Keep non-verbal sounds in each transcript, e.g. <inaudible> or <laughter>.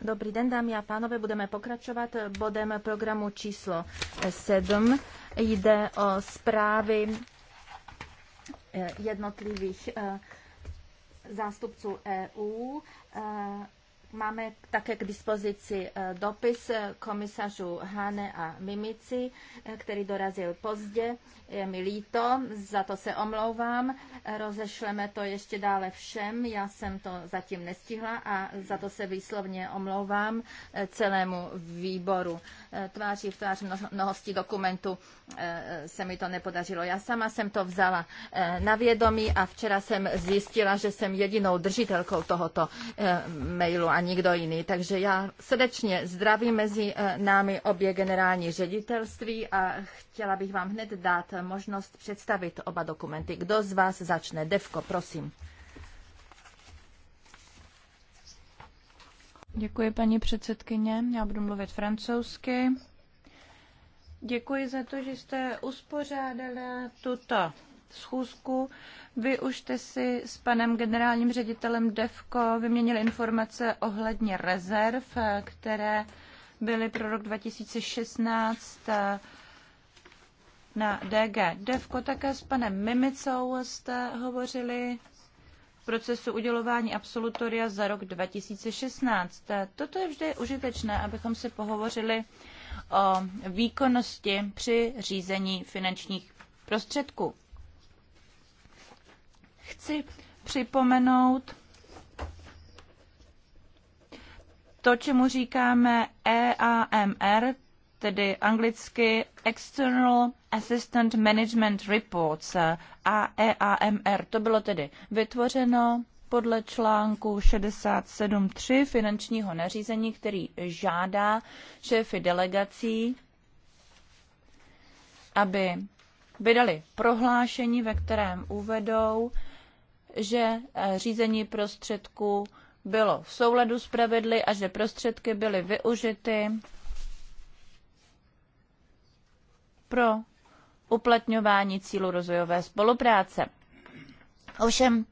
Dobrý den, dámy a pánové, budeme pokračovat bodem programu číslo 7. Jde o zprávy eh, jednotlivých eh, zástupců EU eh, Máme také k dispozici eh, dopis eh, komisařů Hane a Mimici, eh, který dorazil pozdě. Je mi líto, za to se omlouvám. Rozešleme to ještě dále všem. Já jsem to zatím nestihla a za to se výslovně omlouvám celému výboru. Tváří v tvář mnohosti dokumentu se mi to nepodařilo. Já sama jsem to vzala na vědomí a včera jsem zjistila, že jsem jedinou držitelkou tohoto mailu. Ani nikdo jiný. Takže já srdečně zdravím mezi eh, námi obě generální ředitelství a chtěla bych vám hned dát možnost představit oba dokumenty. Kdo z vás začne? Devko, prosím. Děkuji, paní předsedkyně. Já budu mluvit francouzsky. Děkuji za to, že jste uspořádala tuto schůzku. Vy už jste si s panem generálním ředitelem DEVKO vyměnili informace ohledně rezerv, které byly pro rok 2016 eh, na DG DEVKO. Také s panem Mimicou jste hovořili v procesu udělování absolutoria za rok 2016. Eh, toto je vždy užitečné, abychom si pohovořili o výkonnosti při řízení finančních prostředků chci připomenout to, čemu říkáme EAMR, tedy anglicky External Assistant Management Reports a EAMR. To bylo tedy vytvořeno podle článku 67.3 finančního nařízení, který žádá šéfy delegací, aby vydali prohlášení, ve kterém uvedou, že eh, řízení prostředků bylo v souladu s pravidly a že prostředky byly využity pro uplatňování cílu rozvojové spolupráce. Ovšem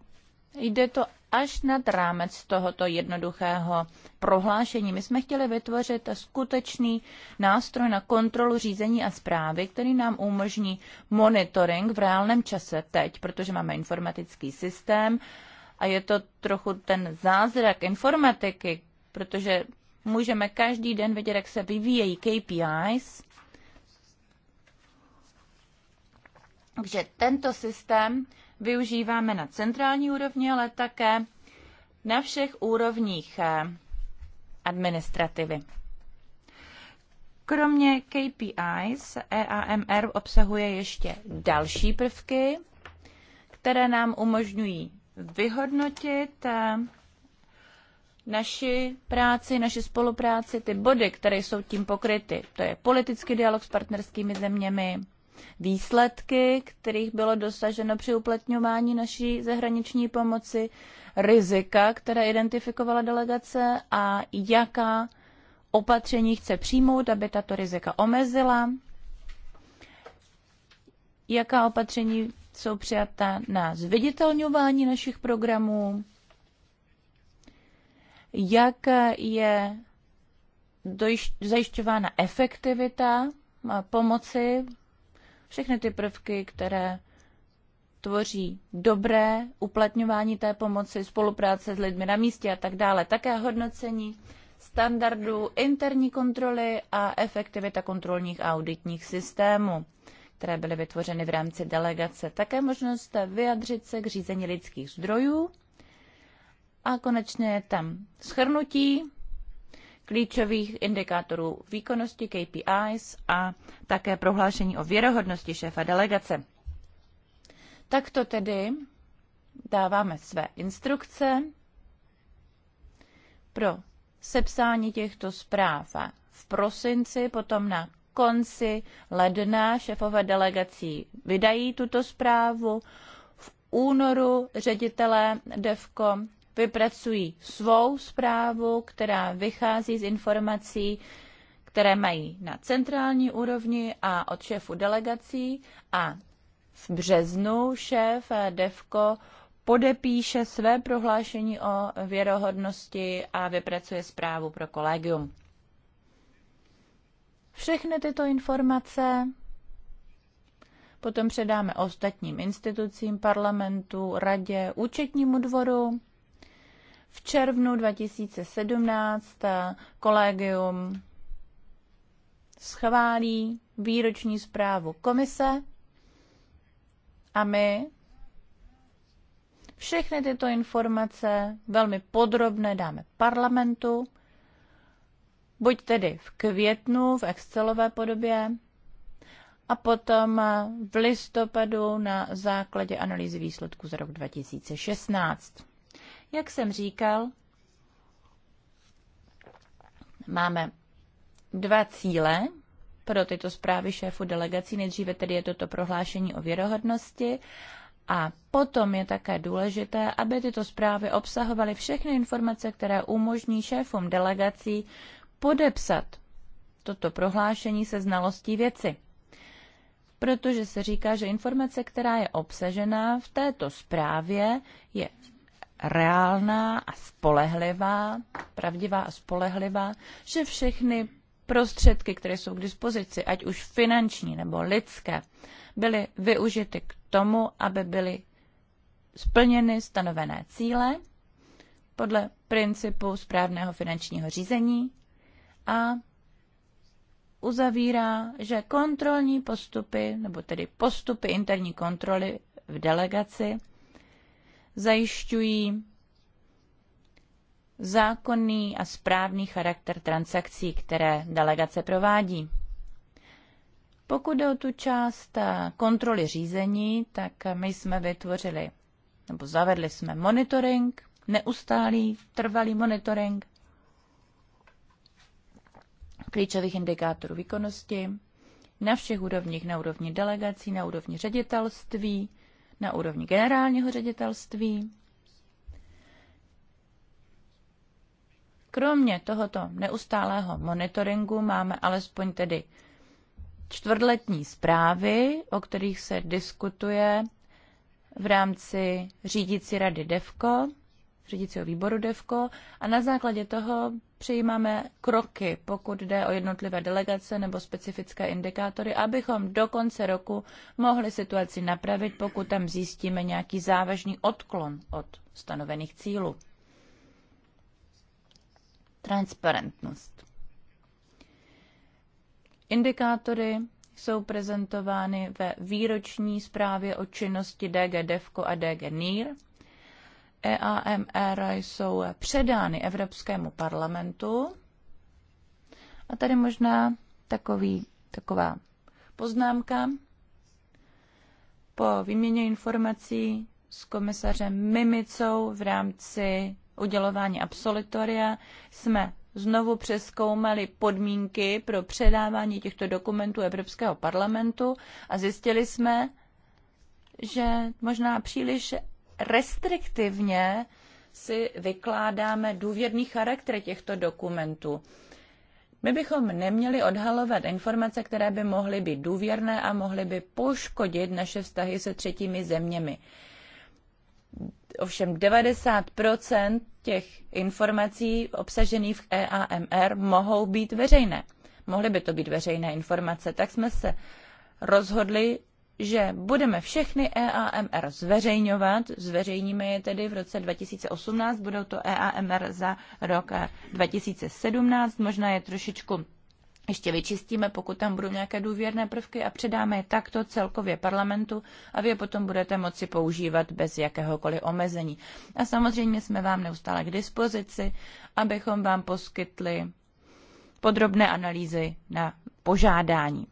jde to až nad rámec tohoto jednoduchého prohlášení. My jsme chtěli vytvořit skutečný nástroj na kontrolu řízení a zprávy, který nám umožní monitoring v reálném čase teď, protože máme informatický systém a je to trochu ten zázrak informatiky, protože můžeme každý den vidět, jak se vyvíjejí KPIs. Takže tento systém využíváme na centrální úrovni, ale také na všech úrovních eh, administrativy. Kromě KPIs EAMR obsahuje ještě další prvky, které nám umožňují vyhodnotit eh, naši práci, naši spolupráci, ty body, které jsou tím pokryty. To je politický dialog s partnerskými zeměmi, výsledky, kterých bylo dosaženo při uplatňování naší zahraniční pomoci, rizika, které identifikovala delegace a jaká opatření chce přijmout, aby tato rizika omezila, jaká opatření jsou přijata na zviditelňování našich programů, jak je zajišťována efektivita pomoci všechny ty prvky, které tvoří dobré uplatňování té pomoci, spolupráce s lidmi na místě a tak dále. Také hodnocení standardů interní kontroly a efektivita kontrolních a auditních systémů, které byly vytvořeny v rámci delegace. Také možnost vyjadřit se k řízení lidských zdrojů. A konečně je tam schrnutí klíčových indikátorů výkonnosti KPIs a také prohlášení o věrohodnosti šéfa delegace. Takto tedy dáváme své instrukce pro sepsání těchto zpráv v prosinci, potom na konci ledna šefové delegací vydají tuto zprávu. V únoru ředitelé DEVKO vypracují svou zprávu, která vychází z informací, které mají na centrální úrovni a od šéfu delegací a v březnu šéf DEVKO podepíše své prohlášení o věrohodnosti a vypracuje zprávu pro kolegium. Všechny tyto informace potom předáme ostatním institucím, parlamentu, radě, účetnímu dvoru v červnu 2017 kolegium schválí výroční zprávu komise a my všechny tyto informace velmi podrobné dáme parlamentu, buď tedy v květnu v Excelové podobě, a potom v listopadu na základě analýzy výsledku za rok 2016. Jak jsem říkal, máme dva cíle pro tyto zprávy šéfu delegací. Nejdříve tedy je toto prohlášení o věrohodnosti a potom je také důležité, aby tyto zprávy obsahovaly všechny informace, které umožní šéfům delegací podepsat toto prohlášení se znalostí věci. Protože se říká, že informace, která je obsažená v této zprávě, je reálná a spolehlivá, pravdivá a spolehlivá, že všechny prostředky, které jsou k dispozici, ať už finanční nebo lidské, byly využity k tomu, aby byly splněny stanovené cíle podle principu správného finančního řízení a uzavírá, že kontrolní postupy, nebo tedy postupy interní kontroly v delegaci, zajišťují zákonný a správný charakter transakcí, které delegace provádí. Pokud jde o tu část kontroly řízení, tak my jsme vytvořili nebo zavedli jsme monitoring, neustálý, trvalý monitoring klíčových indikátorů výkonnosti na všech úrovních, na úrovni delegací, na úrovni ředitelství, na úrovni generálního ředitelství. Kromě tohoto neustálého monitoringu máme alespoň tedy čtvrtletní zprávy, o kterých se diskutuje v rámci řídící rady DEVKO, řídícího výboru DEVKO a na základě toho přijímáme kroky, pokud jde o jednotlivé delegace nebo specifické indikátory, abychom do konce roku mohli situaci napravit, pokud tam zjistíme nějaký závažný odklon od stanovených cílů. Transparentnost. Indikátory jsou prezentovány ve výroční zprávě o činnosti DG DEVCO a DG NIR EAMR jsou předány Evropskému parlamentu. A tady možná takový, taková poznámka. Po výměně informací s komisařem Mimicou v rámci udělování absolutoria jsme znovu přeskoumali podmínky pro předávání těchto dokumentů Evropského parlamentu a zjistili jsme, že možná příliš restriktivně si vykládáme důvěrný charakter těchto dokumentů. My bychom neměli odhalovat informace, které by mohly být důvěrné a mohly by poškodit naše vztahy se třetími zeměmi. Ovšem 90 těch informací obsažených v EAMR mohou být veřejné. Mohly by to být veřejné informace. Tak jsme se rozhodli že budeme všechny EAMR zveřejňovat, zveřejníme je tedy v roce 2018, budou to EAMR za rok 2017, možná je trošičku ještě vyčistíme, pokud tam budou nějaké důvěrné prvky a předáme je takto celkově parlamentu a vy je potom budete moci používat bez jakéhokoliv omezení. A samozřejmě jsme vám neustále k dispozici, abychom vám poskytli podrobné analýzy na požádání.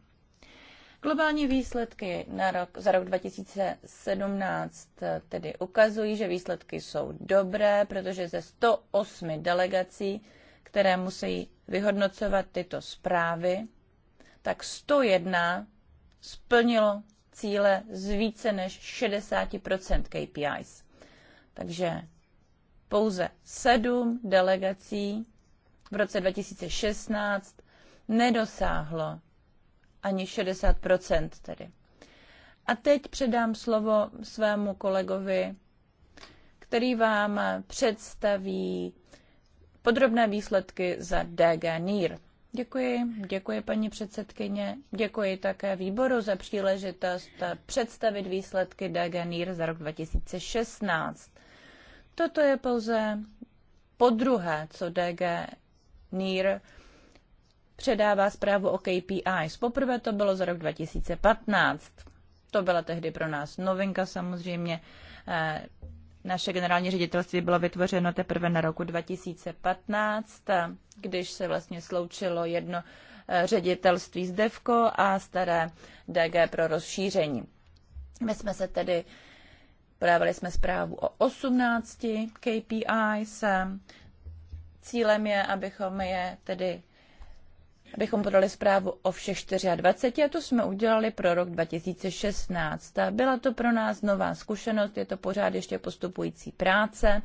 Globální výsledky na rok, za rok 2017 eh, tedy ukazují, že výsledky jsou dobré, protože ze 108 delegací, které musí vyhodnocovat tyto zprávy, tak 101 splnilo cíle z více než 60 KPIs. Takže pouze sedm delegací v roce 2016 nedosáhlo ani 60 tedy. A teď předám slovo svému kolegovi, který vám představí podrobné výsledky za DG NIR. Děkuji, děkuji paní předsedkyně, děkuji také výboru za příležitost představit výsledky DG NIR za rok 2016. Toto je pouze podruhé, co DG NIR předává zprávu o KPIs. Poprvé to bylo za rok 2015. To byla tehdy pro nás novinka samozřejmě. Eh, naše generální ředitelství bylo vytvořeno teprve na roku 2015, eh, když se vlastně sloučilo jedno eh, ředitelství z DEVKO a staré DG pro rozšíření. My jsme se tedy Podávali jsme zprávu o 18 KPIs. Cílem je, abychom je tedy abychom podali zprávu o všech 24 a to jsme udělali pro rok 2016. Byla to pro nás nová zkušenost, je to pořád ještě postupující práce.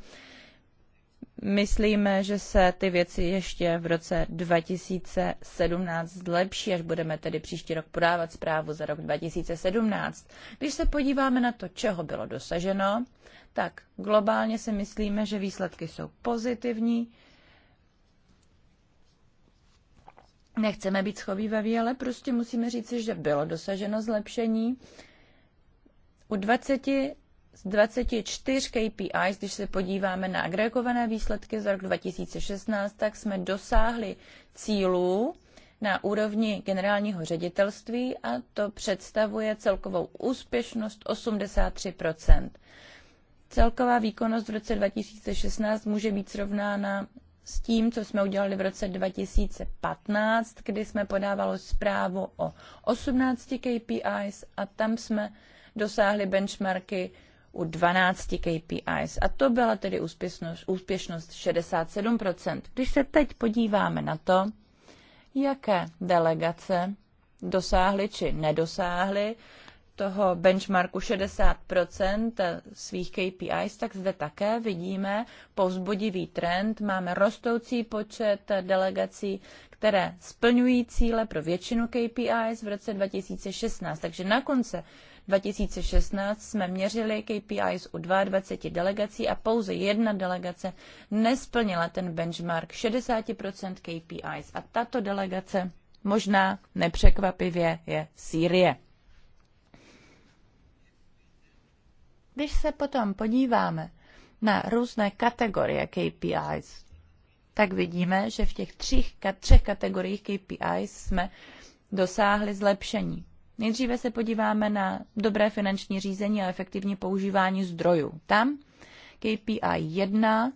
Myslíme, že se ty věci ještě v roce 2017 zlepší, až budeme tedy příští rok podávat zprávu za rok 2017. Když se podíváme na to, čeho bylo dosaženo, tak globálně si myslíme, že výsledky jsou pozitivní, Nechceme být schovývaví, ale prostě musíme říci, že bylo dosaženo zlepšení. U 20 z 24 KPIs, když se podíváme na agregované výsledky za rok 2016, tak jsme dosáhli cílů na úrovni generálního ředitelství a to představuje celkovou úspěšnost 83 Celková výkonnost v roce 2016 může být srovnána s tím, co jsme udělali v roce 2015, kdy jsme podávali zprávu o 18 KPIs a tam jsme dosáhli benchmarky u 12 KPIs. A to byla tedy úspěšnost, úspěšnost 67%. Když se teď podíváme na to, jaké delegace dosáhly či nedosáhly toho benchmarku 60 svých KPIs, tak zde také vidíme povzbudivý trend. Máme rostoucí počet delegací, které splňují cíle pro většinu KPIs v roce 2016. Takže na konce 2016 jsme měřili KPIs u 22 delegací a pouze jedna delegace nesplnila ten benchmark 60 KPIs. A tato delegace možná nepřekvapivě je Sýrie. Když se potom podíváme na různé kategorie KPIs, tak vidíme, že v těch třích, třech kategoriích KPIs jsme dosáhli zlepšení. Nejdříve se podíváme na dobré finanční řízení a efektivní používání zdrojů. Tam KPI 1,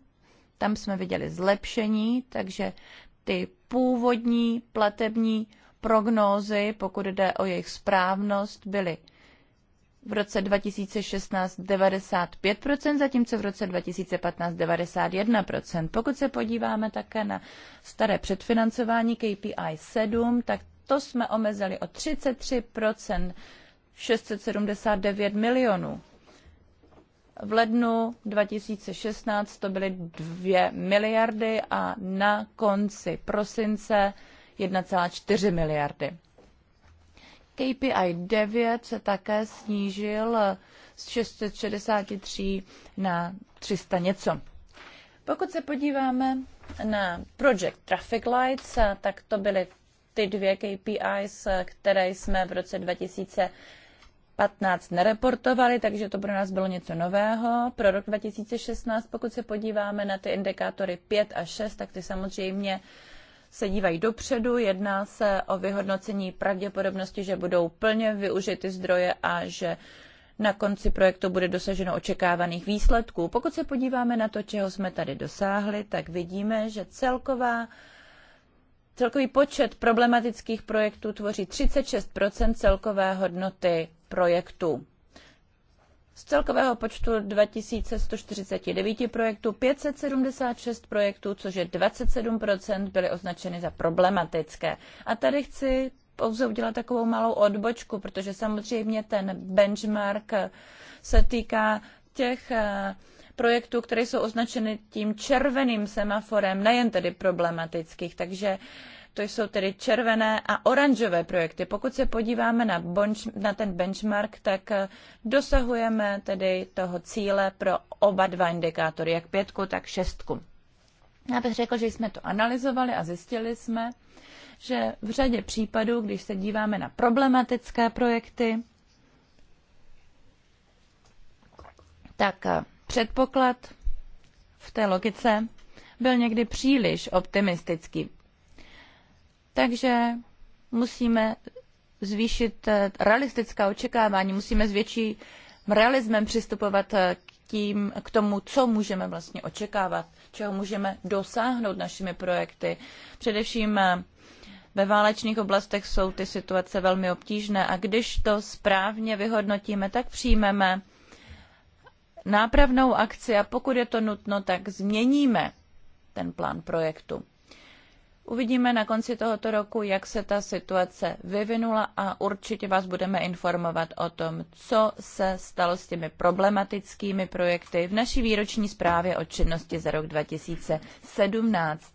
tam jsme viděli zlepšení, takže ty původní platební prognózy, pokud jde o jejich správnost, byly v roce 2016 95%, zatímco v roce 2015 91%. Pokud se podíváme také na staré předfinancování KPI 7, tak to jsme omezili o 33%, 679 milionů. V lednu 2016 to byly 2 miliardy a na konci prosince 1,4 miliardy. KPI 9 se také snížil z 663 na 300 něco. Pokud se podíváme na Project Traffic Lights, tak to byly ty dvě KPIs, které jsme v roce 2015 nereportovali, takže to pro nás bylo něco nového. Pro rok 2016, pokud se podíváme na ty indikátory 5 a 6, tak ty samozřejmě se dívají dopředu, jedná se o vyhodnocení pravděpodobnosti, že budou plně využity zdroje a že na konci projektu bude dosaženo očekávaných výsledků. Pokud se podíváme na to, čeho jsme tady dosáhli, tak vidíme, že celková Celkový počet problematických projektů tvoří 36 celkové hodnoty projektu. Z celkového počtu 2149 projektů 576 projektů, což je 27 byly označeny za problematické. A tady chci pouze udělat takovou malou odbočku, protože samozřejmě ten benchmark se týká těch eh, projektů, které jsou označeny tím červeným semaforem, nejen tedy problematických. Takže to jsou tedy červené a oranžové projekty. Pokud se podíváme na, bonč, na ten benchmark, tak eh, dosahujeme tedy toho cíle pro oba dva indikátory, jak pětku, tak šestku. Já bych řekl, že jsme to analyzovali a zjistili jsme, že v řadě případů, když se díváme na problematické projekty, tak eh, předpoklad v té logice byl někdy příliš optimistický. Takže musíme zvýšit eh, realistická očekávání, musíme s větším realismem přistupovat k, eh, tím, k tomu, co můžeme vlastně očekávat, čeho můžeme dosáhnout našimi projekty. Především eh, ve válečných oblastech jsou ty situace velmi obtížné a když to správně vyhodnotíme, tak přijmeme nápravnou akci a pokud je to nutno, tak změníme ten plán projektu. Uvidíme na konci tohoto roku, jak se ta situace vyvinula a určitě vás budeme informovat o tom, co se stalo s těmi problematickými projekty v naší výroční zprávě o činnosti za rok 2017.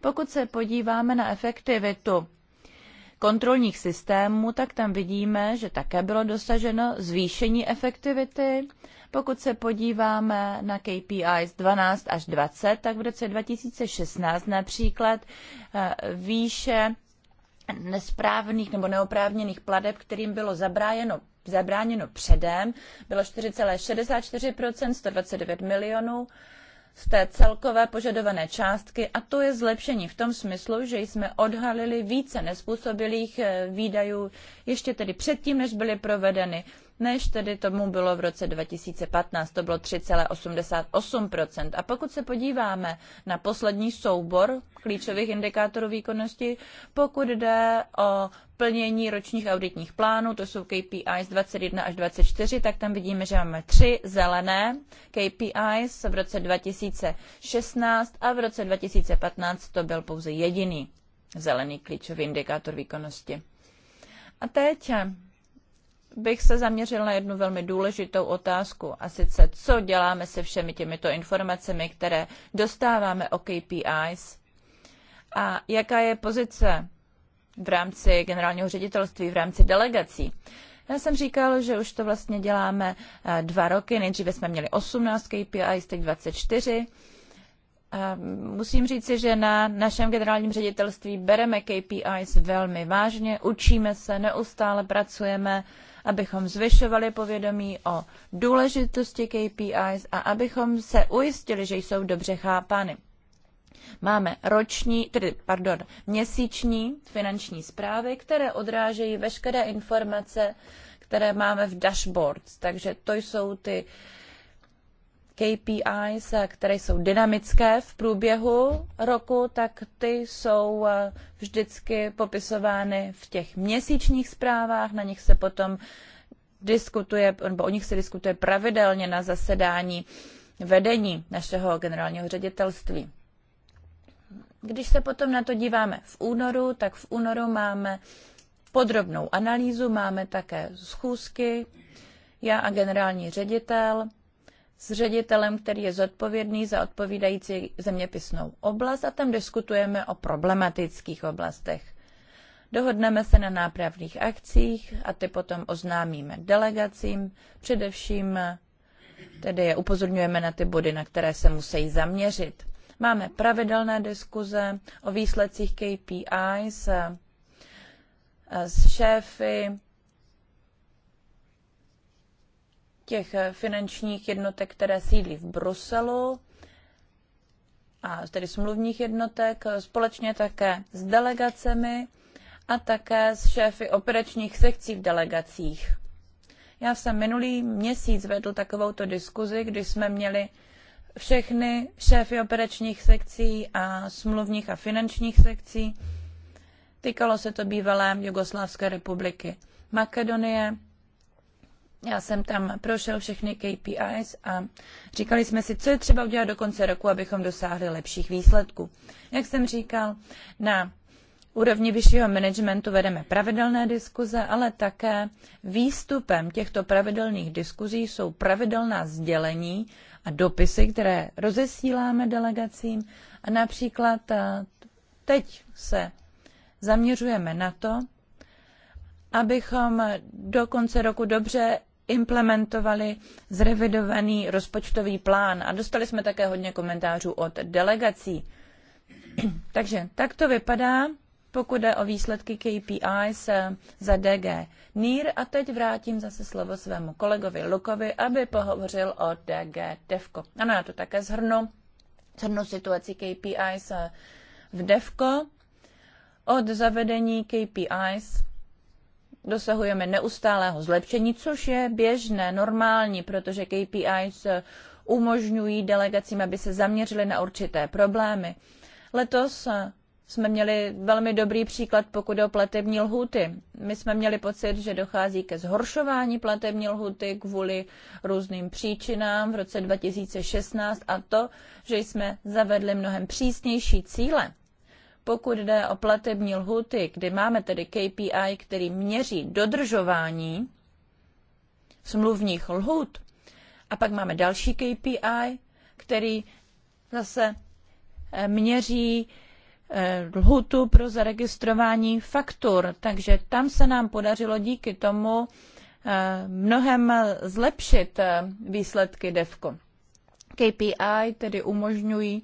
Pokud se podíváme na efektivitu kontrolních systémů, tak tam vidíme, že také bylo dosaženo zvýšení efektivity. Pokud se podíváme na KPIs 12 až 20, tak v roce 2016 například eh, výše nesprávných nebo neoprávněných pladeb, kterým bylo zabrájeno, zabráněno předem, bylo 4,64 129 milionů z té celkové požadované částky a to je zlepšení v tom smyslu, že jsme odhalili více nespůsobilých eh, výdajů ještě tedy předtím, než byly provedeny než tedy tomu bylo v roce 2015, to bylo 3,88%. A pokud se podíváme na poslední soubor klíčových indikátorů výkonnosti, pokud jde o plnění ročních auditních plánů, to jsou KPIs 21 až 24, tak tam vidíme, že máme tři zelené KPIs v roce 2016 a v roce 2015 to byl pouze jediný zelený klíčový indikátor výkonnosti. A teď bych se zaměřil na jednu velmi důležitou otázku, a sice co děláme se všemi těmito informacemi, které dostáváme o KPIs a jaká je pozice v rámci generálního ředitelství, v rámci delegací. Já jsem říkal, že už to vlastně děláme eh, dva roky. Nejdříve jsme měli 18 KPIs, teď 24. Eh, musím říci, že na našem generálním ředitelství bereme KPIs velmi vážně, učíme se, neustále pracujeme abychom zvyšovali povědomí o důležitosti KPIs a abychom se ujistili, že jsou dobře chápány. Máme roční, tedy, pardon, měsíční finanční zprávy, které odrážejí veškeré informace, které máme v dashboards. Takže to jsou ty uh, KPIs, eh, které jsou dynamické v průběhu roku, tak ty jsou eh, vždycky popisovány v těch měsíčních zprávách, na nich se potom diskutuje, nebo o nich se diskutuje pravidelně na zasedání vedení našeho generálního ředitelství. Když se potom na to díváme v únoru, tak v únoru máme podrobnou analýzu, máme také schůzky, já a generální ředitel – s ředitelem, který je zodpovědný za odpovídající zeměpisnou oblast a tam diskutujeme o problematických oblastech. Dohodneme se na nápravných akcích a ty potom oznámíme delegacím, především eh, tedy je upozorňujeme na ty body, na které se musí zaměřit. Máme pravidelné diskuze o výsledcích KPIs eh, s šéfy těch finančních jednotek, které sídlí v Bruselu, a tedy smluvních jednotek, společně také s delegacemi a také s šéfy operačních sekcí v delegacích. Já jsem minulý měsíc vedl takovouto diskuzi, kdy jsme měli všechny šéfy operačních sekcí a smluvních a finančních sekcí. Týkalo se to bývalé Jugoslávské republiky Makedonie já jsem tam prošel všechny KPIs a říkali jsme si, co je třeba udělat do konce roku, abychom dosáhli lepších výsledků. Jak jsem říkal, na úrovni vyššího managementu vedeme pravidelné diskuze, ale také výstupem těchto pravidelných diskuzí jsou pravidelná sdělení a dopisy, které rozesíláme delegacím. A například eh, teď se zaměřujeme na to, abychom do konce roku dobře implementovali zrevidovaný rozpočtový plán a dostali jsme také hodně komentářů od delegací. <clears throat> Takže tak to vypadá, pokud jde o výsledky KPIs eh, za DG NIR a teď vrátím zase slovo svému kolegovi Lukovi, aby pohovořil o DG DEVCO. Ano, já to také zhrnu, zhrnu situaci KPIs eh, v DEVCO. Od zavedení KPIs dosahujeme neustálého zlepšení, což je běžné, normální, protože KPIs umožňují delegacím, aby se zaměřili na určité problémy. Letos jsme měli velmi dobrý příklad, pokud o platební lhuty. My jsme měli pocit, že dochází ke zhoršování platební lhuty kvůli různým příčinám v roce 2016 a to, že jsme zavedli mnohem přísnější cíle pokud jde o platební lhuty, kdy máme tedy KPI, který měří dodržování smluvních lhut, a pak máme další KPI, který zase eh, měří eh, lhutu pro zaregistrování faktur. Takže tam se nám podařilo díky tomu eh, mnohem zlepšit výsledky DEVKO. KPI tedy umožňují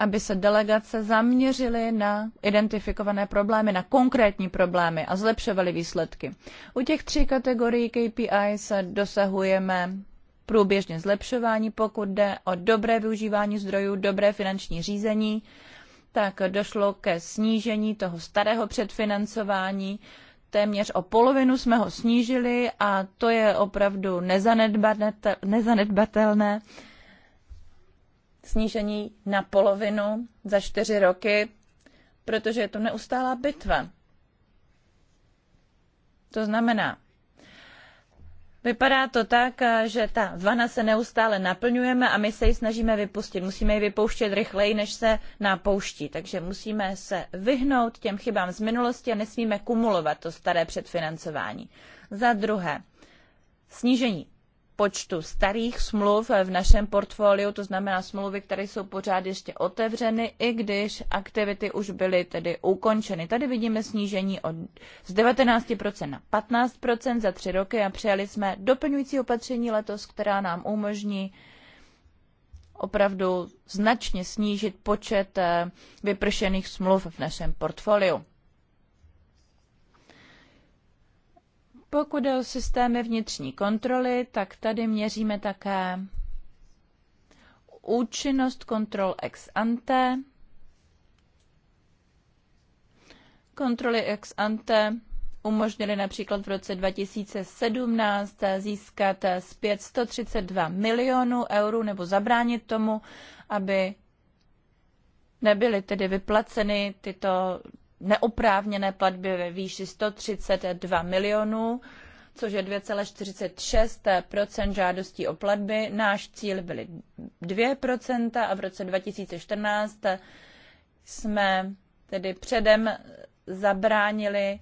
aby se delegace zaměřily na identifikované problémy, na konkrétní problémy a zlepšovaly výsledky. U těch tří kategorií KPI se dosahujeme průběžně zlepšování, pokud jde o dobré využívání zdrojů, dobré finanční řízení, tak došlo ke snížení toho starého předfinancování. Téměř o polovinu jsme ho snížili a to je opravdu nezanedbatelné snížení na polovinu za čtyři roky, protože je to neustálá bitva. To znamená, vypadá to tak, že ta vana se neustále naplňujeme a my se ji snažíme vypustit. Musíme ji vypouštět rychleji, než se napouští. Takže musíme se vyhnout těm chybám z minulosti a nesmíme kumulovat to staré předfinancování. Za druhé, snížení počtu starých smluv v našem portfoliu, to znamená smlouvy, které jsou pořád ještě otevřeny, i když aktivity už byly tedy ukončeny. Tady vidíme snížení od, z 19% na 15% za tři roky a přijali jsme doplňující opatření letos, která nám umožní opravdu značně snížit počet eh, vypršených smluv v našem portfoliu. Pokud jde o systémy vnitřní kontroly, tak tady měříme také účinnost kontrol ex ante. Kontroly ex ante umožnily například v roce 2017 získat zpět 132 milionů eur nebo zabránit tomu, aby nebyly tedy vyplaceny tyto neoprávněné platby ve výši 132 milionů, což je 2,46 žádostí o platby. Náš cíl byly 2 a v roce 2014 jsme tedy předem zabránili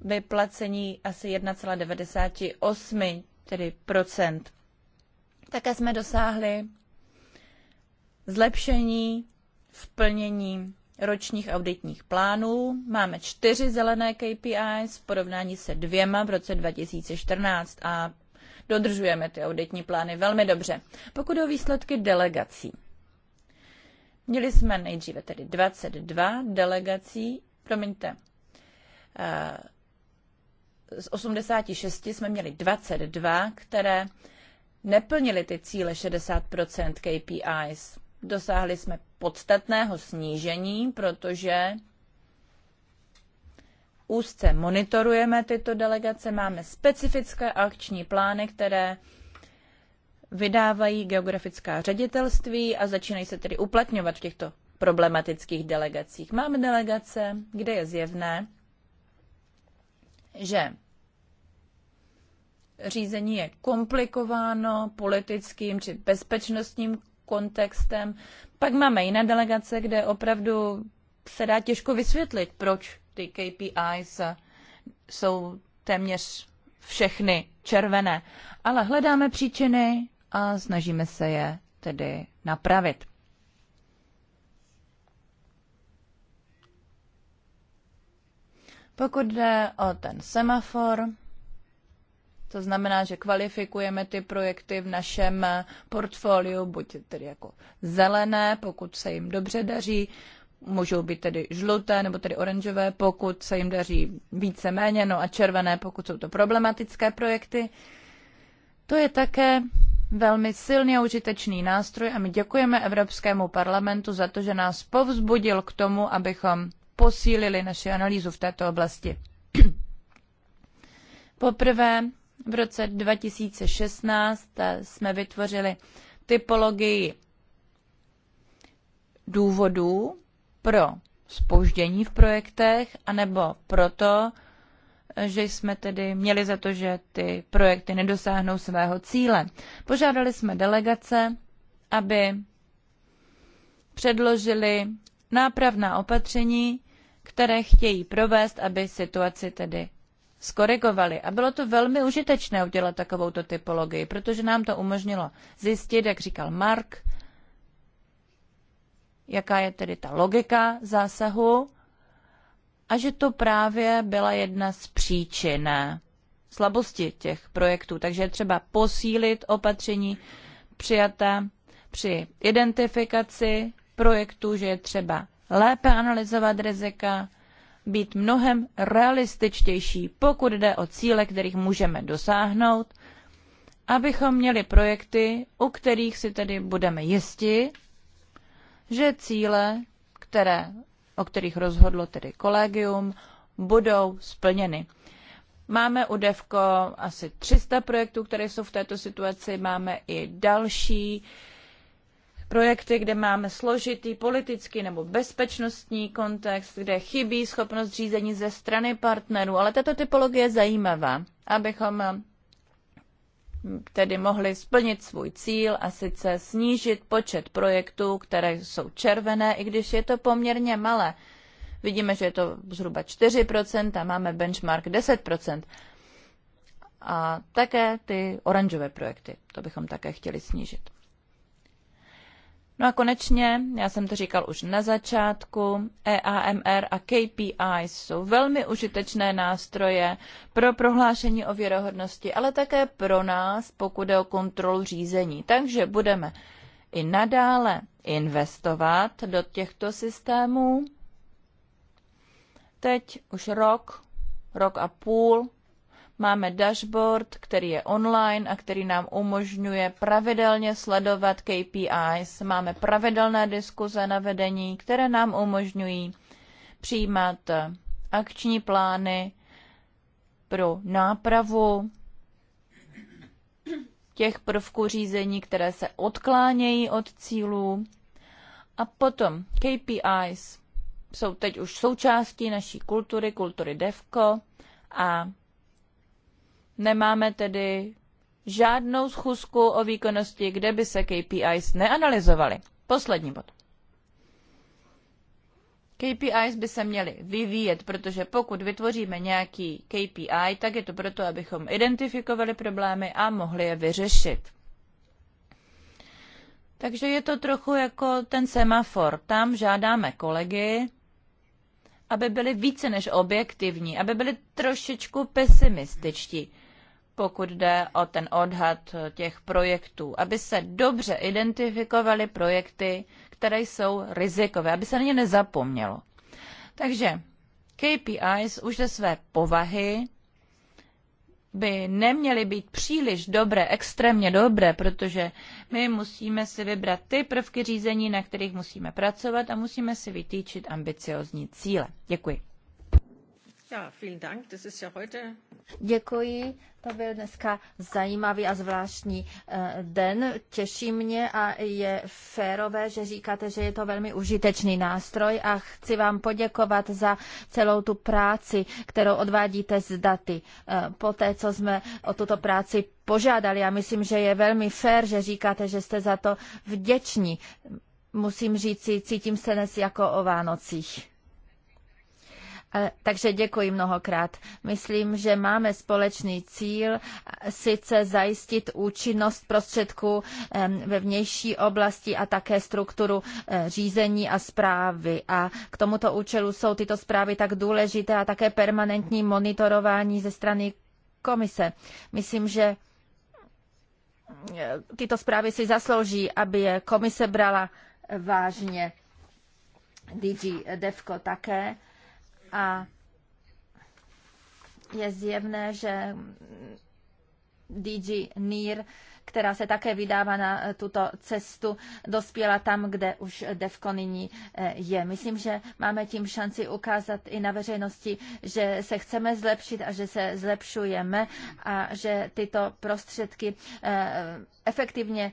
vyplacení asi 1,98 tedy procent. Také jsme dosáhli zlepšení v plnění ročních auditních plánů. Máme čtyři zelené KPIs v porovnání se dvěma v roce 2014 a dodržujeme ty auditní plány velmi dobře. Pokud o výsledky delegací. Měli jsme nejdříve tedy 22 delegací, promiňte, eh, z 86 jsme měli 22, které neplnili ty cíle 60 KPIs. Dosáhli jsme podstatného snížení, protože úzce monitorujeme tyto delegace, máme specifické akční plány, které vydávají geografická ředitelství a začínají se tedy uplatňovat v těchto problematických delegacích. Máme delegace, kde je zjevné, že řízení je komplikováno politickým či bezpečnostním kontextem. Pak máme jiné delegace, kde opravdu se dá těžko vysvětlit, proč ty KPIs jsou téměř všechny červené. Ale hledáme příčiny a snažíme se je tedy napravit. Pokud jde o ten semafor, to znamená, že kvalifikujeme ty projekty v našem portfoliu, buď tedy jako zelené, pokud se jim dobře daří, můžou být tedy žluté nebo tedy oranžové, pokud se jim daří více méně, no a červené, pokud jsou to problematické projekty. To je také velmi silný a užitečný nástroj a my děkujeme Evropskému parlamentu za to, že nás povzbudil k tomu, abychom posílili naši analýzu v této oblasti. <clears throat> Poprvé v roce 2016 eh, jsme vytvořili typologii důvodů pro spoždění v projektech, anebo proto, že jsme tedy měli za to, že ty projekty nedosáhnou svého cíle. Požádali jsme delegace, aby předložili nápravná opatření, které chtějí provést, aby situaci tedy skorigovali. A bylo to velmi užitečné udělat takovou typologii, protože nám to umožnilo zjistit, jak říkal Mark, jaká je tedy ta logika zásahu a že to právě byla jedna z příčin slabosti těch projektů. Takže je třeba posílit opatření přijaté při identifikaci projektů, že je třeba lépe analyzovat rizika, být mnohem realističtější, pokud jde o cíle, kterých můžeme dosáhnout, abychom měli projekty, u kterých si tedy budeme jisti, že cíle, které, o kterých rozhodlo tedy kolegium, budou splněny. Máme u DEVKO asi 300 projektů, které jsou v této situaci, máme i další uh, projekty, kde máme složitý politický nebo bezpečnostní kontext, kde chybí schopnost řízení ze strany partnerů, ale tato typologie je zajímavá, abychom eh, tedy mohli splnit svůj cíl a sice snížit počet projektů, které jsou červené, i když je to poměrně malé. Vidíme, že je to zhruba 4% a máme benchmark 10%. A také ty oranžové projekty, to bychom také chtěli snížit. No a konečně, já jsem to říkal už na začátku, EAMR a KPI jsou velmi užitečné nástroje pro prohlášení o věrohodnosti, ale také pro nás, pokud jde o kontrolu řízení. Takže budeme i nadále investovat do těchto systémů. Teď už rok, rok a půl Máme dashboard, který je online a který nám umožňuje pravidelně sledovat KPIs. Máme pravidelné diskuze na vedení, které nám umožňují přijímat akční plány pro nápravu těch prvků řízení, které se odklánějí od cílů. A potom KPIs jsou teď už součástí naší kultury, kultury DEVCO a Nemáme tedy žádnou schůzku o výkonnosti, kde by se KPIs neanalyzovaly. Poslední bod. KPIs by se měly vyvíjet, protože pokud vytvoříme nějaký KPI, tak je to proto, abychom identifikovali problémy a mohli je vyřešit. Takže je to trochu jako ten semafor. Tam žádáme kolegy, aby byli více než objektivní, aby byli trošičku pesimističtí pokud jde o ten odhad těch projektů, aby se dobře identifikovaly projekty, které jsou rizikové, aby se na ně nezapomnělo. Takže KPIs už ze své povahy by neměly být příliš dobré, extrémně dobré, protože my musíme si vybrat ty prvky řízení, na kterých musíme pracovat a musíme si vytýčit ambiciozní cíle. Děkuji. Děkuji, to byl dneska zajímavý a zvláštní eh, den. Těší mě a je férové, že říkáte, že je to velmi užitečný nástroj a chci vám poděkovat za celou tu práci, kterou odvádíte z daty. Eh, té, co jsme o tuto práci požádali, já myslím, že je velmi fér, že říkáte, že jste za to vděční. Musím říct, cítím se dnes jako o Vánocích. Takže děkuji mnohokrát. Myslím, že máme společný cíl, sice zajistit účinnost prostředků ve vnější oblasti a také strukturu eh, řízení a zprávy. A k tomuto účelu jsou tyto zprávy tak důležité a také permanentní monitorování ze strany komise. Myslím, že eh, tyto zprávy si zaslouží, aby je komise brala vážně. DG Devko také a je zjevné, že DG NIR, která se také vydává na tuto cestu, dospěla tam, kde už Devko nyní eh, je. Myslím, že máme tím šanci ukázat i na veřejnosti, že se chceme zlepšit a že se zlepšujeme a že tyto prostředky eh, efektivně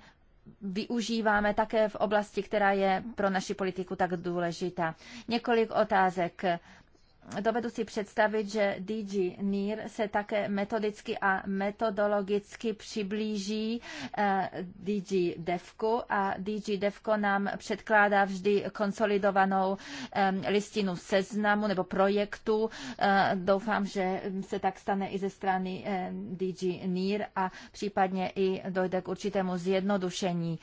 využíváme také v oblasti, která je pro naši politiku tak důležitá. Několik otázek dovedu si představit, že DG NIR se také metodicky a metodologicky přiblíží eh, DG DEVKu a DG DEVKO nám předkládá vždy konsolidovanou eh, listinu seznamu nebo projektu. Eh, doufám, že se tak stane i ze strany DG NIR a případně i dojde k určitému zjednodušení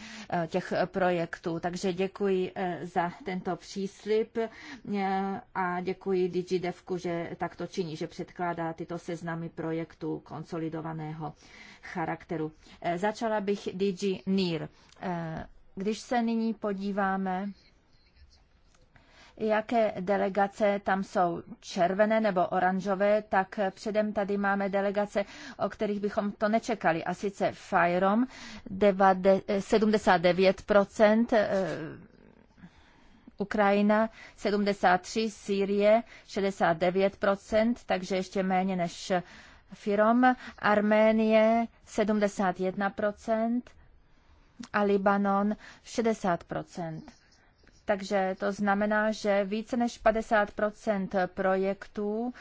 těch projektů. Takže děkuji za tento příslip a děkuji DG Židevku, že takto činí, že předkládá tyto seznamy projektů konsolidovaného charakteru. E, začala bych DG NIR. E, když se nyní podíváme jaké delegace tam jsou červené nebo oranžové, tak předem tady máme delegace, o kterých bychom to nečekali. A sice FIROM 79%, Ukrajina 73, Sýrie 69%, takže ještě méně než Firom, Arménie 71% a Libanon 60%. Takže to znamená, že více než 50 projektů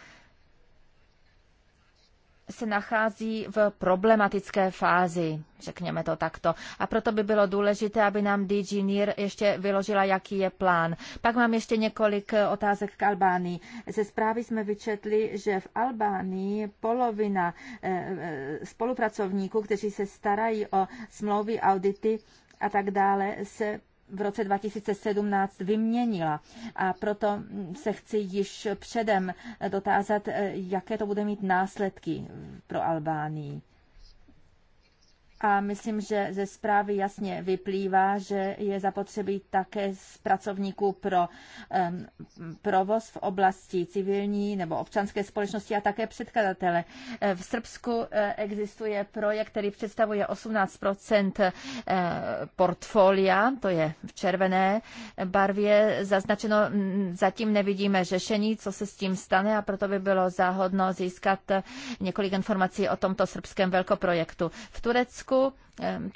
se nachází v problematické fázi, řekněme to takto. A proto by bylo důležité, aby nám DG NIR ještě vyložila, jaký je plán. Pak mám ještě několik otázek k Albánii. Ze zprávy jsme vyčetli, že v Albánii polovina eh, eh, spolupracovníků, kteří se starají o smlouvy, audity a tak dále, se v roce 2017 vyměnila. A proto se chci již předem dotázat, jaké to bude mít následky pro Albánii. A myslím, že ze zprávy jasně vyplývá, že je zapotřebí také z pracovníků pro um, provoz v oblasti civilní nebo občanské společnosti a také předkladatele. E, v Srbsku e, existuje projekt, který představuje 18 e, portfolia, to je v červené barvě zaznačeno. Zatím nevidíme řešení, co se s tím stane a proto by bylo záhodno získat několik informací o tomto srbském velkoprojektu. V Turecku česku.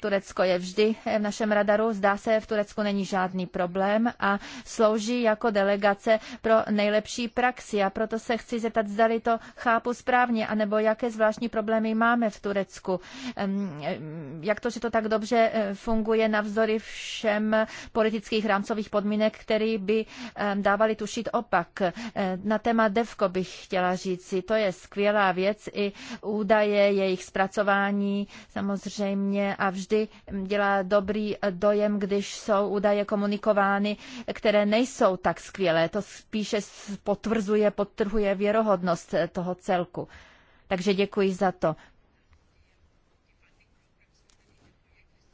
Turecko je vždy v našem radaru. Zdá se, v Turecku není žádný problém a slouží jako delegace pro nejlepší praxi. A proto se chci zeptat, zdali to chápu správně, anebo jaké zvláštní problémy máme v Turecku. Jak to, že to tak dobře eh, funguje navzdory všem politických rámcových podmínek, které by dávali tušit opak. Eh, na téma DEVKO bych chtěla říci, to je skvělá věc i údaje, jejich zpracování samozřejmě a vždy dělá dobrý dojem, když jsou údaje komunikovány, které nejsou tak skvělé. To spíše potvrzuje, potrhuje věrohodnost toho celku. Takže děkuji za to.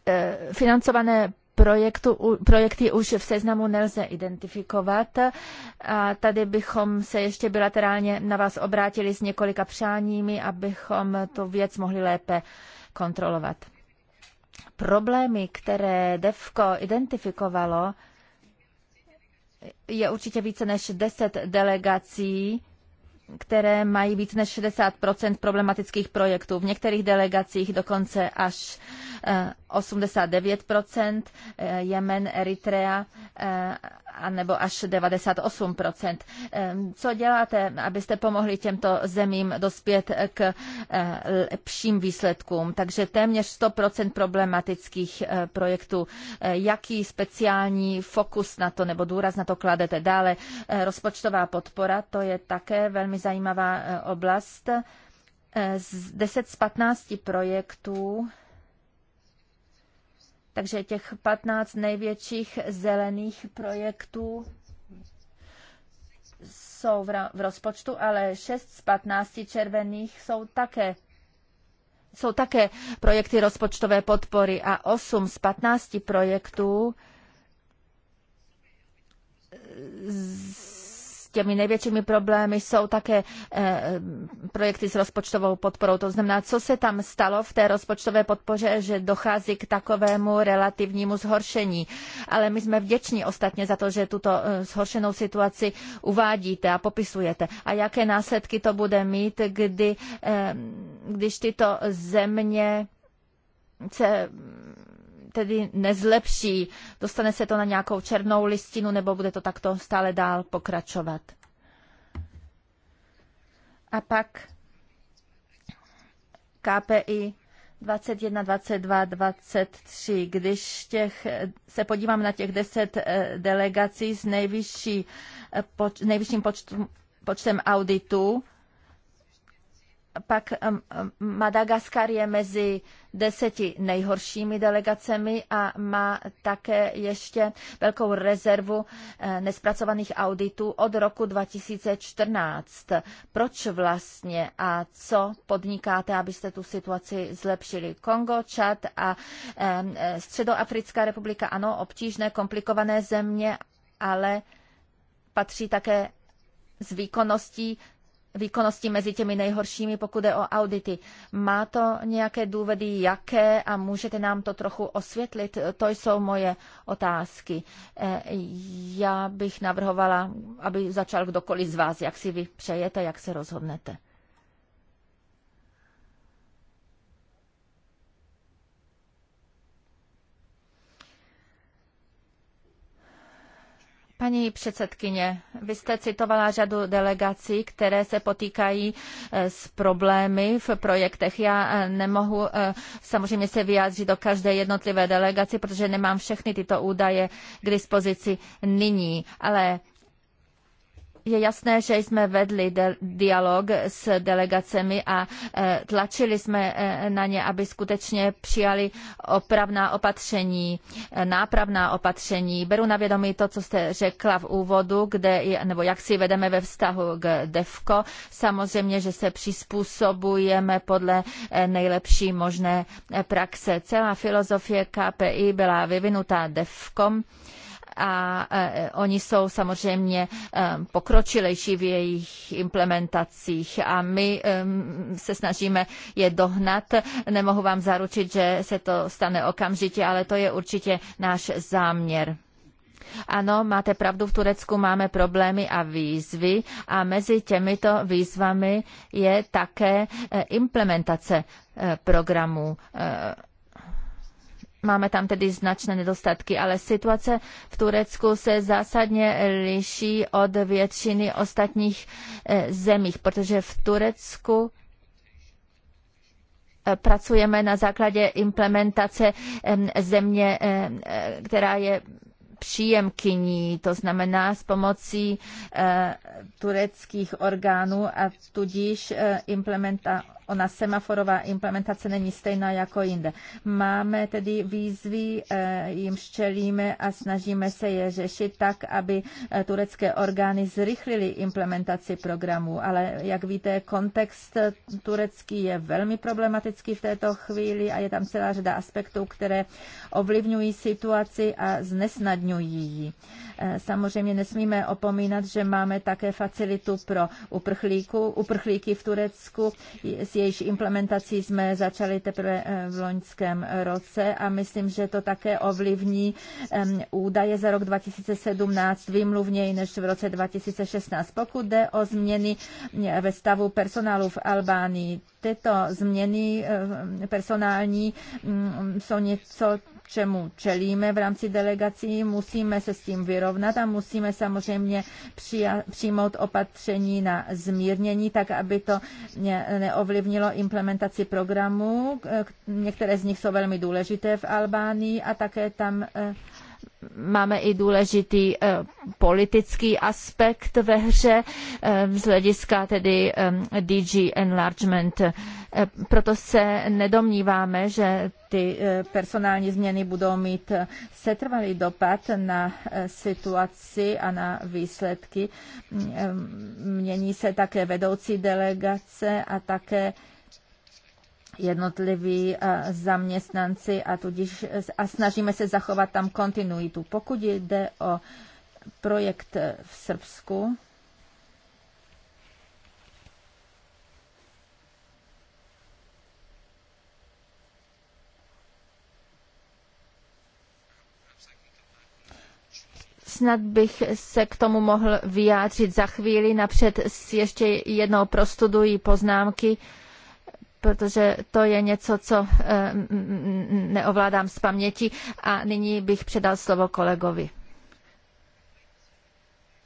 Eh, financované projektu, projekty už v seznamu nelze identifikovat. A tady bychom se ještě bilaterálně na vás obrátili s několika přáními, abychom tu věc mohli lépe kontrolovat problémy, které DEVKO identifikovalo, je určitě více než 10 delegací, které mají více než 60 problematických projektů. V některých delegacích dokonce až 89 eh, eh, Jemen, Eritrea eh, anebo až 98%. Co děláte, abyste pomohli těmto zemím dospět k eh, lepším výsledkům? Takže téměř 100% problematických eh, projektů. Eh, jaký speciální fokus na to nebo důraz na to kladete? Dále rozpočtová podpora, to je také velmi zajímavá oblast. Z 10 z 15 projektů takže těch 15 největších zelených projektů jsou v rozpočtu, ale 6 z 15 červených jsou také jsou také projekty rozpočtové podpory a 8 z 15 projektů z těmi největšími problémy jsou také eh, projekty s rozpočtovou podporou. To znamená, co se tam stalo v té rozpočtové podpoře, že dochází k takovému relativnímu zhoršení. Ale my jsme vděční ostatně za to, že tuto eh, zhoršenou situaci uvádíte a popisujete. A jaké následky to bude mít, kdy, eh, když tyto země se tedy nezlepší. Dostane se to na nějakou černou listinu nebo bude to takto stále dál pokračovat. A pak KPI 21, 22, 23. Když těch, se podívám na těch 10 eh, delegací s nejvyšší, eh, poč, nejvyšším počtu, počtem auditů, pak Madagaskar je mezi deseti nejhoršími delegacemi a má také ještě velkou rezervu eh, nespracovaných auditů od roku 2014. Proč vlastně a co podnikáte, abyste tu situaci zlepšili? Kongo, Čad a eh, Středoafrická republika, ano, obtížné, komplikované země, ale patří také s výkonností výkonnosti mezi těmi nejhoršími, pokud je o audity. Má to nějaké důvody, jaké a můžete nám to trochu osvětlit? To jsou moje otázky. E, já bych navrhovala, aby začal kdokoliv z vás, jak si vy přejete, jak se rozhodnete. Paní předsedkyně, vy jste citovala řadu delegací, které se potýkají eh, s problémy v projektech. Já eh, nemohu eh, samozřejmě se vyjádřit do každé jednotlivé delegaci, protože nemám všechny tyto údaje k dispozici nyní, ale je jasné, že jsme vedli dialog s delegacemi a e, tlačili jsme e, na ně, aby skutečně přijali opravná opatření, e, nápravná opatření. Beru na vědomí to, co jste řekla v úvodu, kde, nebo jak si vedeme ve vztahu k DEFCO. Samozřejmě, že se přizpůsobujeme podle nejlepší možné praxe. Celá filozofie KPI byla vyvinuta DEFCOM a e, oni jsou samozřejmě e, pokročilejší v jejich implementacích a my e, se snažíme je dohnat. Nemohu vám zaručit, že se to stane okamžitě, ale to je určitě náš záměr. Ano, máte pravdu, v Turecku máme problémy a výzvy a mezi těmito výzvami je také implementace programů Máme tam tedy značné nedostatky, ale situace v Turecku se zásadně liší od většiny ostatních eh, zemích, protože v Turecku eh, pracujeme na základě implementace země, eh, která je příjemkyní, to znamená s pomocí tureckých orgánů a tudíž implementa, ona semaforová implementace není stejná jako jinde. Máme tedy výzvy, eh, jim čelíme a snažíme se je řešit tak, aby eh, turecké orgány zrychlily implementaci programu. Ale jak víte, kontext turecký je velmi problematický v této chvíli a je tam celá řada aspektů, které ovlivňují situaci a znesnadňují ji. Eh, samozřejmě nesmíme opomínat, že máme také facilitu pro uprchlíku, uprchlíky v Turecku. S jejíž implementací jsme začali teprve eh, v loňském roce a myslím, že to také ovlivní údaje za rok 2017 výmluvněji než v roce 2016. Pokud jde o změny eh, ve stavu personálu v Albánii, tyto změny personální mm, jsou něco, čemu čelíme v rámci delegací, musíme se s tím vyrovnat a musíme samozřejmě přijmout opatření na zmírnění, tak aby to neovlivnilo implementaci programů. Některé z nich jsou velmi důležité v Albánii a také tam eh, máme i důležitý eh, politický aspekt ve hře eh, z hlediska tedy eh, DG Enlargement. Proto se nedomníváme, že ty personální změny budou mít setrvalý dopad na situaci a na výsledky. Mm, mění se také vedoucí delegace a také jednotliví eh, zaměstnanci a, tudíž, a snažíme se zachovat tam kontinuitu. Pokud jde o projekt eh, v Srbsku, snad bych se k tomu mohl vyjádřit za chvíli. Napřed ještě jednou prostuduji poznámky. Uh, protože to je něco, co eh, neovládám z paměti a nyní bych předal slovo kolegovi.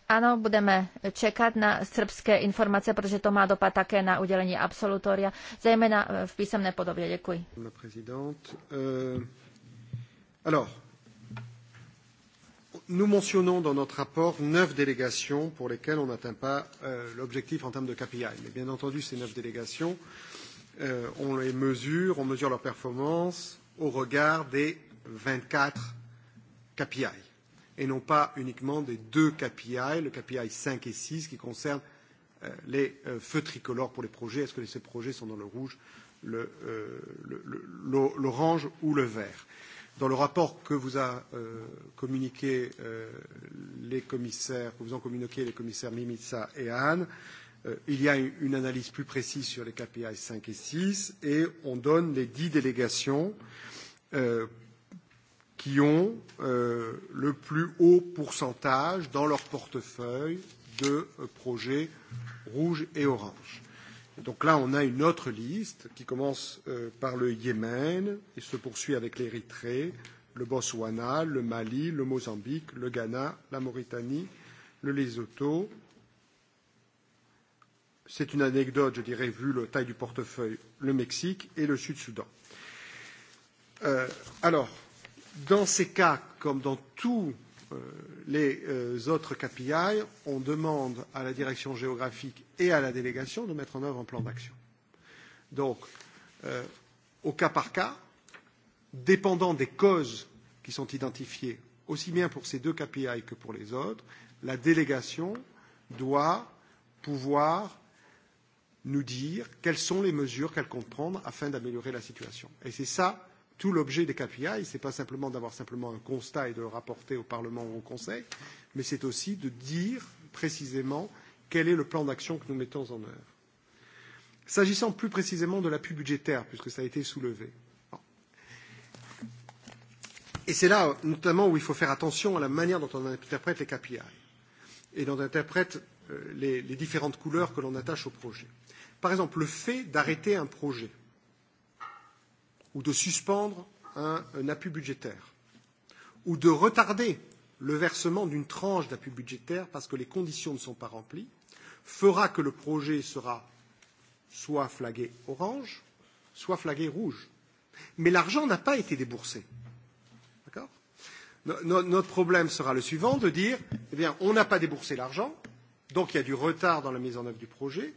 Ano, budeme čekat na srbské informace, protože to má dopad také na udělení absolutoria, zejména eh, v písemné podobě. Děkuji. Eh, nous mentionnons dans notre rapport neuf délégations pour lesquelles on n'atteint pas euh, l'objectif en termes de KPI. Mais bien entendu, ces neuf délégations euh, euh, on les mesure, on mesure leur performance au regard des 24 KPI et non pas uniquement des deux KPI, le KPI 5 et 6 qui concerne euh, les euh, feux tricolores pour les projets. Est-ce que ces projets sont dans le rouge, l'orange le, euh, le, le, ou le vert Dans le rapport que vous a euh, communiqué euh, les commissaires, que vous ont communiqué les commissaires Mimitsa et Anne, euh, Euh, il y a une analyse plus précise sur les KPI 5 et 6 et on donne les 10 délégations euh, qui ont euh, le plus haut pourcentage dans leur portefeuille de projets rouges et oranges. donc là, on a une autre liste qui commence par le Yémen et se poursuit avec l'Érythrée, le Botswana, le Mali, le Mozambique, le Ghana, la Mauritanie, le Lesotho, C'est une anecdote, je dirais, vu la taille du portefeuille, le Mexique et le Sud-Soudan. Euh, alors, dans ces cas, comme dans tous euh, les euh, autres KPI, on demande à la direction géographique et à la délégation de mettre en œuvre un plan d'action. Donc, euh, au cas par cas, dépendant des causes qui sont identifiées, aussi bien pour ces deux KPI que pour les autres, la délégation doit pouvoir nous dire quelles sont les mesures qu'elle compte prendre afin d'améliorer la situation. Et c'est ça tout l'objet des KPI, ce n'est pas simplement d'avoir simplement un constat et de le rapporter au Parlement ou au Conseil, mais c'est aussi de dire précisément quel est le plan d'action que nous mettons en œuvre. S'agissant plus précisément de l'appui budgétaire, puisque ça a été soulevé, et c'est là notamment où il faut faire attention à la manière dont on interprète les KPI et dont on interprète Euh, les, les différentes couleurs que l'on attache au projet. Par exemple, le fait d'arrêter un projet ou de suspendre un, un appui budgétaire ou de retarder le versement d'une tranche d'appui budgétaire parce que les conditions ne sont pas remplies fera que le projet sera soit flagué orange, soit flagué rouge. Mais l'argent n'a pas été déboursé. D'accord no, no, Notre problème sera le suivant de dire eh bien, on n'a pas déboursé l'argent, Donc il y a du retard dans la mise en œuvre du projet.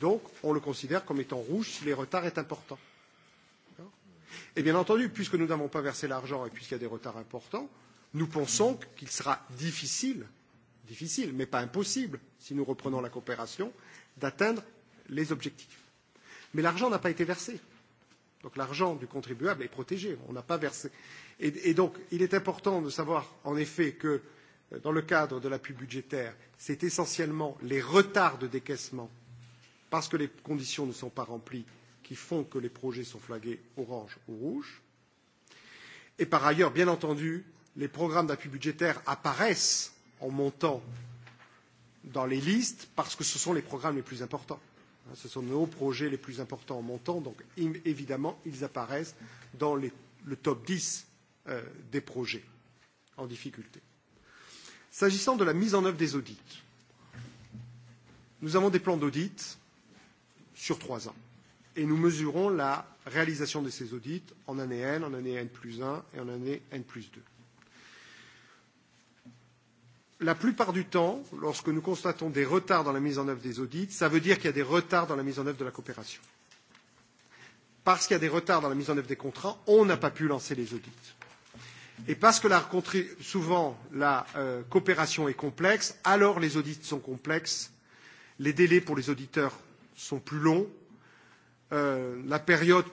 Donc on le considère comme étant rouge si le retard est important. Et bien entendu, puisque nous n'avons pas versé l'argent et puisqu'il y a des retards importants, nous pensons qu'il sera difficile, difficile, mais pas impossible, si nous reprenons la coopération, d'atteindre les objectifs. Mais l'argent n'a pas été versé. Donc l'argent du contribuable est protégé. On n'a pas versé. Et, et donc il est important de savoir en effet que Euh, dans le cadre de l'appui budgétaire, c'est essentiellement les retards de décaissement, parce que les conditions ne sont pas remplies, qui font que les projets sont flagués orange ou rouge. Et par ailleurs, bien entendu, les programmes d'appui budgétaire apparaissent en montant dans les listes parce que ce sont les programmes les plus importants. Ce sont nos projets les plus importants en montant, donc évidemment, ils apparaissent dans les, le top 10 euh, des projets en difficulté. S'agissant de la mise en œuvre des audits, nous avons des plans d'audit sur trois ans et nous mesurons la réalisation de ces audits en année N, en année N plus 1 et en année N plus 2. La plupart du temps, lorsque nous constatons des retards dans la mise en œuvre des audits, ça veut dire qu'il y a des retards dans la mise en œuvre de la coopération. Parce qu'il y a des retards dans la mise en œuvre des contrats, on n'a pas pu lancer les audits. Et parce que la, souvent la euh, coopération est complexe, alors les audits sont complexes, les délais pour les auditeurs sont plus longs, euh, la période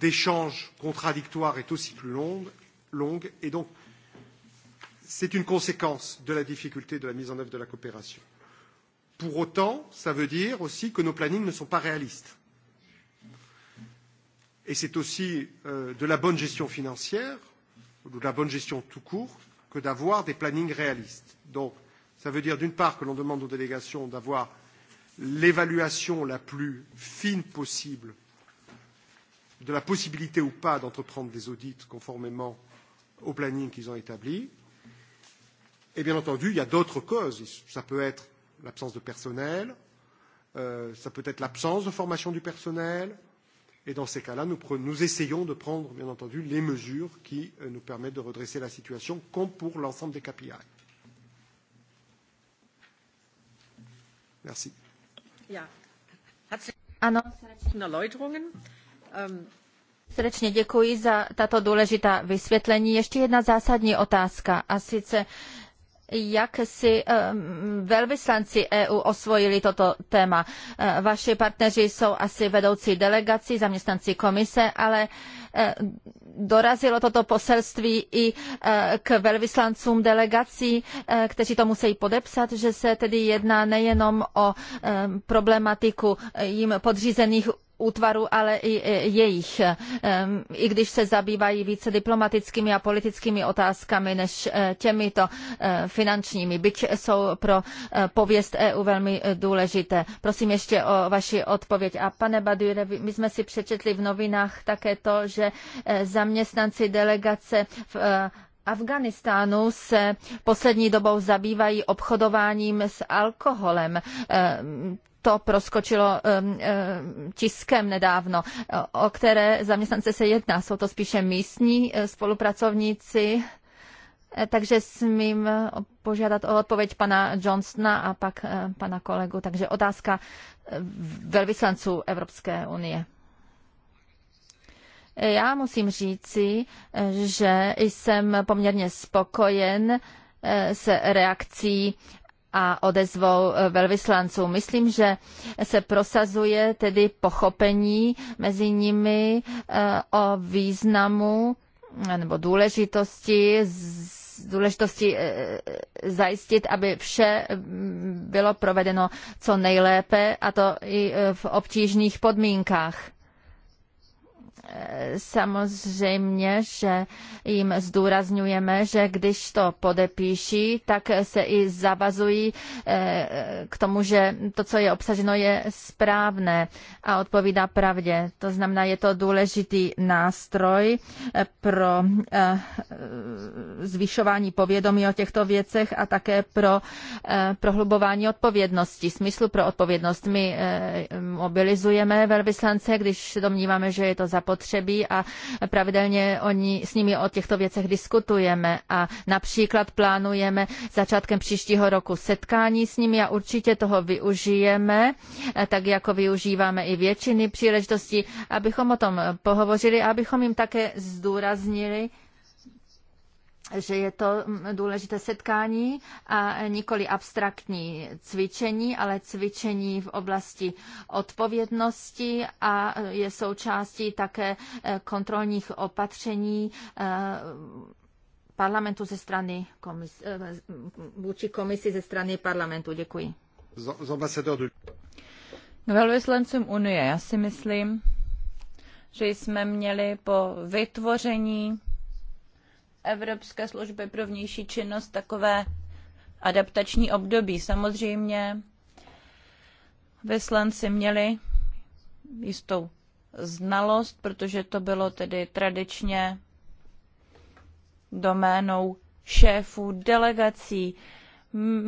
d'échange contradictoire est aussi plus longue, longue et donc c'est une conséquence de la difficulté de la mise en œuvre de la coopération. Pour autant, ça veut dire aussi que nos plannings ne sont pas réalistes. Et c'est aussi euh, de la bonne gestion financière ou de la bonne gestion tout court que d'avoir des plannings réalistes. Donc, ça veut dire d'une part que l'on demande aux délégations d'avoir l'évaluation la plus fine possible de la possibilité ou pas d'entreprendre des audits conformément au planning qu'ils ont établi. Et bien entendu, il y a d'autres causes. Ça peut être l'absence de personnel, euh, ça peut être l'absence de formation du personnel, euh, Et dans ces cas-là, nous, nous essayons de prendre, bien entendu, les mesures qui euh, nous permettent de redresser la situation, comme pour l'ensemble des KPI. Merci. Ja. Ano. Ähm, Srdečně děkuji za tato důležitá vysvětlení. Ještě jedna zásadní otázka, a sice jak si eh, velvyslanci EU osvojili toto téma. Eh, vaši partneři jsou asi vedoucí delegací, zaměstnanci komise, ale eh, dorazilo toto poselství i k velvyslancům delegací, kteří to musí podepsat, že se tedy jedná nejenom o problematiku jim podřízených útvarů, ale i jejich, i když se zabývají více diplomatickými a politickými otázkami než eh, těmito eh, finančními, byť jsou pro eh, pověst EU velmi důležité. Prosím ještě o vaši odpověď. A pane Badujere, my jsme si přečetli v novinách také to, že zaměstnanci delegace v Afganistánu se poslední dobou zabývají obchodováním s alkoholem to proskočilo um, um, tiskem nedávno, o které zaměstnance se jedná. Jsou to spíše místní eh, spolupracovníci, eh, takže smím eh, požádat o odpověď pana Johnsona a pak pana kolegu. Takže otázka velvyslanců Evropské unie. Já musím říci, že jsem poměrně spokojen se reakcí a odezvou eh, velvyslanců. Myslím, že se prosazuje tedy pochopení mezi nimi eh, o významu eh, nebo důležitosti důležitosti zajistit, aby vše mm, bylo provedeno co nejlépe a to i v obtížných podmínkách. Samozřejmě, že jim zdůrazňujeme, že když to podepíší, tak se i zavazují eh, k tomu, že to, co je obsaženo, je správné a odpovídá pravdě. To znamená, je to důležitý nástroj eh, pro eh, zvyšování povědomí o těchto věcech a také pro prohlubování odpovědnosti, smyslu pro odpovědnost. My mobilizujeme velvyslance, když domníváme, že je to zapotřebí zapotřebí a pravidelně oni, s nimi o těchto věcech diskutujeme a například plánujeme začátkem příštího roku setkání s nimi a určitě toho využijeme, eh, tak jako využíváme i většiny příležitostí, abychom o tom pohovořili, a abychom jim také zdůraznili, že je to mm, důležité setkání a nikoli abstraktní cvičení, ale cvičení v oblasti odpovědnosti a je součástí také eh, kontrolních opatření eh, parlamentu ze strany komisi, eh, vůči komisi ze strany parlamentu. Děkuji. Velvyslancům Unie, já si myslím, že jsme měli po vytvoření Evropské služby pro vnější činnost takové adaptační období. Samozřejmě vyslanci měli jistou znalost, protože to bylo tedy tradičně doménou šéfů delegací.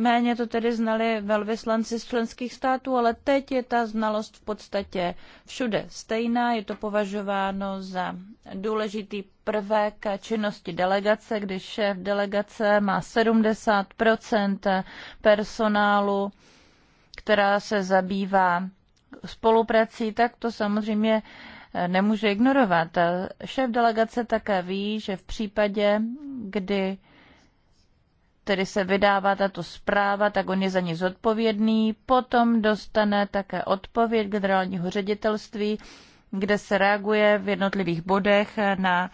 Méně to tedy znali velvyslanci z členských států, ale teď je ta znalost v podstatě všude stejná. Je to považováno za důležitý prvek činnosti delegace, když šéf delegace má 70 personálu, která se zabývá spoluprací, tak to samozřejmě eh, nemůže ignorovat. Šéf delegace také ví, že v případě, kdy tedy se vydává tato zpráva, tak on je za ní zodpovědný, potom dostane také odpověď generálního ředitelství, kde se reaguje v jednotlivých bodech na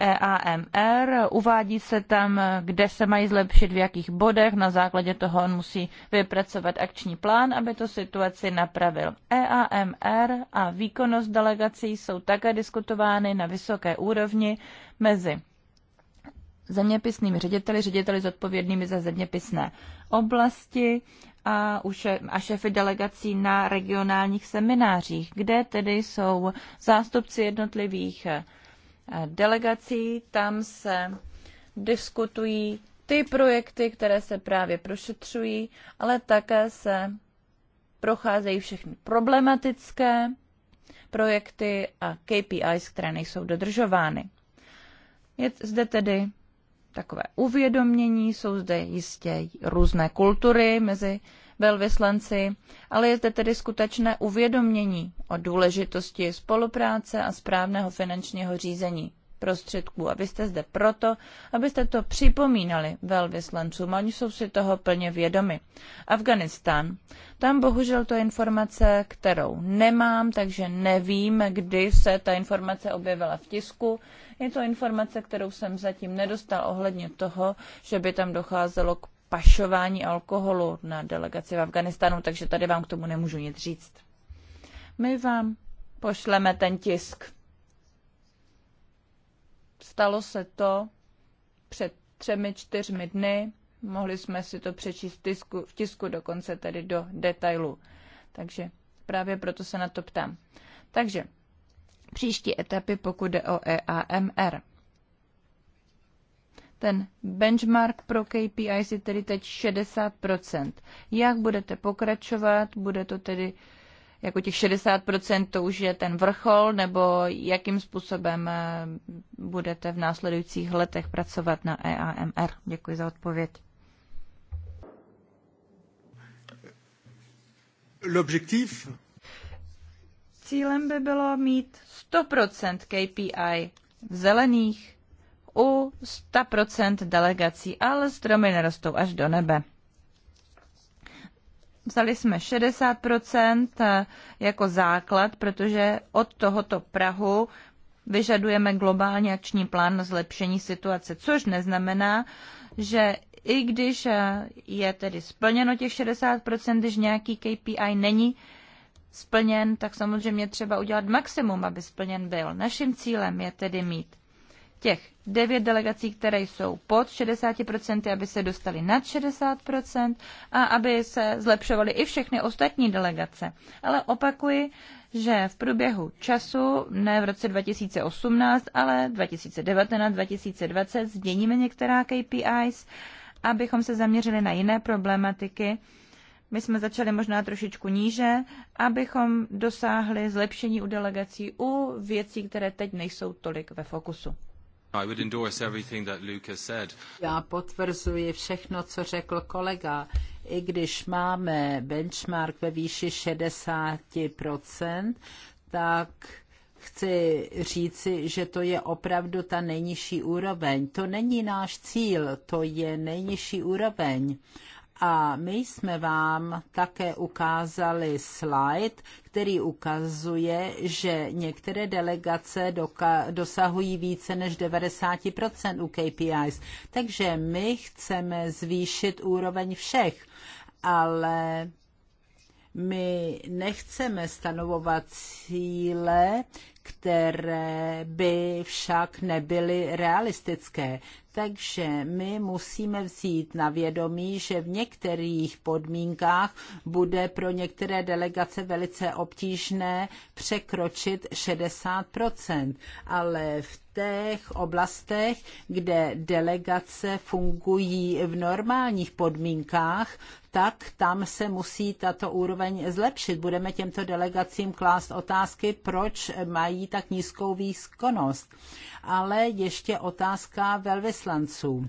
EAMR. Uvádí se tam, kde se mají zlepšit, v jakých bodech. Na základě toho on musí vypracovat akční plán, aby to situaci napravil. EAMR a výkonnost delegací jsou také diskutovány na vysoké úrovni mezi zeměpisnými řediteli, řediteli zodpovědnými za zeměpisné oblasti a, a šefy delegací na regionálních seminářích, kde tedy jsou zástupci jednotlivých eh, delegací. Tam se diskutují ty projekty, které se právě prošetřují, ale také se procházejí všechny problematické projekty a KPIs, které nejsou dodržovány. Je zde tedy takové uvědomění, jsou zde jistě různé kultury mezi velvyslanci, ale je zde tedy skutečné uvědomění o důležitosti spolupráce a správného finančního řízení prostředků. A vy jste zde proto, abyste to připomínali velvyslancům. Oni jsou si toho plně vědomi. Afganistán. Tam bohužel to je informace, kterou nemám, takže nevím, kdy se ta informace objevila v tisku. Je to informace, kterou jsem zatím nedostal ohledně toho, že by tam docházelo k pašování alkoholu na delegaci v Afganistánu, takže tady vám k tomu nemůžu nic říct. My vám pošleme ten tisk. Stalo se to před třemi, čtyřmi dny. Mohli jsme si to přečíst v tisku, v tisku dokonce tedy do detailu. Takže právě proto se na to ptám. Takže příští etapy, pokud jde o EAMR. Ten benchmark pro KPI je tedy teď 60%. Jak budete pokračovat? Bude to tedy jako těch 60% to už je ten vrchol, nebo jakým způsobem eh, budete v následujících letech pracovat na EAMR? Děkuji za odpověď. L'objectif Cílem by bylo mít 100% KPI v zelených u 100% delegací, ale stromy nerostou až do nebe. Vzali jsme 60% eh, jako základ, protože od tohoto Prahu vyžadujeme globální akční plán na zlepšení situace, což neznamená, že i když eh, je tedy splněno těch 60%, když nějaký KPI není splněn, tak samozřejmě třeba udělat maximum, aby splněn byl. Naším cílem je tedy mít těch devět delegací, které jsou pod 60%, aby se dostali nad 60% a aby se zlepšovaly i všechny ostatní delegace. Ale opakuji, že v průběhu času, ne v roce 2018, ale 2019, 2020, změníme některá KPIs, abychom se zaměřili na jiné problematiky, my jsme začali možná trošičku níže, abychom dosáhli zlepšení u delegací u věcí, které teď nejsou tolik ve fokusu. Já potvrzuji všechno, co řekl kolega. I když máme benchmark ve výši 60%, tak chci říci, že to je opravdu ta nejnižší úroveň. To není náš cíl, to je nejnižší úroveň. A my jsme vám také ukázali slide, který ukazuje, že některé delegace dosahují více než 90% u KPIs. Takže my chceme zvýšit úroveň všech, ale my nechceme stanovovat cíle, které by však nebyly realistické. Takže my musíme vzít na vědomí, že v některých podmínkách bude pro některé delegace velice obtížné překročit 60 ale v místech, oblastech, kde delegace fungují v normálních podmínkách, tak tam se musí tato úroveň zlepšit. Budeme těmto delegacím klást otázky, proč mají tak nízkou výkonnost. Ale ještě otázka velvyslanců.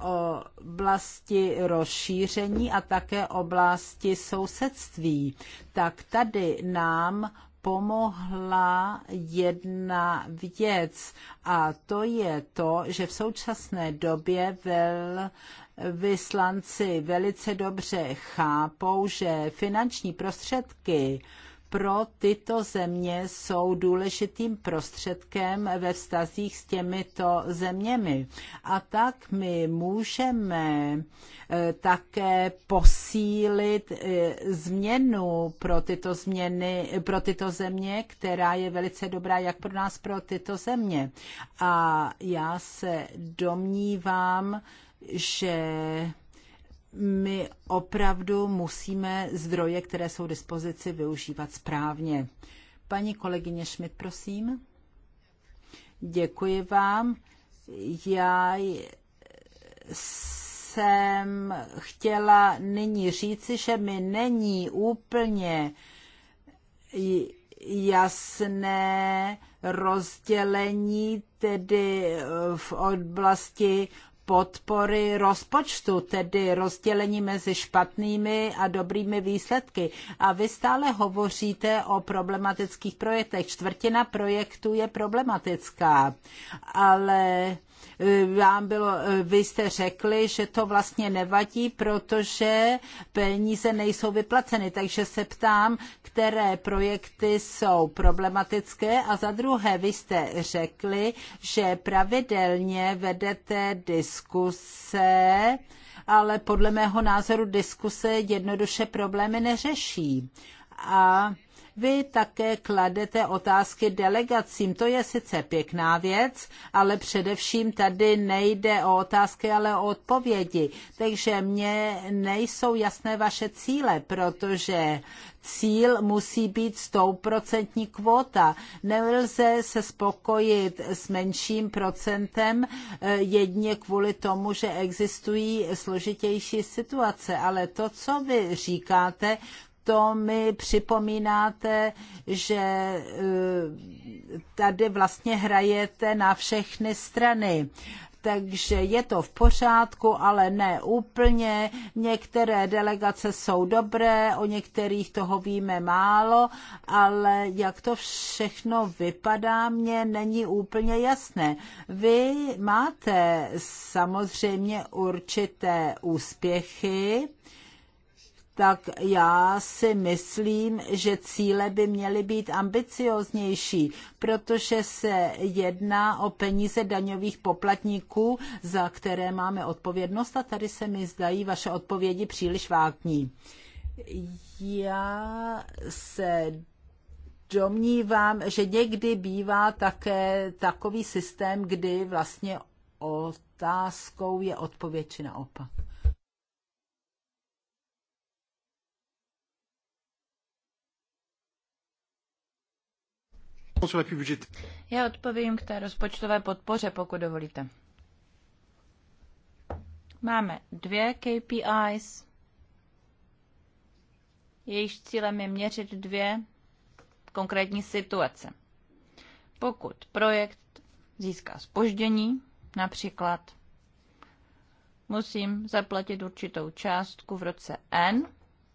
O e, oblasti rozšíření a také oblasti sousedství. Tak tady nám pomohla jedna věc a to je to, že v současné době vel, vyslanci velice dobře chápou, že finanční prostředky, pro tyto země jsou důležitým prostředkem ve vztazích s těmito zeměmi. A tak my můžeme eh, také posílit eh, změnu pro tyto, změny, pro tyto země, která je velice dobrá jak pro nás, pro tyto země. A já se domnívám, že my opravdu musíme zdroje, které jsou dispozici, využívat správně. Paní kolegyně Schmidt, prosím. Děkuji vám. Já jsem chtěla nyní říci, že mi není úplně jasné rozdělení tedy v oblasti podpory rozpočtu, tedy rozdělení mezi špatnými a dobrými výsledky. A vy stále hovoříte o problematických projektech. Čtvrtina projektů je problematická, ale Eh, vám bylo, eh, vy jste řekli, že to vlastně nevadí, protože peníze nejsou vyplaceny. Takže se ptám, které projekty jsou problematické. A za druhé, vy jste řekli, že pravidelně vedete diskuse, ale podle mého názoru diskuse jednoduše problémy neřeší. A vy také kladete otázky delegacím. To je sice pěkná věc, ale především tady nejde o otázky, ale o odpovědi. Takže mně nejsou jasné vaše cíle, protože cíl musí být stouprocentní kvota. Nelze se spokojit s menším procentem eh, jedně kvůli tomu, že existují složitější situace, ale to, co vy říkáte, to mi připomínáte, že eh, tady vlastně hrajete na všechny strany takže je to v pořádku, ale ne úplně. Některé delegace jsou dobré, o některých toho víme málo, ale jak to všechno vypadá, mně není úplně jasné. Vy máte samozřejmě určité úspěchy, tak já si myslím, že cíle by měly být ambicioznější, protože se jedná o peníze daňových poplatníků, za které máme odpovědnost a tady se mi zdají vaše odpovědi příliš vágní. Já se domnívám, že někdy bývá také takový systém, kdy vlastně otázkou je odpověď či naopak. Já odpovím k té rozpočtové podpoře, pokud dovolíte. Máme dvě KPIs. Jejich cílem je měřit dvě konkrétní situace. Pokud projekt získá spoždění, například musím zaplatit určitou částku v roce N,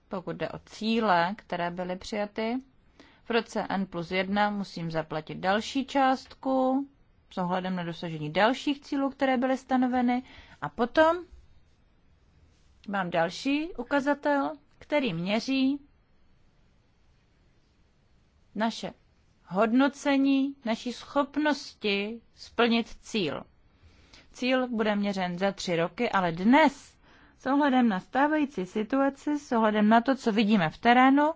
pokud jde o cíle, které byly přijaty, v roce N plus 1 musím zaplatit další částku s ohledem na dosažení dalších cílů, které byly stanoveny. A potom mám další ukazatel, který měří naše hodnocení naší schopnosti splnit cíl. Cíl bude měřen za tři roky, ale dnes, s ohledem na stávající situaci, s ohledem na to, co vidíme v terénu,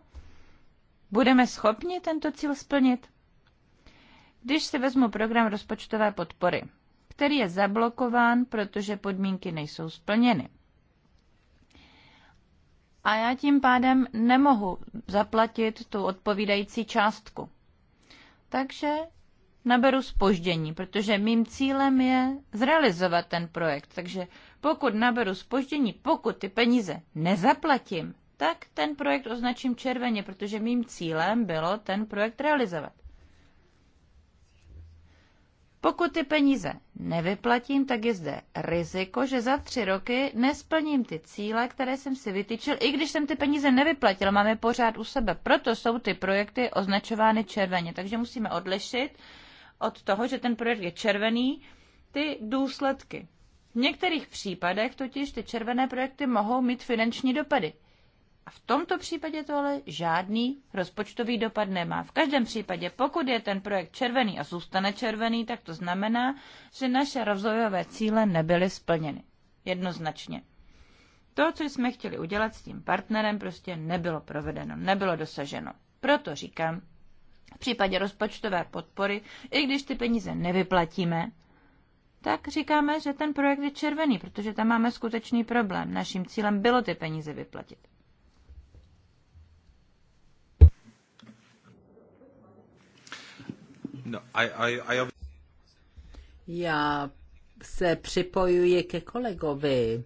Budeme schopni tento cíl splnit? Když si vezmu program rozpočtové podpory, který je zablokován, protože podmínky nejsou splněny. A já tím pádem nemohu zaplatit tu odpovídající částku. Takže naberu spoždění, protože mým cílem je zrealizovat ten projekt. Takže pokud naberu spoždění, pokud ty peníze nezaplatím, tak ten projekt označím červeně, protože mým cílem bylo ten projekt realizovat. Pokud ty peníze nevyplatím, tak je zde riziko, že za tři roky nesplním ty cíle, které jsem si vytyčil, i když jsem ty peníze nevyplatil, máme pořád u sebe. Proto jsou ty projekty označovány červeně. Takže musíme odlišit od toho, že ten projekt je červený, ty důsledky. V některých případech totiž ty červené projekty mohou mít finanční dopady. A v tomto případě to ale žádný rozpočtový dopad nemá. V každém případě, pokud je ten projekt červený a zůstane červený, tak to znamená, že naše rozvojové cíle nebyly splněny. Jednoznačně. To, co jsme chtěli udělat s tím partnerem, prostě nebylo provedeno, nebylo dosaženo. Proto říkám, v případě rozpočtové podpory, i když ty peníze nevyplatíme, tak říkáme, že ten projekt je červený, protože tam máme skutečný problém. Naším cílem bylo ty peníze vyplatit. No, I, I, I... Já se připojuji ke kolegovi,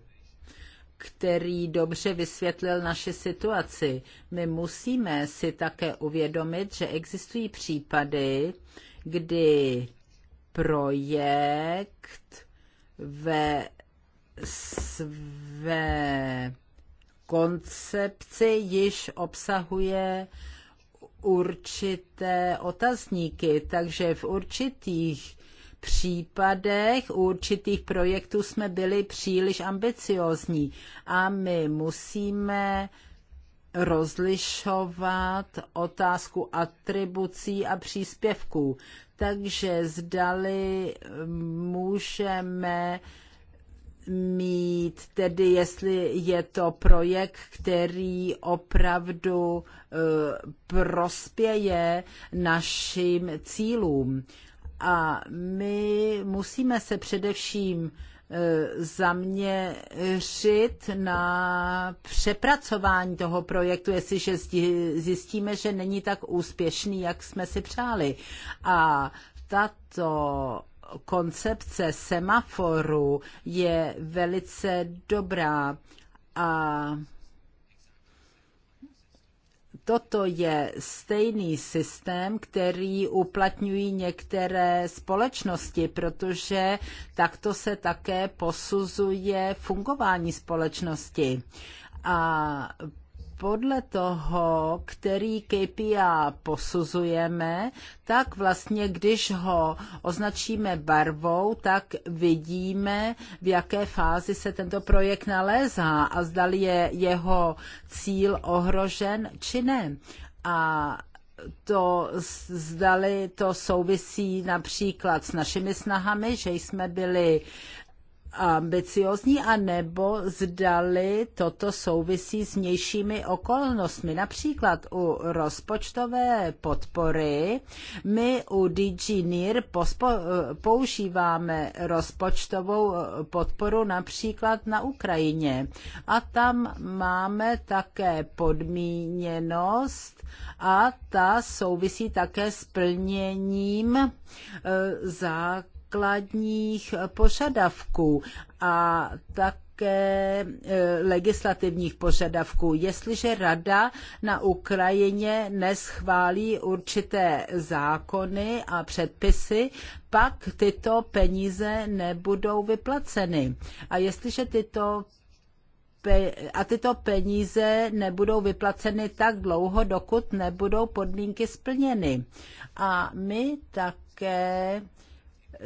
který dobře vysvětlil naši situaci. My musíme si také uvědomit, že existují případy, kdy projekt ve své koncepci již obsahuje určité otazníky, takže v určitých případech u určitých projektů jsme byli příliš ambiciozní a my musíme rozlišovat otázku atribucí a příspěvků. Takže zdali můžeme uh, mít, tedy jestli je to projekt, který opravdu eh, prospěje našim cílům. A my musíme se především eh, zaměřit na přepracování toho projektu, jestliže zjistíme, že není tak úspěšný, jak jsme si přáli. A tato koncepce semaforu je velice dobrá a toto je stejný systém, který uplatňují některé společnosti, protože takto se také posuzuje fungování společnosti. A podle toho, který KPI posuzujeme, tak vlastně, když ho označíme barvou, tak vidíme, v jaké fázi se tento projekt nalézá a zdali je jeho cíl ohrožen či ne. A to zdali to souvisí například s našimi snahami, že jsme byli ambiciozní, anebo zdali toto souvisí s vnějšími okolnostmi. Například u rozpočtové podpory my u DG NIR používáme rozpočtovou podporu například na Ukrajině. A tam máme také podmíněnost a ta souvisí také s plněním e, zákonů základních požadavků a tak také e, legislativních požadavků. Jestliže rada na Ukrajině neschválí určité zákony a předpisy, pak tyto peníze nebudou vyplaceny. A jestliže tyto a tyto peníze nebudou vyplaceny tak dlouho, dokud nebudou podmínky splněny. A my také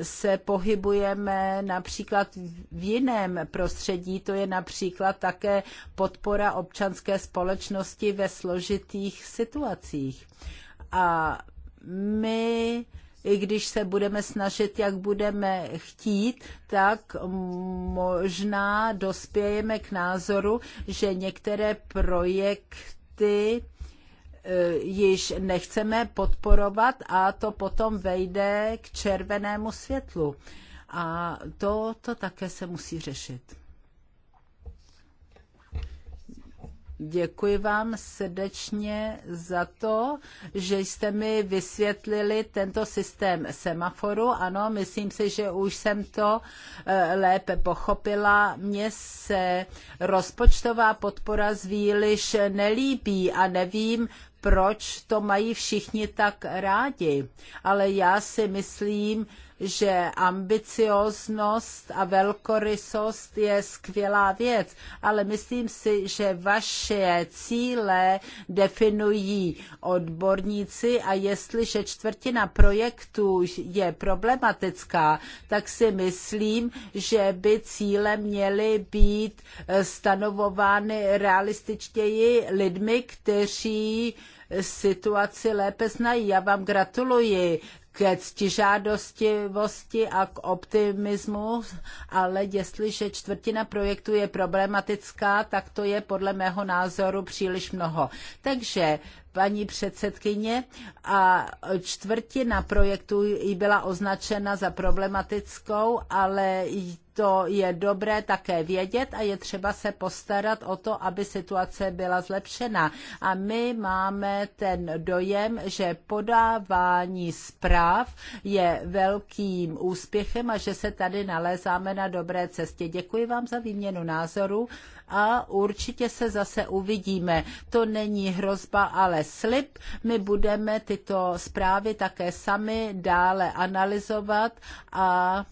se pohybujeme například v jiném prostředí, to je například také podpora občanské společnosti ve složitých situacích. A my i když se budeme snažit, jak budeme chtít, tak možná dospějeme k názoru, že některé projekty již nechceme podporovat a to potom vejde k červenému světlu. A to, to také se musí řešit. Děkuji vám srdečně za to, že jste mi vysvětlili tento systém semaforu. Ano, myslím si, že už jsem to eh, lépe pochopila. Mně se rozpočtová podpora zvíliš nelíbí a nevím, proč to mají všichni tak rádi. Ale já si myslím, že ambicioznost a velkorysost je skvělá věc, ale myslím si, že vaše cíle definují odborníci a jestliže čtvrtina projektů je problematická, tak si myslím, že by cíle měly být stanovovány realističtěji lidmi, kteří situaci lépe znají. Já vám gratuluji ke ctižádostivosti a k optimismu, ale jestliže čtvrtina projektu je problematická, tak to je podle mého názoru příliš mnoho. Takže paní předsedkyně, a čtvrtina projektů byla označena za problematickou, ale to je dobré také vědět a je třeba se postarat o to, aby situace byla zlepšena. A my máme ten dojem, že podávání zpráv je velkým úspěchem a že se tady nalézáme na dobré cestě. Děkuji vám za výměnu názorů a určitě se zase uvidíme. To není hrozba, ale slib. My budeme tyto zprávy také sami dále analyzovat a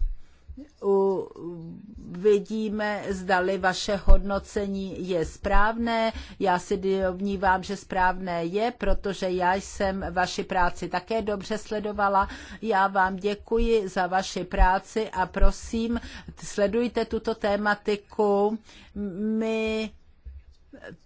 vidíme, zdali vaše hodnocení je správné. Já si domnívám, že správné je, protože já jsem vaši práci také dobře sledovala. Já vám děkuji za vaši práci a prosím, sledujte tuto tématiku. My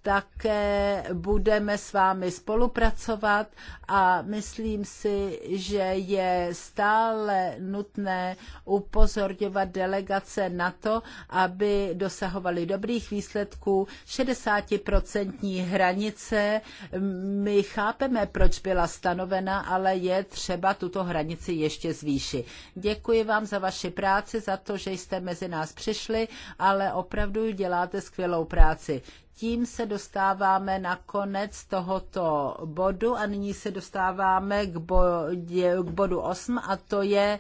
také budeme s vámi spolupracovat a myslím si, že je stále nutné upozorňovat delegace na to, aby dosahovali dobrých výsledků 60% hranice. My chápeme, proč byla stanovena, ale je třeba tuto hranici ještě zvýšit. Děkuji vám za vaši práci, za to, že jste mezi nás přišli, ale opravdu děláte skvělou práci. Tím se dostáváme na konec tohoto bodu a nyní se dostáváme k, bodě, k bodu 8 a to je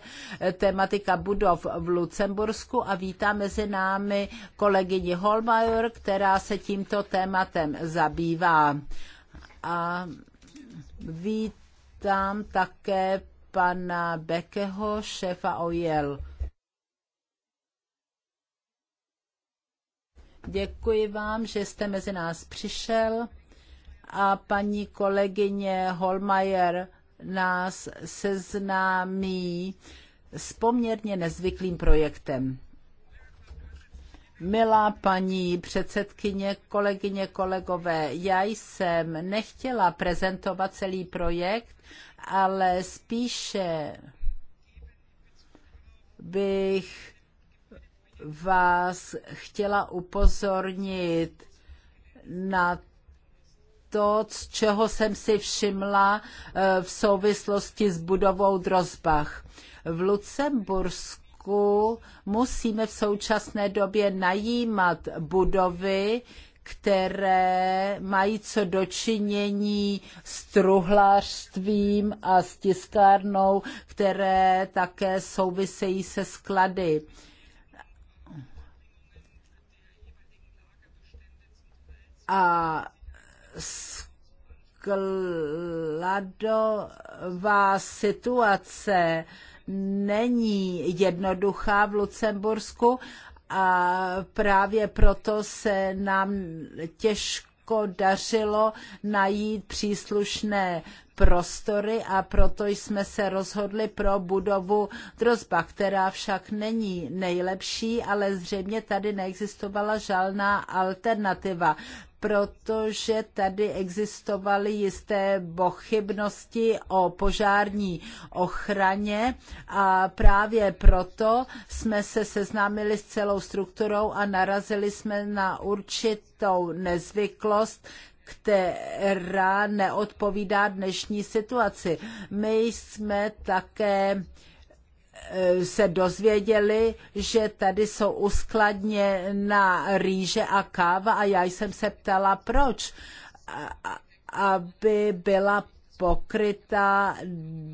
tematika budov v Lucembursku a vítá mezi námi kolegyni Holmajor, která se tímto tématem zabývá. A vítám také pana Bekeho, šéfa OJEL. Děkuji vám, že jste mezi nás přišel a paní kolegyně Holmajer nás seznámí s poměrně nezvyklým projektem. Milá paní předsedkyně, kolegyně, kolegové, já jsem nechtěla prezentovat celý projekt, ale spíše bych vás chtěla upozornit na to, z čeho jsem si všimla eh, v souvislosti s budovou Drozbach. V Lucembursku musíme v současné době najímat budovy, které mají co dočinění s truhlářstvím a s tiskárnou, které také souvisejí se sklady. a skladová situace není jednoduchá v Lucembursku a právě proto se nám těžko dařilo najít příslušné prostory a proto jsme se rozhodli pro budovu Drozba, která však není nejlepší, ale zřejmě tady neexistovala žádná alternativa protože tady existovaly jisté pochybnosti o požární ochraně a právě proto jsme se seznámili s celou strukturou a narazili jsme na určitou nezvyklost, která neodpovídá dnešní situaci. My jsme také Eh, se dozvěděli, že tady jsou uskladněna rýže a káva a já jsem se ptala, proč, aby byla pokryta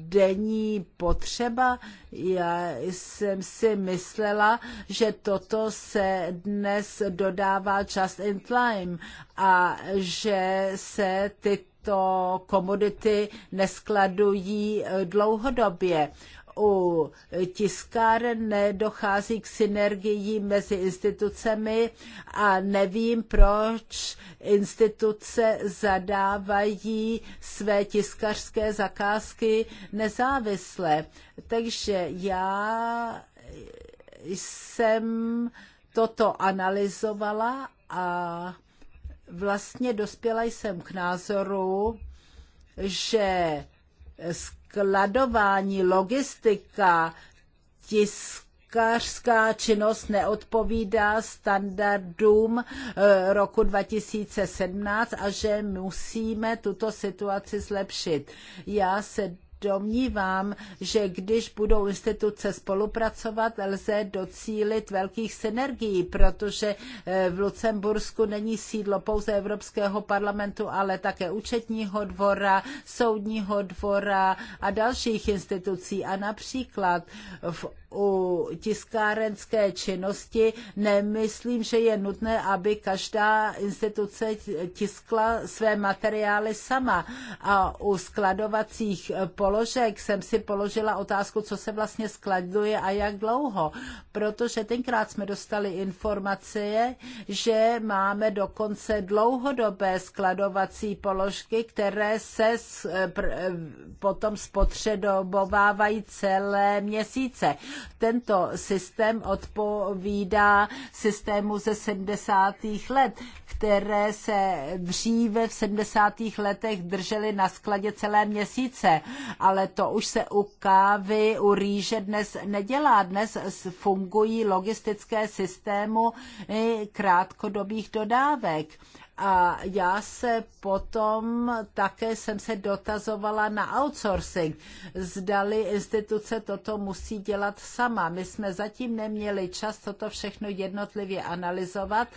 denní potřeba. Já jsem si myslela, že toto se dnes dodává just in time a že se tyto komodity neskladují dlouhodobě u tiskáren nedochází k synergii mezi institucemi a nevím, proč instituce zadávají své tiskařské zakázky nezávisle. Takže já jsem toto analyzovala a vlastně dospěla jsem k názoru, že skladování, logistika, tiskařská činnost neodpovídá standardům eh, roku 2017 a že musíme tuto situaci zlepšit. Já se domnívám, že když budou instituce spolupracovat, lze docílit velkých synergií, protože eh, v Lucembursku není sídlo pouze Evropského parlamentu, ale také účetního dvora, soudního dvora a dalších institucí. A například v u tiskárenské činnosti nemyslím, že je nutné, aby každá instituce tiskla své materiály sama. A u skladovacích položek jsem si položila otázku, co se vlastně skladuje a jak dlouho. Protože tenkrát jsme dostali informace, že máme dokonce dlouhodobé skladovací položky, které se potom spotřebovávají celé měsíce. Tento systém odpovídá systému ze 70. let, které se dříve v 70. letech držely na skladě celé měsíce, ale to už se u kávy, u rýže dnes nedělá. Dnes fungují logistické systémy krátkodobých dodávek a já se potom také jsem se dotazovala na outsourcing. Zdali instituce toto musí dělat sama. My jsme zatím neměli čas toto všechno jednotlivě analyzovat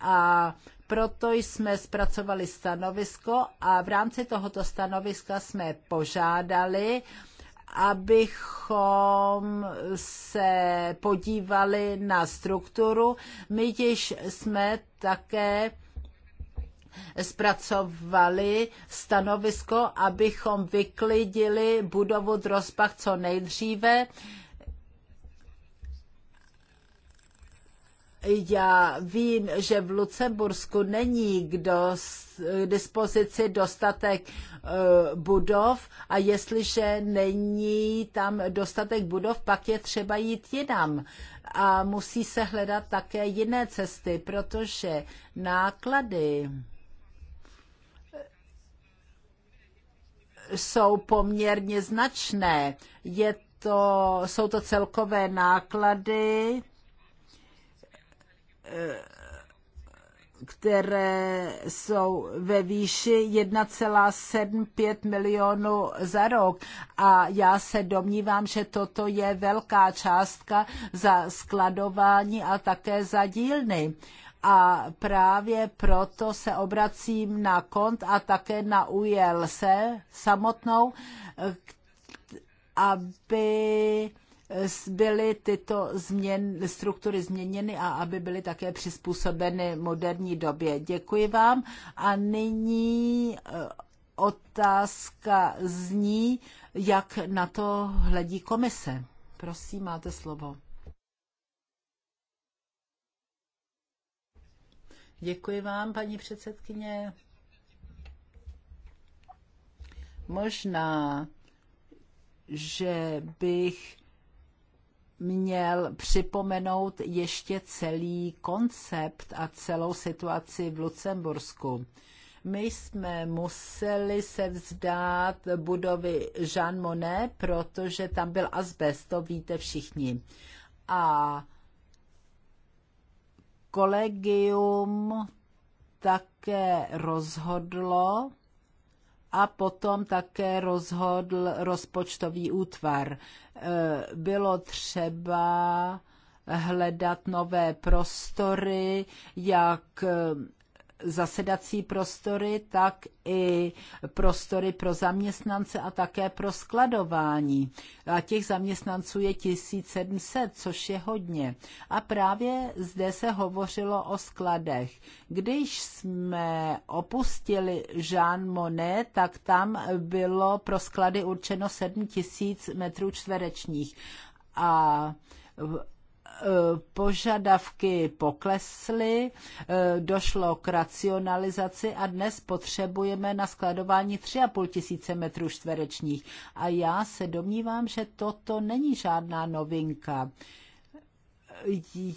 a proto jsme zpracovali stanovisko a v rámci tohoto stanoviska jsme požádali, abychom se podívali na strukturu. My již jsme také zpracovali stanovisko, abychom vyklidili budovu Drospach co nejdříve. Já vím, že v Lucembursku není k, dos, k dispozici dostatek e, budov a jestliže není tam dostatek budov, pak je třeba jít jinam. A musí se hledat také jiné cesty, protože náklady jsou poměrně značné. Je to, jsou to celkové náklady, které jsou ve výši 1,75 milionů za rok. A já se domnívám, že toto je velká částka za skladování a také za dílny a právě proto se obracím na kont a také na ULC samotnou, aby byly tyto změn, struktury změněny a aby byly také přizpůsobeny moderní době. Děkuji vám a nyní eh, otázka zní, jak na to hledí komise. Prosím, máte slovo. Děkuji vám, paní předsedkyně. Možná, že bych měl připomenout ještě celý koncept a celou situaci v Lucembursku. My jsme museli se vzdát budovy Jean Monnet, protože tam byl asbest, to víte všichni. A kolegium také rozhodlo a potom také rozhodl rozpočtový útvar. E, bylo třeba hledat nové prostory, jak zasedací prostory, tak i prostory pro zaměstnance a také pro skladování. A těch zaměstnanců je 1700, což je hodně. A právě zde se hovořilo o skladech. Když jsme opustili Jean Monnet, tak tam bylo pro sklady určeno 7000 metrů čtverečních. A E, požadavky poklesly, e, došlo k racionalizaci a dnes potřebujeme na skladování 3,5 tisíce metrů čtverečních. A já se domnívám, že toto není žádná novinka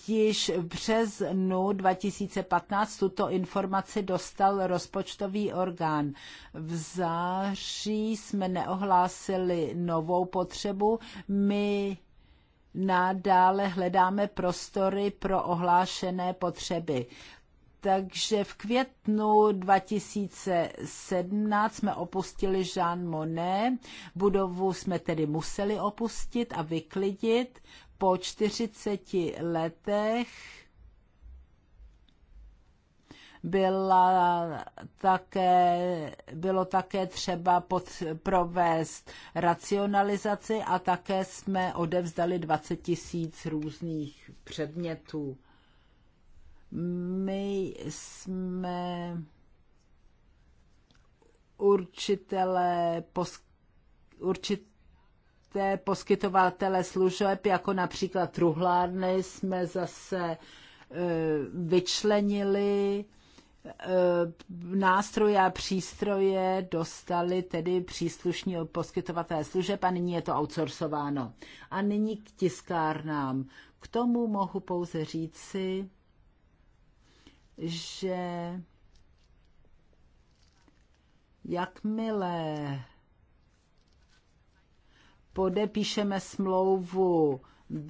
již v březnu 2015 tuto informaci dostal rozpočtový orgán. V září jsme neohlásili novou potřebu. My nadále hledáme prostory pro ohlášené potřeby. Takže v květnu 2017 jsme opustili Jean Monnet, budovu jsme tedy museli opustit a vyklidit. Po 40 letech byla také, bylo také třeba pod, provést racionalizaci a také jsme odevzdali 20 tisíc různých předmětů. My jsme určitele, pos, Té poskytovatele služeb, jako například truhlárny, jsme zase eh, vyčlenili Eh, nástroje a přístroje dostali tedy příslušní poskytovatelé služeb a nyní je to outsourcováno. A nyní k tiskárnám. K tomu mohu pouze říci, že jakmile podepíšeme smlouvu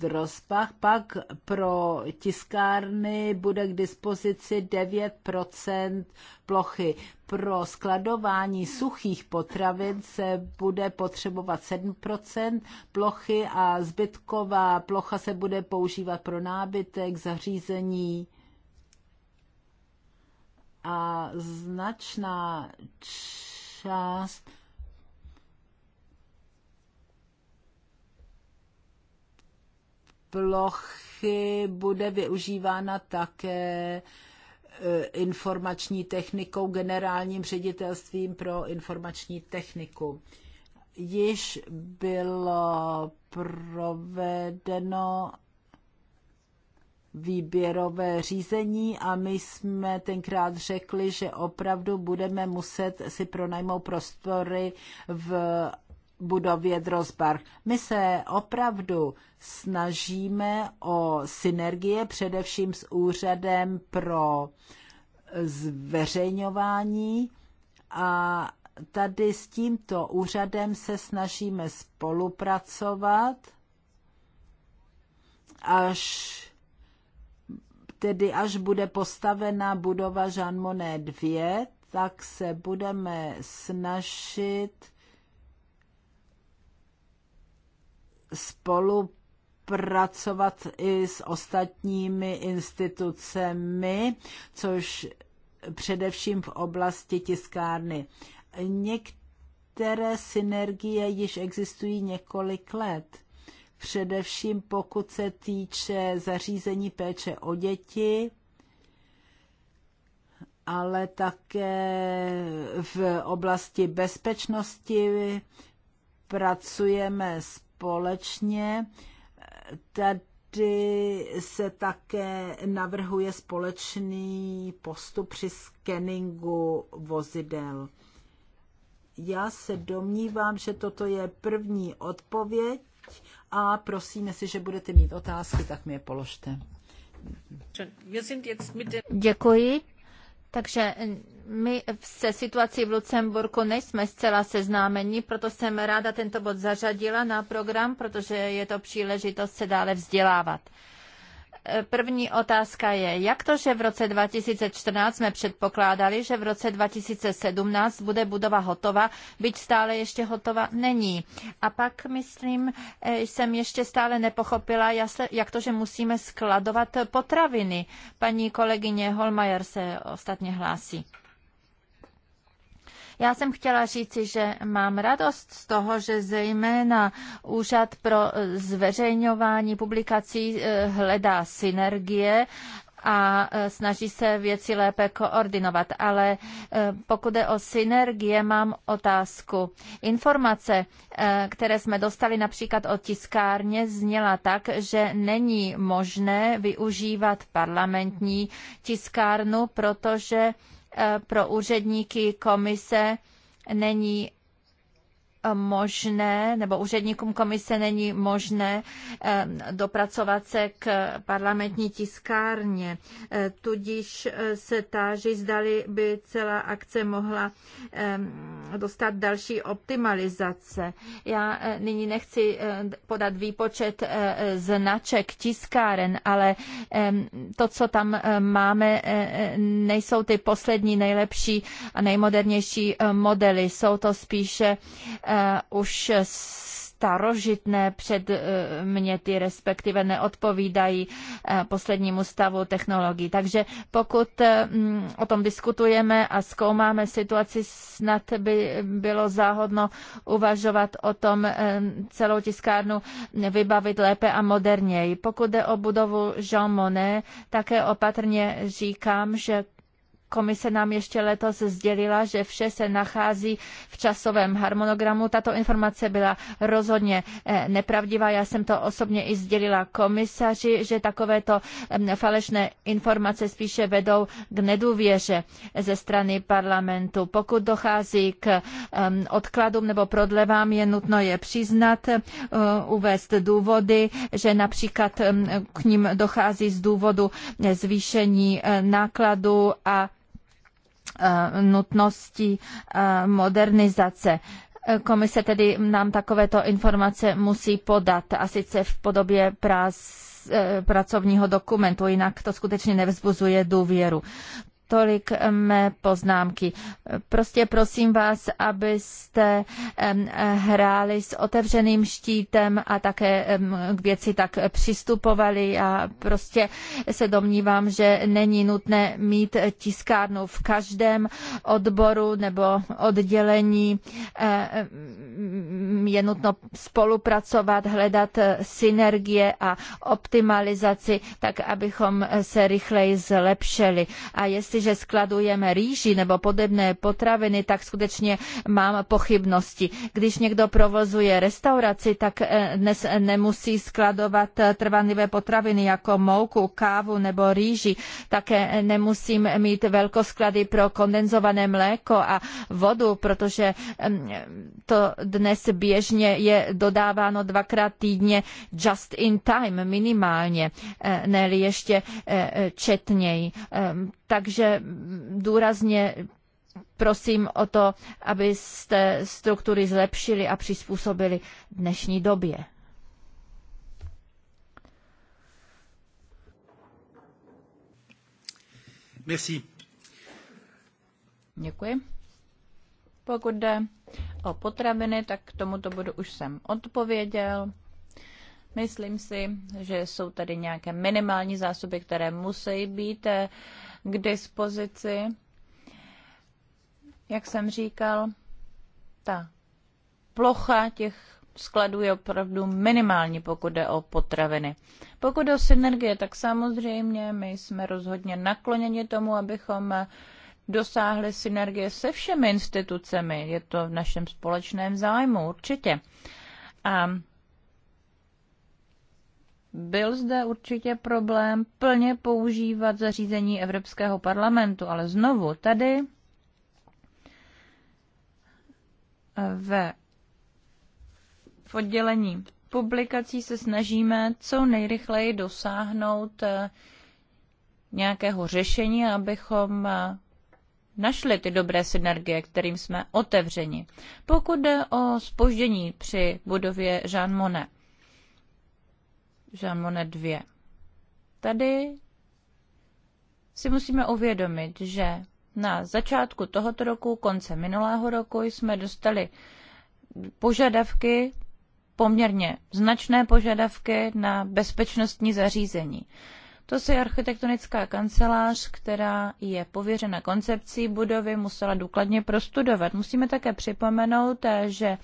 rozpach. pak pro tiskárny bude k dispozici 9 plochy. Pro skladování suchých potravin se bude potřebovat 7 plochy a zbytková plocha se bude používat pro nábytek, zařízení a značná část plochy bude využívána také e, informační technikou, generálním ředitelstvím pro informační techniku. Již bylo provedeno výběrové řízení a my jsme tenkrát řekli, že opravdu budeme muset si pronajmout prostory v budově Drosbach. My se opravdu snažíme o synergie především s úřadem pro zveřejňování a tady s tímto úřadem se snažíme spolupracovat až tedy až bude postavena budova Jean Monnet 2, tak se budeme snažit spolupracovat i s ostatními institucemi, což především v oblasti tiskárny. Některé synergie již existují několik let. Především pokud se týče zařízení péče o děti, ale také v oblasti bezpečnosti pracujeme s společně. Tady se také navrhuje společný postup při skeningu vozidel. Já se domnívám, že toto je první odpověď a prosím, jestliže budete mít otázky, tak mi je položte. Děkuji. Takže my se situací v Lucemburku nejsme zcela seznámeni, proto jsem ráda tento bod zařadila na program, protože je to příležitost se dále vzdělávat. E, první otázka je, jak to, že v roce 2014 jsme předpokládali, že v roce 2017 bude budova hotova, byť stále ještě hotova není. A pak, myslím, e, jsem ještě stále nepochopila, jak to, že musíme skladovat potraviny. Paní kolegyně Holmajer se ostatně hlásí. Já jsem chtěla říci, že mám radost z toho, že zejména Úřad pro zveřejňování publikací eh, hledá synergie a eh, snaží se věci lépe koordinovat. Ale eh, pokud je o synergie, mám otázku. Informace, které jsme dostali například od tiskárně, zněla tak, že není možné využívat parlamentní tiskárnu, protože Eh, pro úředníky komise není možné, nebo úředníkům komise není možné dopracovat se k parlamentní tiskárně. E, tudíž e, se táží, zdali by celá akce mohla dostat další optimalizace. Já e, nyní nechci podat výpočet značek tiskáren, ale to, co tam máme, nejsou ty poslední, nejlepší a nejmodernější modely. Jsou to spíše Eh, už starožitné předměty, eh, respektive neodpovídají eh, poslednímu stavu technologií. Takže pokud mm, o tom diskutujeme a zkoumáme situaci, snad by bylo záhodno uvažovat o tom celou tiskárnu vybavit lépe a moderněji. Pokud jde o budovu Jean Monnet, také opatrně říkám, že Komise nám ještě letos sdělila, že vše se nachází v časovém harmonogramu. Tato informace byla rozhodně eh, nepravdivá. Já jsem to osobně i sdělila komisaři, že takovéto falešné informace spíše vedou k nedůvěře ze strany parlamentu. Pokud dochází k odkladům nebo prodlevám, je nutno je přiznat, eh, uvést důvody, že například k ním dochází z důvodu eh, zvýšení nákladu a Eh, nutností eh, modernizace. Eh, komise tedy nám takovéto informace musí podat a sice v podobě pracovního dokumentu, jinak to skutečně nevzbuzuje důvěru. Tolik eh, mé poznámky. Prostě prosím vás, abyste eh, hráli s otevřeným štítem a také k věci tak přistupovali a prostě se domnívám, že není nutné mít tiskárnu v každém odboru nebo oddělení. Je nutno spolupracovat, hledat eh, synergie a optimalizaci, tak abychom se rychleji zlepšili. A jestli jestliže skladujeme rýži nebo podobné potraviny, tak skutečně mám pochybnosti. Když někdo provozuje restauraci, tak eh, dnes nemusí skladovat eh, trvanlivé potraviny jako mouku, kávu nebo rýži. Také nemusím mít velkosklady pro kondenzované mléko a vodu, protože mm, to dnes běžně je dodáváno dvakrát týdně just in time minimálně, eh, ne ještě četněji. Ehm, takže důrazně prosím o to, abyste struktury zlepšili a přizpůsobili dnešní době. Merci. Děkuji. Pokud jde o potraviny, tak k tomuto bodu už jsem odpověděl. Myslím si, že jsou tady nějaké minimální zásoby, které musí být eh, k dispozici. Jak jsem říkal, ta plocha těch skladů je opravdu minimální, pokud jde o potraviny. Pokud jde o synergie, tak samozřejmě my jsme rozhodně nakloněni tomu, abychom dosáhli synergie se všemi institucemi. Je to v našem společném zájmu, určitě. A byl zde určitě problém plně používat zařízení Evropského parlamentu, ale znovu tady ve, v oddělení publikací se snažíme co nejrychleji dosáhnout eh, nějakého řešení, abychom eh, našli ty dobré synergie, kterým jsme otevřeni. Pokud jde o spoždění při budově Jean Monnet, Jean Monnet 2. Tady si musíme uvědomit, že na začátku tohoto roku, konce minulého roku jsme dostali požadavky, poměrně značné požadavky na bezpečnostní zařízení. To si architektonická kancelář, která je pověřena koncepcí budovy, musela důkladně prostudovat. Musíme také připomenout, že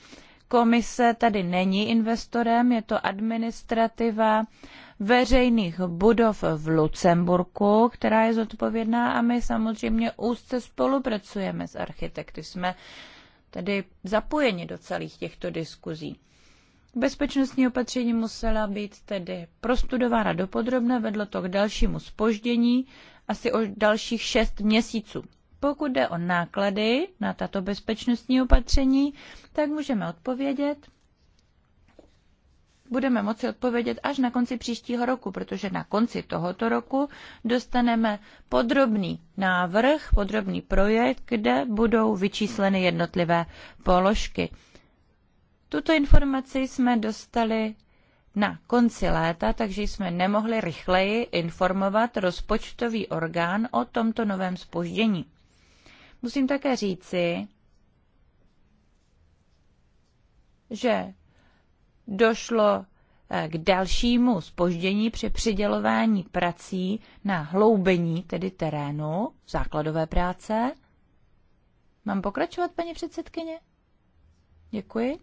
Komise tady není investorem, je to administrativa veřejných budov v Lucemburku, která je zodpovědná a my samozřejmě úzce spolupracujeme s architekty. Jsme tedy zapojeni do celých těchto diskuzí. Bezpečnostní opatření musela být tedy prostudována dopodrobně, vedlo to k dalšímu spoždění asi o dalších šest měsíců. Pokud jde o náklady na tato bezpečnostní opatření, tak můžeme odpovědět. Budeme moci odpovědět až na konci příštího roku, protože na konci tohoto roku dostaneme podrobný návrh, podrobný projekt, kde budou vyčísleny jednotlivé položky. Tuto informaci jsme dostali na konci léta, takže jsme nemohli rychleji informovat rozpočtový orgán o tomto novém spoždění. Musím také říci, že došlo eh, k dalšímu spoždění při přidělování prací na hloubení, tedy terénu, základové práce. Mám pokračovat, paní předsedkyně? Děkuji.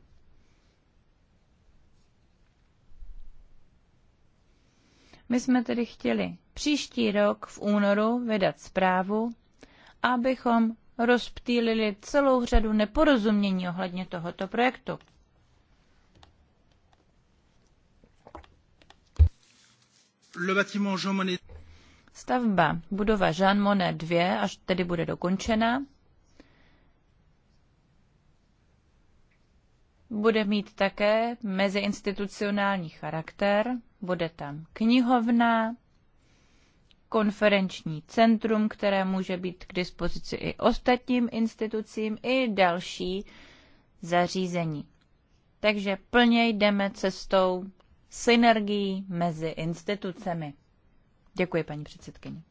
My jsme tedy chtěli příští rok v únoru vydat zprávu, abychom rozptýlili celou řadu neporozumění ohledně tohoto projektu. Stavba budova Jean Monnet 2, až tedy bude dokončena, bude mít také meziinstitucionální charakter, bude tam knihovna, konferenční centrum, které může být k dispozici i ostatním institucím, i další zařízení. Takže plně jdeme cestou synergií mezi institucemi. Děkuji, paní předsedkyně.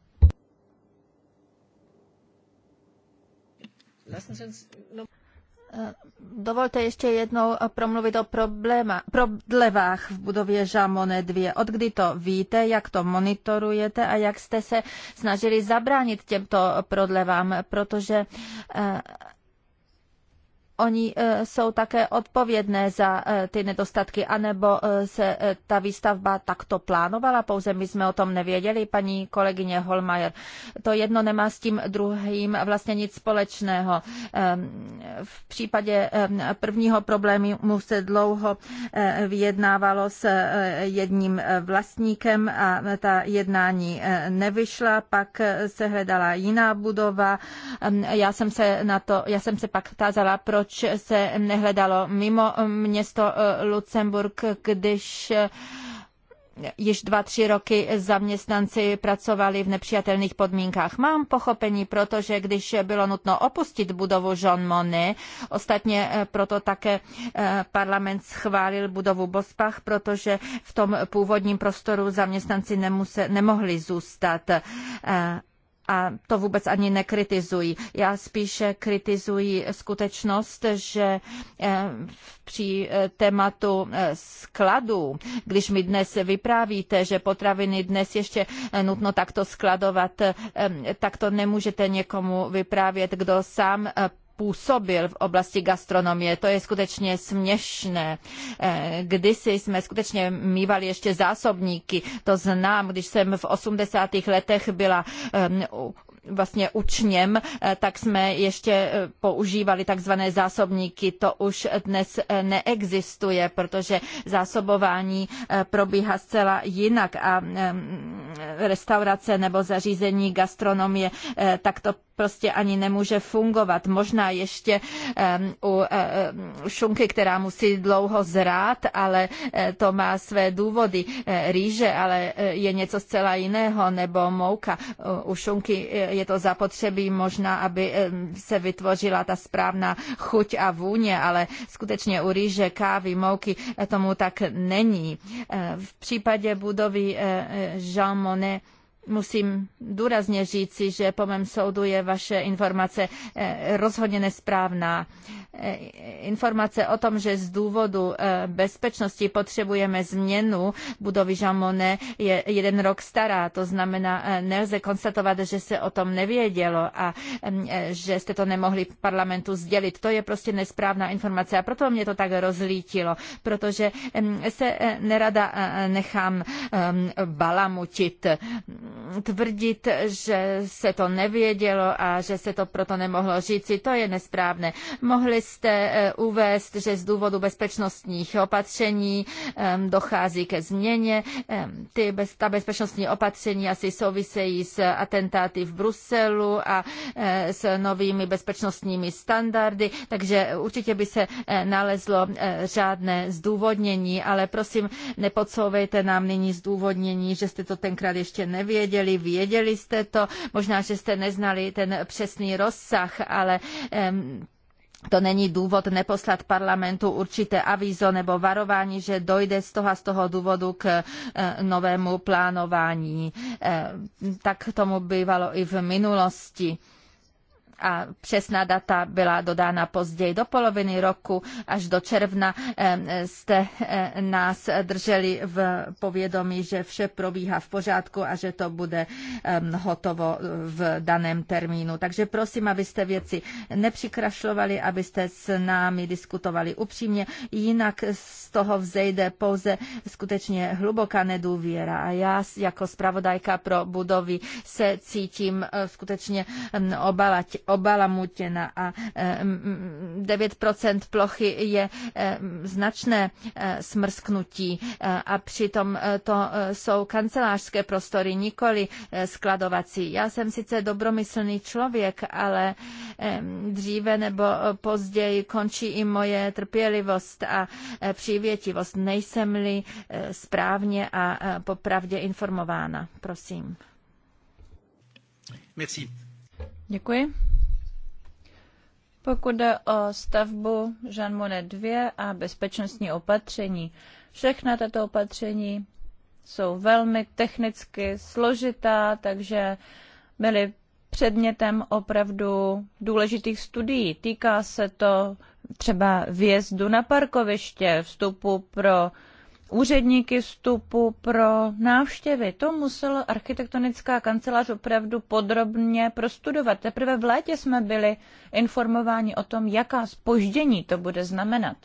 Eh, dovolte ještě jednou eh, promluvit o probléma, problémách v budově Žamone 2. Od kdy to víte, jak to monitorujete a jak jste se snažili zabránit těmto prodlevám, protože eh, oni e, jsou také odpovědné za e, ty nedostatky, anebo e, se ta výstavba takto plánovala, pouze my jsme o tom nevěděli, paní kolegyně Holmajer. To jedno nemá s tím druhým vlastně nic společného. V případě prvního problému se dlouho vyjednávalo s jedním vlastníkem a ta jednání nevyšla, pak se hledala jiná budova. Já jsem se na to, já jsem se pak tázala, proč proč se nehledalo mimo město eh, Lucemburg, když eh, již dva, tři roky zaměstnanci pracovali v nepřijatelných podmínkách. Mám pochopení, protože když bylo nutno opustit budovu Jean Monnet, ostatně eh, proto také parlament schválil budovu Bospach, protože v tom původním prostoru zaměstnanci nemuse, nemohli zůstat a to vůbec ani nekritizuji. Já spíše kritizuji skutečnost, že eh, při eh, tématu eh, skladu, když mi dnes vyprávíte, že potraviny dnes ještě nutno takto skladovat, tak to nemůžete někomu vyprávět, kdo sám působil v oblasti gastronomie. To je skutečně směšné. Eh, kdysi jsme skutečně mývali ještě zásobníky. To znám, když jsem v 80. letech byla ehm, vlastně učněm, eh, tak jsme ještě eh, používali takzvané zásobníky. To už dnes eh, neexistuje, protože zásobování probíhá zcela jinak a mm, restaurace nebo zařízení gastronomie takto prostě ani nemůže fungovat. Možná ještě ehm, u šunky, která musí dlouho zrát, ale to má své důvody. Rýže ale je něco zcela jiného, nebo mouka. U šunky je to zapotřebí možná, aby eh, se vytvořila ta správná chuť a vůně, ale skutečně u rýže, kávy, mouky eh, tomu tak není. Eh, v případě budovy Jean Monnet musím důrazně říci, že po mém soudu je vaše informace rozhodně nesprávná informace o tom, že z důvodu eh, bezpečnosti potřebujeme změnu budovy Žamone, je jeden rok stará. To znamená, eh, nelze konstatovat, že se o tom nevědělo a mm, eh, že jste to nemohli parlamentu sdělit. To je prostě nesprávná informace a proto mě to tak rozlítilo, protože mm, se nerada nechám balamutit, mm, tvrdit, že se to nevědělo a že se to proto nemohlo říci. To je nesprávné. Mohli jste eh, uvést, že z důvodu bezpečnostních opatření dochází ke změně. Ty, ta bezpečnostní opatření asi souvisejí s atentáty v Bruselu a eh, s novými bezpečnostními standardy, takže určitě by se eh, nalezlo žádné zdůvodnění, ale prosím, nepodsouvejte nám nyní zdůvodnění, že jste to tenkrát ještě nevěděli, věděli jste to, možná, že jste neznali ten přesný rozsah, ale to není důvod neposlat parlamentu určité avízo nebo varování, že dojde z toho a z toho důvodu k e, novému plánování. E, tak tomu bývalo i v minulosti a přesná data byla dodána později do poloviny roku až do června jste nás drželi v povědomí, že vše probíhá v pořádku a že to bude hotovo v daném termínu. Takže prosím, abyste věci nepřikrašlovali, abyste s námi diskutovali upřímně, jinak z toho vzejde pouze skutečně hluboká nedůvěra. A já jako zpravodajka pro budovy se cítím eh, skutečně obávat obalamutěna a 9% eh, plochy je eh, značné eh, smrsknutí a přitom to jsou kancelářské prostory, nikoli skladovací. Já jsem sice dobromyslný člověk, ale dříve nebo později končí i moje trpělivost a přívětivost. Nejsem-li správně a popravdě informována. Prosím. Merci. Děkuji. Pokud jde o stavbu Jean Monnet 2 a bezpečnostní opatření, všechna tato opatření jsou velmi technicky složitá, takže byly předmětem opravdu důležitých studií. Týká se to třeba vjezdu na parkoviště, vstupu pro úředníky vstupu pro návštěvy. To musela architektonická kancelář opravdu podrobně prostudovat. Teprve v létě jsme byli informováni o tom, jaká spoždění to bude znamenat.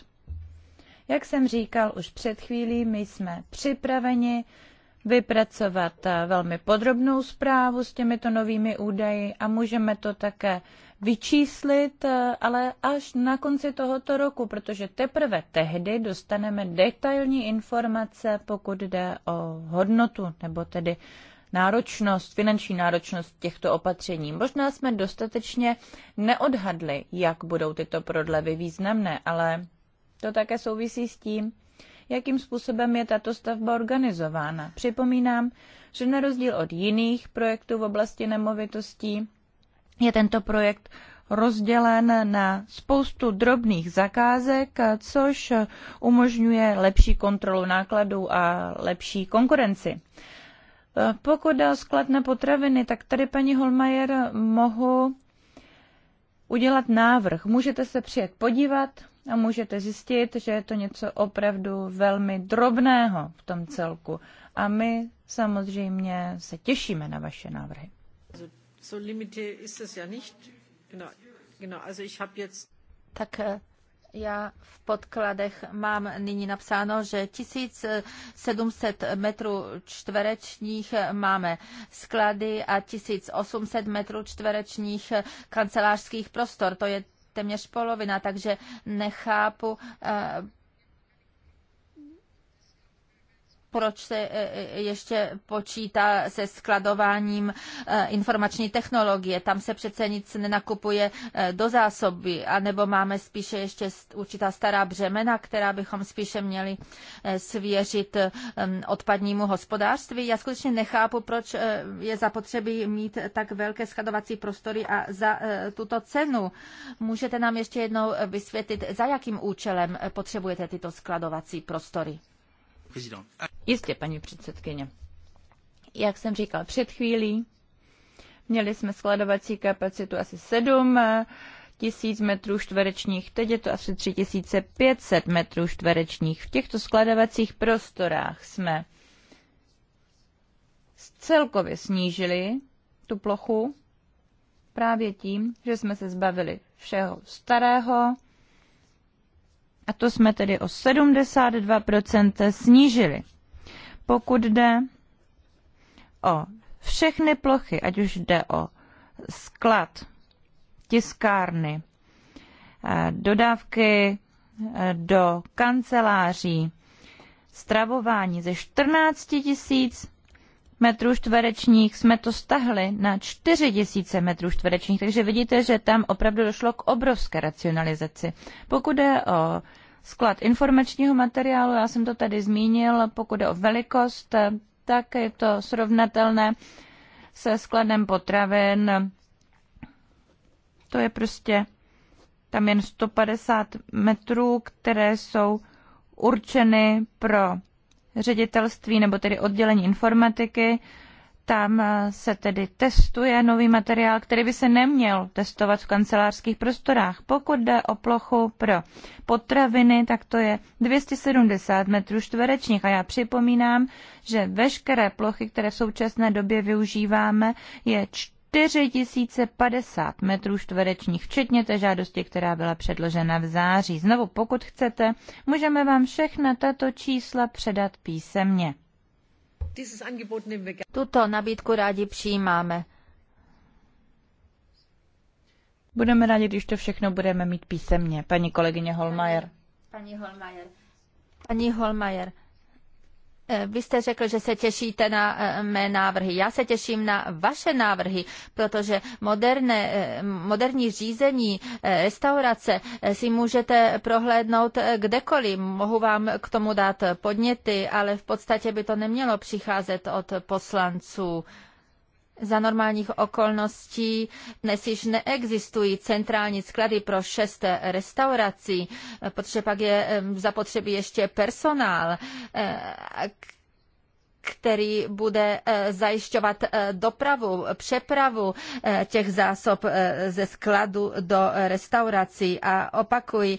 Jak jsem říkal už před chvílí, my jsme připraveni vypracovat velmi podrobnou zprávu s těmito novými údaji a můžeme to také vyčíslit, eh, ale až na konci tohoto roku, protože teprve tehdy dostaneme detailní informace, pokud jde o hodnotu nebo tedy náročnost, finanční náročnost těchto opatření. Možná jsme dostatečně neodhadli, jak budou tyto prodlevy významné, ale to také souvisí s tím, jakým způsobem je tato stavba organizována. Připomínám, že na rozdíl od jiných projektů v oblasti nemovitostí, je tento projekt rozdělen na spoustu drobných zakázek, což umožňuje lepší kontrolu nákladů a lepší konkurenci. Pokud dá sklad na potraviny, tak tady, paní Holmajer, mohu udělat návrh. Můžete se přijet podívat a můžete zjistit, že je to něco opravdu velmi drobného v tom celku. A my samozřejmě se těšíme na vaše návrhy. So ist es ja nicht. Genau, genau. Also ich habe jetzt. Tak eh, já v podkladech mám nyní napsáno, že 1700 metrů čtverečních máme sklady a 1800 metrů čtverečních kancelářských prostor. To je téměř polovina, takže nechápu, eh, proč se e, e, ještě počítá se skladováním e, informační technologie. Tam se přece nic nenakupuje do zásoby, anebo máme spíše ještě určitá stará břemena, která bychom spíše měli svěřit odpadnímu hospodářství. Já skutečně nechápu, proč je zapotřebí mít tak velké skladovací prostory a za tuto cenu. Můžete nám ještě jednou vysvětlit, za jakým účelem potřebujete tyto skladovací prostory? Jistě, paní předsedkyně. Jak jsem říkal před chvílí, měli jsme skladovací kapacitu asi 7 eh, tisíc metrů čtverečních, teď je to asi 3500 metrů čtverečních. V těchto skladovacích prostorách jsme celkově snížili tu plochu právě tím, že jsme se zbavili všeho starého, a to jsme tedy o 72% snížili. Pokud jde o všechny plochy, ať už jde o sklad, tiskárny, eh, dodávky eh, do kanceláří, stravování ze 14 tisíc metrů čtverečních jsme to stahli na 4 000 metrů čtverečních, takže vidíte, že tam opravdu došlo k obrovské racionalizaci. Pokud je o sklad informačního materiálu, já jsem to tady zmínil, pokud je o velikost, tak je to srovnatelné se skladem potravin. To je prostě tam jen 150 metrů, které jsou určeny pro ředitelství nebo tedy oddělení informatiky. Tam eh, se tedy testuje nový materiál, který by se neměl testovat v kancelářských prostorách. Pokud jde o plochu pro potraviny, tak to je 270 metrů čtverečních. A já připomínám, že veškeré plochy, které v současné době využíváme, je 4050 metrů čtverečních, včetně té žádosti, která byla předložena v září. Znovu, pokud chcete, můžeme vám všechna tato čísla předat písemně. Tuto nabídku rádi přijímáme. Budeme rádi, když to všechno budeme mít písemně, paní kolegyně Holmajer. Paní, Holmajer. Paní Holmajer. Eh, vy jste řekl, že se těšíte na eh, mé návrhy. Já se těším na vaše návrhy, protože moderné, eh, moderní řízení restaurace si můžete prohlédnout kdekoliv. Mohu vám k tomu dát podněty, ale v podstatě by to nemělo přicházet od poslanců za normálních okolností dnes již neexistují centrální sklady pro šest restaurací, protože pak je zapotřebí ještě personál, eh, který bude eh, zajišťovat eh, dopravu, přepravu eh, těch zásob ze skladu do restaurací. A opakuji,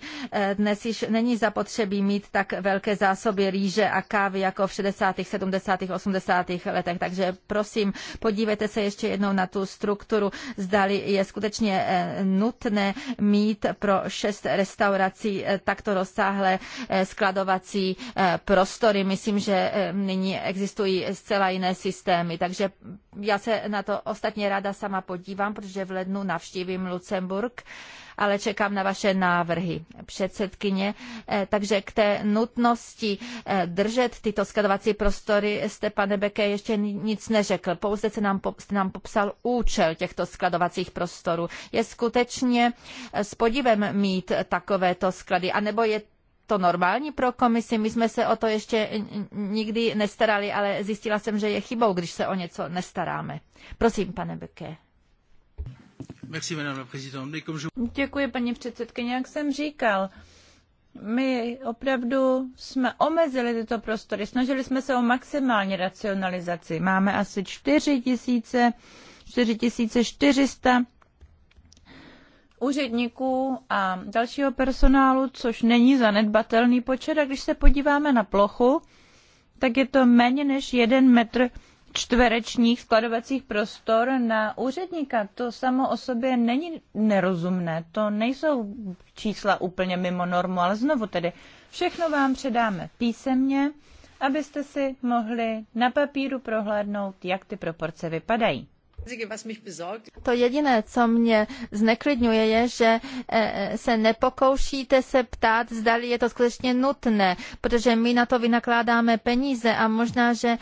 dnes již není zapotřebí mít tak velké zásoby rýže a kávy jako v 60., 70., 80. letech. Takže prosím, podívejte se ještě jednou na tu strukturu. Zdali je skutečně nutné mít pro šest restaurací takto rozsáhlé skladovací prostory. Myslím, že nyní existuje existují zcela jiné systémy. Takže já se na to ostatně ráda sama podívám, protože v lednu navštívím Lucemburg ale čekám na vaše návrhy, předsedkyně. Eh, takže k té nutnosti eh, držet tyto skladovací prostory jste, pane Beke, ještě nic neřekl. Pouze se nám, jste nám popsal účel těchto skladovacích prostorů. Je skutečně eh, s podívem mít takovéto sklady, anebo je to normální pro komisi? My jsme se o to ještě nikdy nestarali, ale zjistila jsem, že je chybou, když se o něco nestaráme. Prosím, pane Beke. Děkuji, paní předsedkyně. Jak jsem říkal, my opravdu jsme omezili tyto prostory. Snažili jsme se o maximální racionalizaci. Máme asi 4 tisíce 400 úředníků a dalšího personálu, což není zanedbatelný počet. A když se podíváme na plochu, tak je to méně než jeden metr čtverečních skladovacích prostor na úředníka. To samo o sobě není nerozumné, to nejsou čísla úplně mimo normu, ale znovu tedy všechno vám předáme písemně, abyste si mohli na papíru prohlédnout, jak ty proporce vypadají. To jediné, co mě zneklidňuje, je, že eh, se nepokoušíte se ptát, zdali je to skutečně nutné, protože my na to vynakládáme peníze a možná, že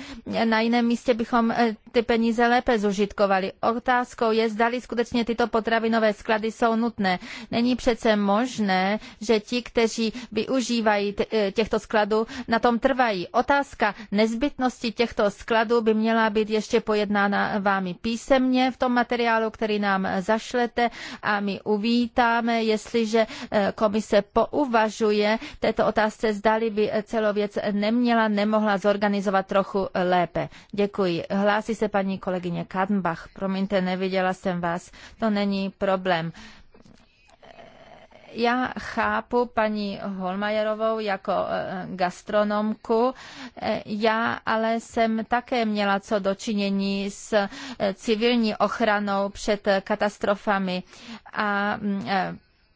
na jiném místě bychom eh, ty peníze lépe zužitkovali. Otázkou je, zdali skutečně tyto potravinové sklady jsou nutné. Není přece možné, že ti, kteří využívají eh, těchto skladů, na tom trvají. Otázka nezbytnosti těchto skladů by měla být ještě pojednána vámi písemně písemně v tom materiálu, který nám zašlete a my uvítáme, jestliže eh, komise pouvažuje této otázce, zdali by eh, celou věc neměla, nemohla zorganizovat trochu eh, lépe. Děkuji. Hlásí se paní kolegyně Kadenbach. Promiňte, neviděla jsem vás. To není problém. Já chápu paní Holmajerovou jako e, gastronomku, e, já ale jsem také měla co dočinění s e, civilní ochranou před katastrofami a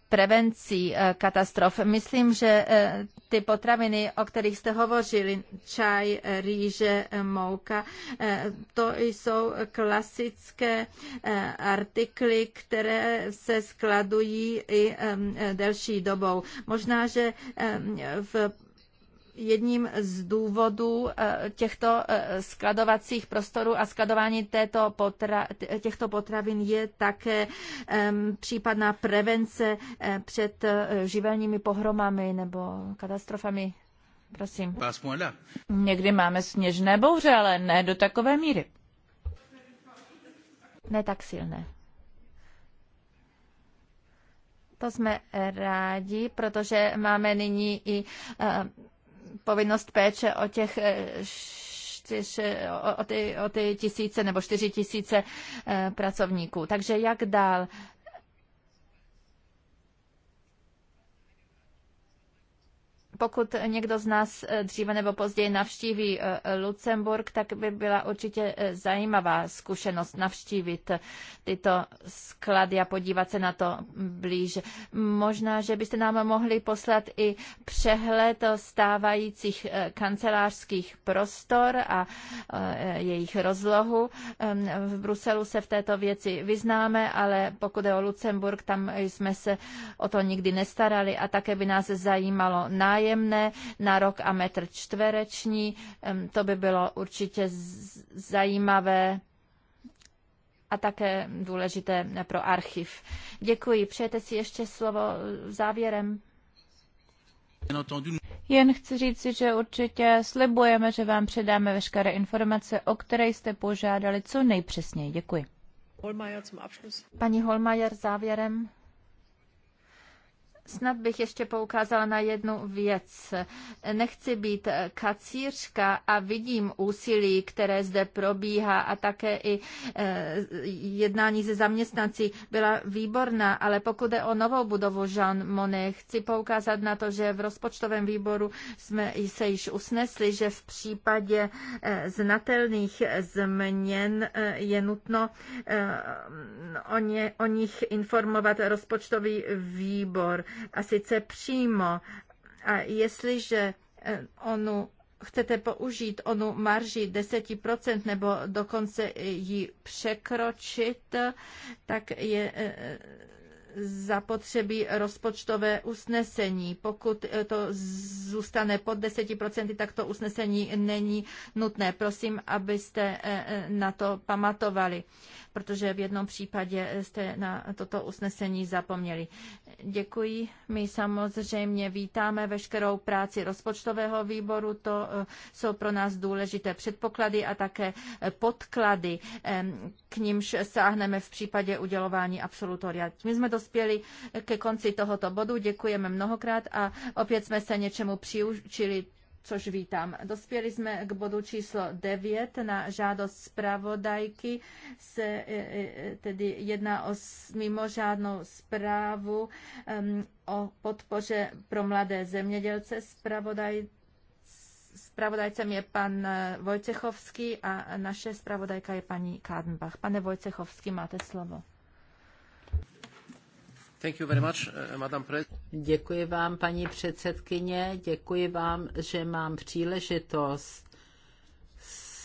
prevencí eh, katastrof. Myslím, že eh, ty potraviny, o kterých jste hovořili, čaj, rýže, eh, mouka, to jsou klasické artikly, které se skladují i delší dobou. Možná, že v jedním z důvodů eh, těchto eh, skladovacích prostorů a skladování této potra, těchto potravin je také případná prevence eh, před živelními pohromami nebo katastrofami. Prosím. Někdy máme sněžné bouře, ale ne do takové míry. Ne tak silné. To jsme rádi, protože máme nyní i uh, povinnost péče o těch eh, čtyř, o, o, ty, o ty tisíce nebo čtyři tisíce eh, pracovníků. Takže jak dál? Pokud někdo z nás eh, dříve nebo později navštíví eh, Lucemburg, tak by byla určitě eh, zajímavá zkušenost navštívit tyto sklady a podívat se na to blíž. Možná, že byste nám mohli poslat i přehled o stávajících kancelářských prostor a jejich rozlohu. V Bruselu se v této věci vyznáme, ale pokud je o Lucemburg, tam jsme se o to nikdy nestarali a také by nás zajímalo nájem nájemné na rok a metr čtvereční. To by bylo určitě zajímavé a také důležité pro archiv. Děkuji. Přejete si ještě slovo závěrem? Jen chci říci, že určitě slibujeme, že vám předáme veškeré informace, o které jste požádali co nejpřesněji. Děkuji. Paní Holmajer závěrem. Snad bych ještě poukázala na jednu věc. Nechci být kacířka a vidím úsilí, které zde probíhá a také i e, jednání se zaměstnanci byla výborná, ale pokud je o novou budovu Jean Monnet, chci poukázat na to, že v rozpočtovém výboru jsme se již usnesli, že v případě e, znatelných změn e, je nutno o, ně, o nich informovat rozpočtový výbor a sice přímo. A jestliže eh, onu chcete použít onu marži 10% nebo dokonce ji překročit, tak je eh, zapotřebí rozpočtové usnesení. Pokud eh, to zůstane pod 10%, tak to usnesení není nutné. Prosím, abyste na to pamatovali protože v jednom případě jste na toto usnesení zapomněli. Děkuji. My samozřejmě vítáme veškerou práci rozpočtového výboru. To eh, jsou pro nás důležité předpoklady a také eh, podklady, k nímž sáhneme v případě udělování absolutoria. My jsme dospěli eh, ke konci tohoto bodu. Děkujeme mnohokrát a opět jsme se něčemu přiučili což vítám. Dospěli jsme k bodu číslo 9 na žádost zpravodajky. Se e, e, tedy jedná o mimořádnou zprávu o podpoře pro mladé zemědělce. Zpravodaj Spravodajcem je pan e, Vojcechovský a naše spravodajka je paní Kádenbach. Pane Vojcechovský, máte slovo. Thank you very much, eh, Madam Děkuji vám, paní předsedkyně, děkuji vám, že mám příležitost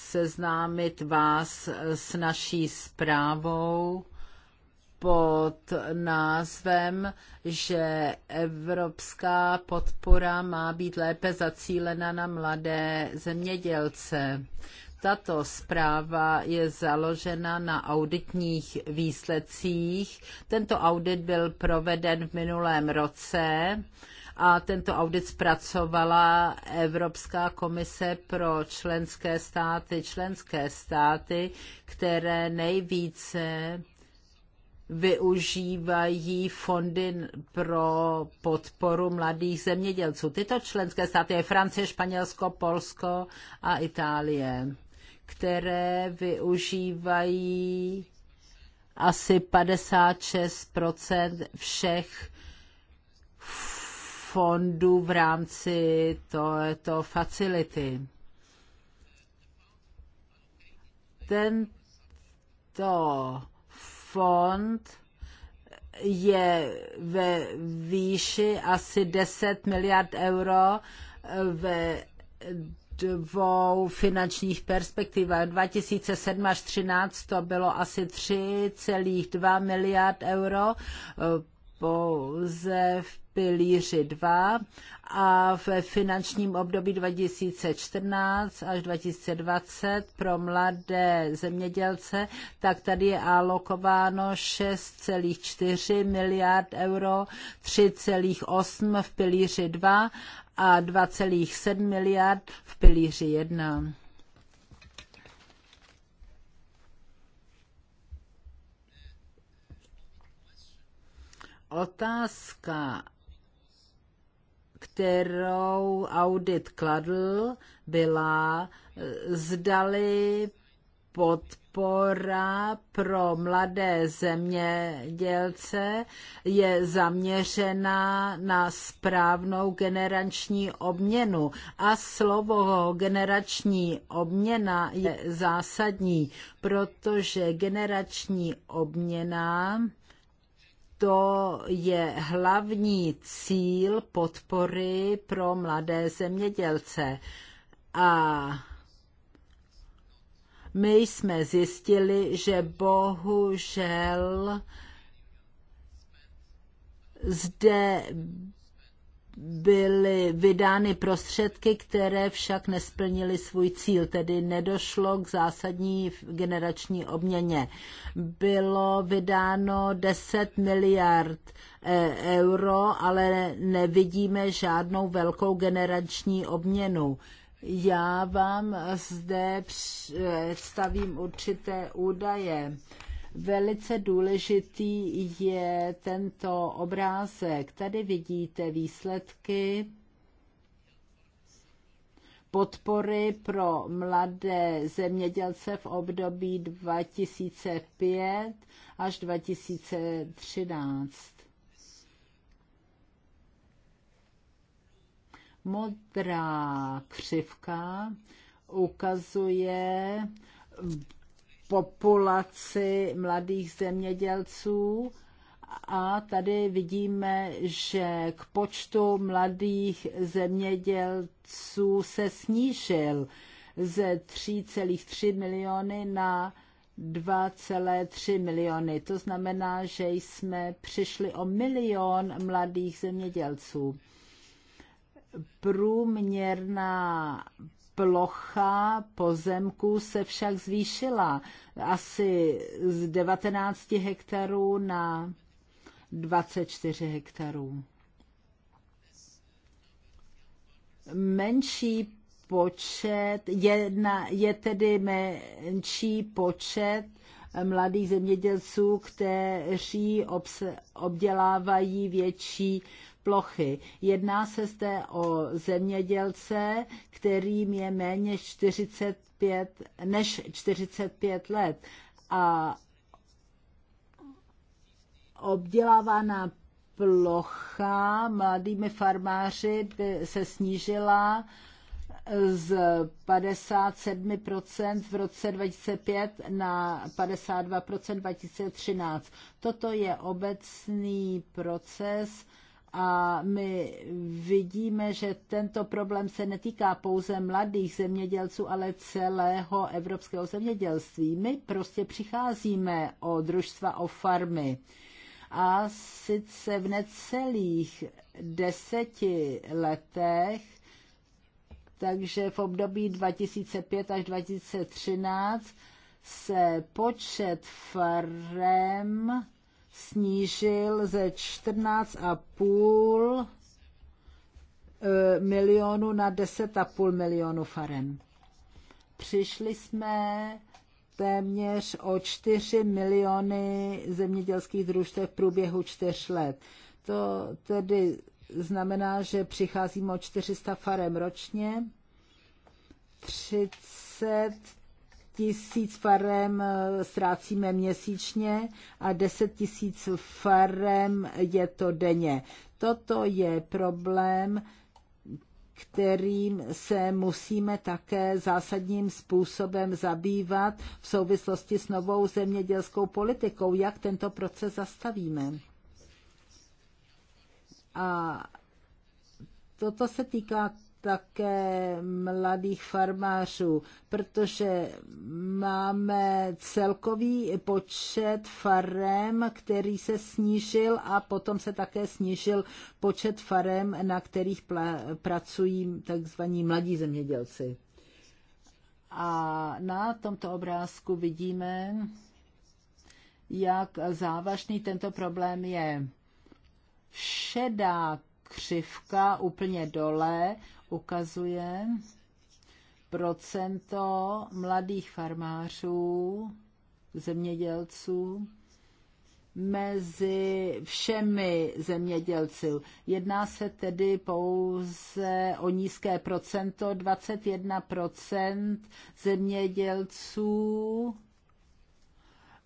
seznámit vás s naší zprávou pod názvem, že evropská podpora má být lépe zacílena na mladé zemědělce tato zpráva je založena na auditních výsledcích. Tento audit byl proveden v minulém roce a tento audit zpracovala Evropská komise pro členské státy, členské státy, které nejvíce využívají fondy pro podporu mladých zemědělců. Tyto členské státy je Francie, Španělsko, Polsko a Itálie které využívají asi 56 všech fondů v rámci této facility. Tento fond je ve výši asi 10 miliard euro ve dvou finančních perspektivách. 2007 až 2013 to bylo asi 3,2 miliard euro eh, pouze v pilíři 2 a v finančním období 2014 až 2020 pro mladé zemědělce, tak tady je alokováno 6,4 miliard euro, 3,8 v pilíři 2 a 2,7 miliard v pilíři 1. Otázka kterou audit kladl, byla, eh, zdali podpora pro mladé zemědělce je zaměřená na správnou generační obměnu a slovo generační obměna je zásadní, protože generační obměna to je hlavní cíl podpory pro mladé zemědělce. A my jsme zjistili, že bohužel zde byly vydány prostředky, které však nesplnily svůj cíl, tedy nedošlo k zásadní generační obměně. Bylo vydáno 10 miliard eh, euro, ale nevidíme žádnou velkou generační obměnu. Já vám zde představím eh, určité údaje. Velice důležitý je tento obrázek. Tady vidíte výsledky podpory pro mladé zemědělce v období 2005 až 2013. Modrá křivka ukazuje populaci mladých zemědělců a tady vidíme, že k počtu mladých zemědělců se snížil ze 3,3 miliony na 2,3 miliony. To znamená, že jsme přišli o milion mladých zemědělců. Průměrná plocha pozemků se však zvýšila asi z 19 hektarů na 24 hektarů. Menší počet, jedna, je tedy menší počet mladých zemědělců, kteří obse, obdělávají větší plochy. Jedná se zde o zemědělce, kterým je méně 45, než 45 let a obdělávaná plocha mladými farmáři by se snížila z 57% v roce 2005 na 52% 2013. Toto je obecný proces, a my vidíme, že tento problém se netýká pouze mladých zemědělců, ale celého evropského zemědělství. My prostě přicházíme o družstva, o farmy. A sice v necelých deseti letech takže v období 2005 až 2013 se počet farem snížil ze 14,5 e, milionů na 10,5 milionů farem. Přišli jsme téměř o 4 miliony zemědělských družstev v průběhu čtyř let. To tedy znamená, že přicházíme o 400 farem ročně, 30 tisíc farem eh, ztrácíme měsíčně a 10 tisíc farem je to denně. Toto je problém, kterým se musíme také zásadním způsobem zabývat v souvislosti s novou zemědělskou politikou, jak tento proces zastavíme. A toto se týká také mladých farmářů, protože máme celkový počet farem, který se snížil a potom se také snížil počet farem, na kterých pracují takzvaní mladí zemědělci. A na tomto obrázku vidíme, jak závažný tento problém je. Šedá křivka úplně dole ukazuje procento mladých farmářů, zemědělců, mezi všemi zemědělci. Jedná se tedy pouze o nízké procento, 21% zemědělců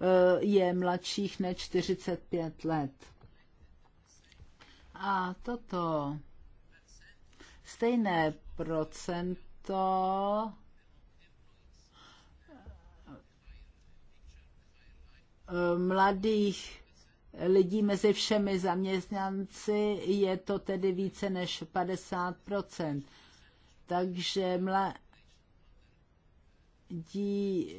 eh, je mladších než 45 let. A toto stejné procento eh, mladých lidí mezi všemi zaměstnanci je to tedy více než 50 Takže mladí dí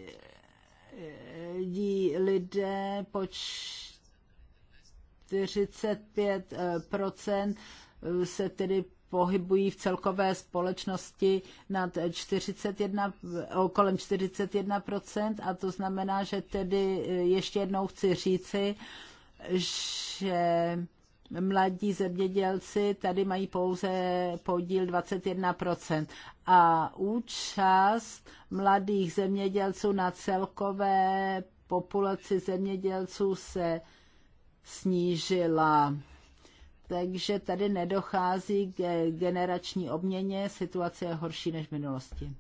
eh, lidé po 45 eh, se tedy pohybují v celkové společnosti nad 41, kolem 41% a to znamená, že tedy eh, ještě jednou chci říci, že mladí zemědělci tady mají pouze podíl 21%. A účast mladých zemědělců na celkové populaci zemědělců se snížila takže tady nedochází k generační obměně, situace je horší než v minulosti.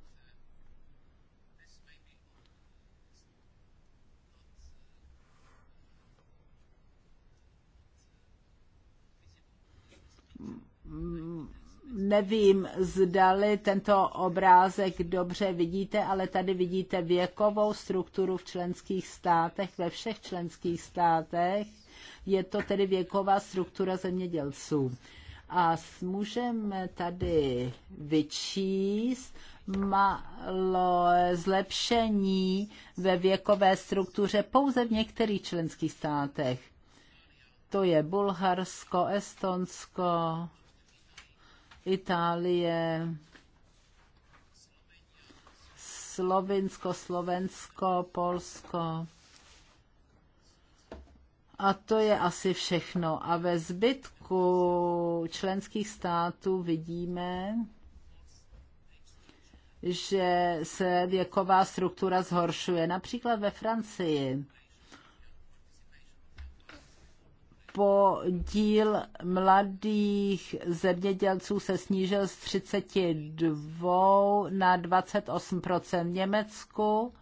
Nevím, zdali tento obrázek dobře vidíte, ale tady vidíte věkovou strukturu v členských státech, ve všech členských státech je to tedy věková struktura zemědělců. A můžeme tady vyčíst malo zlepšení ve věkové struktuře pouze v některých členských státech. To je Bulharsko, Estonsko, Itálie, Slovinsko, Slovensko, Polsko. A to je asi všechno. A ve zbytku členských států vidíme, že se věková struktura zhoršuje. Například ve Francii podíl mladých zemědělců se snížil z 32 na 28 v Německu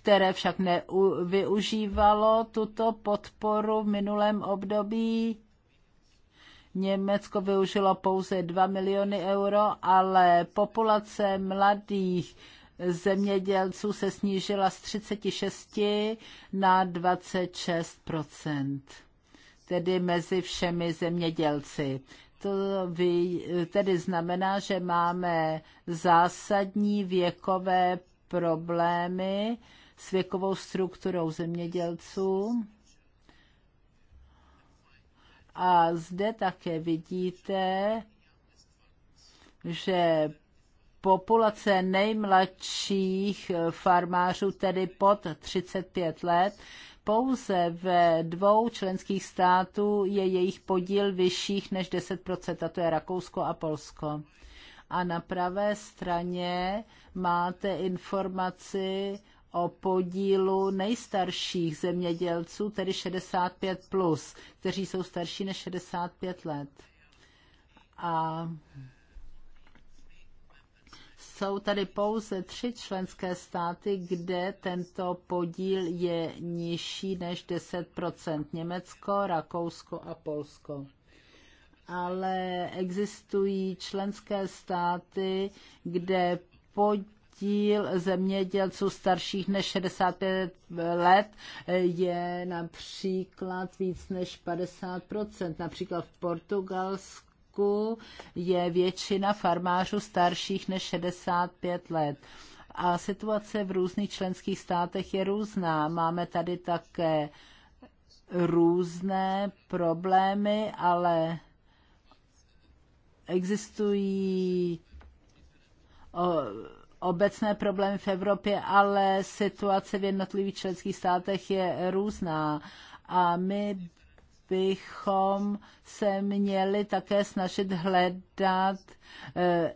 které však nevyužívalo tuto podporu v minulém období. Německo využilo pouze 2 miliony euro, ale populace mladých zemědělců se snížila z 36 na 26 tedy mezi všemi zemědělci. To vy, tedy znamená, že máme zásadní věkové problémy, s věkovou strukturou zemědělců. A zde také vidíte, že populace nejmladších farmářů, tedy pod 35 let, pouze ve dvou členských států je jejich podíl vyšších než 10%, a to je Rakousko a Polsko. A na pravé straně máte informaci o podílu nejstarších zemědělců, tedy 65 plus, kteří jsou starší než 65 let. A jsou tady pouze tři členské státy, kde tento podíl je nižší než 10 Německo, Rakousko a Polsko. Ale existují členské státy, kde podíl podíl zemědělců starších než 65 let je například víc než 50%. Například v Portugalsku je většina farmářů starších než 65 let. A situace v různých členských státech je různá. Máme tady také různé problémy, ale existují obecné problémy v Evropě, ale situace v jednotlivých členských státech je různá. A my bychom se měli také snažit hledat eh,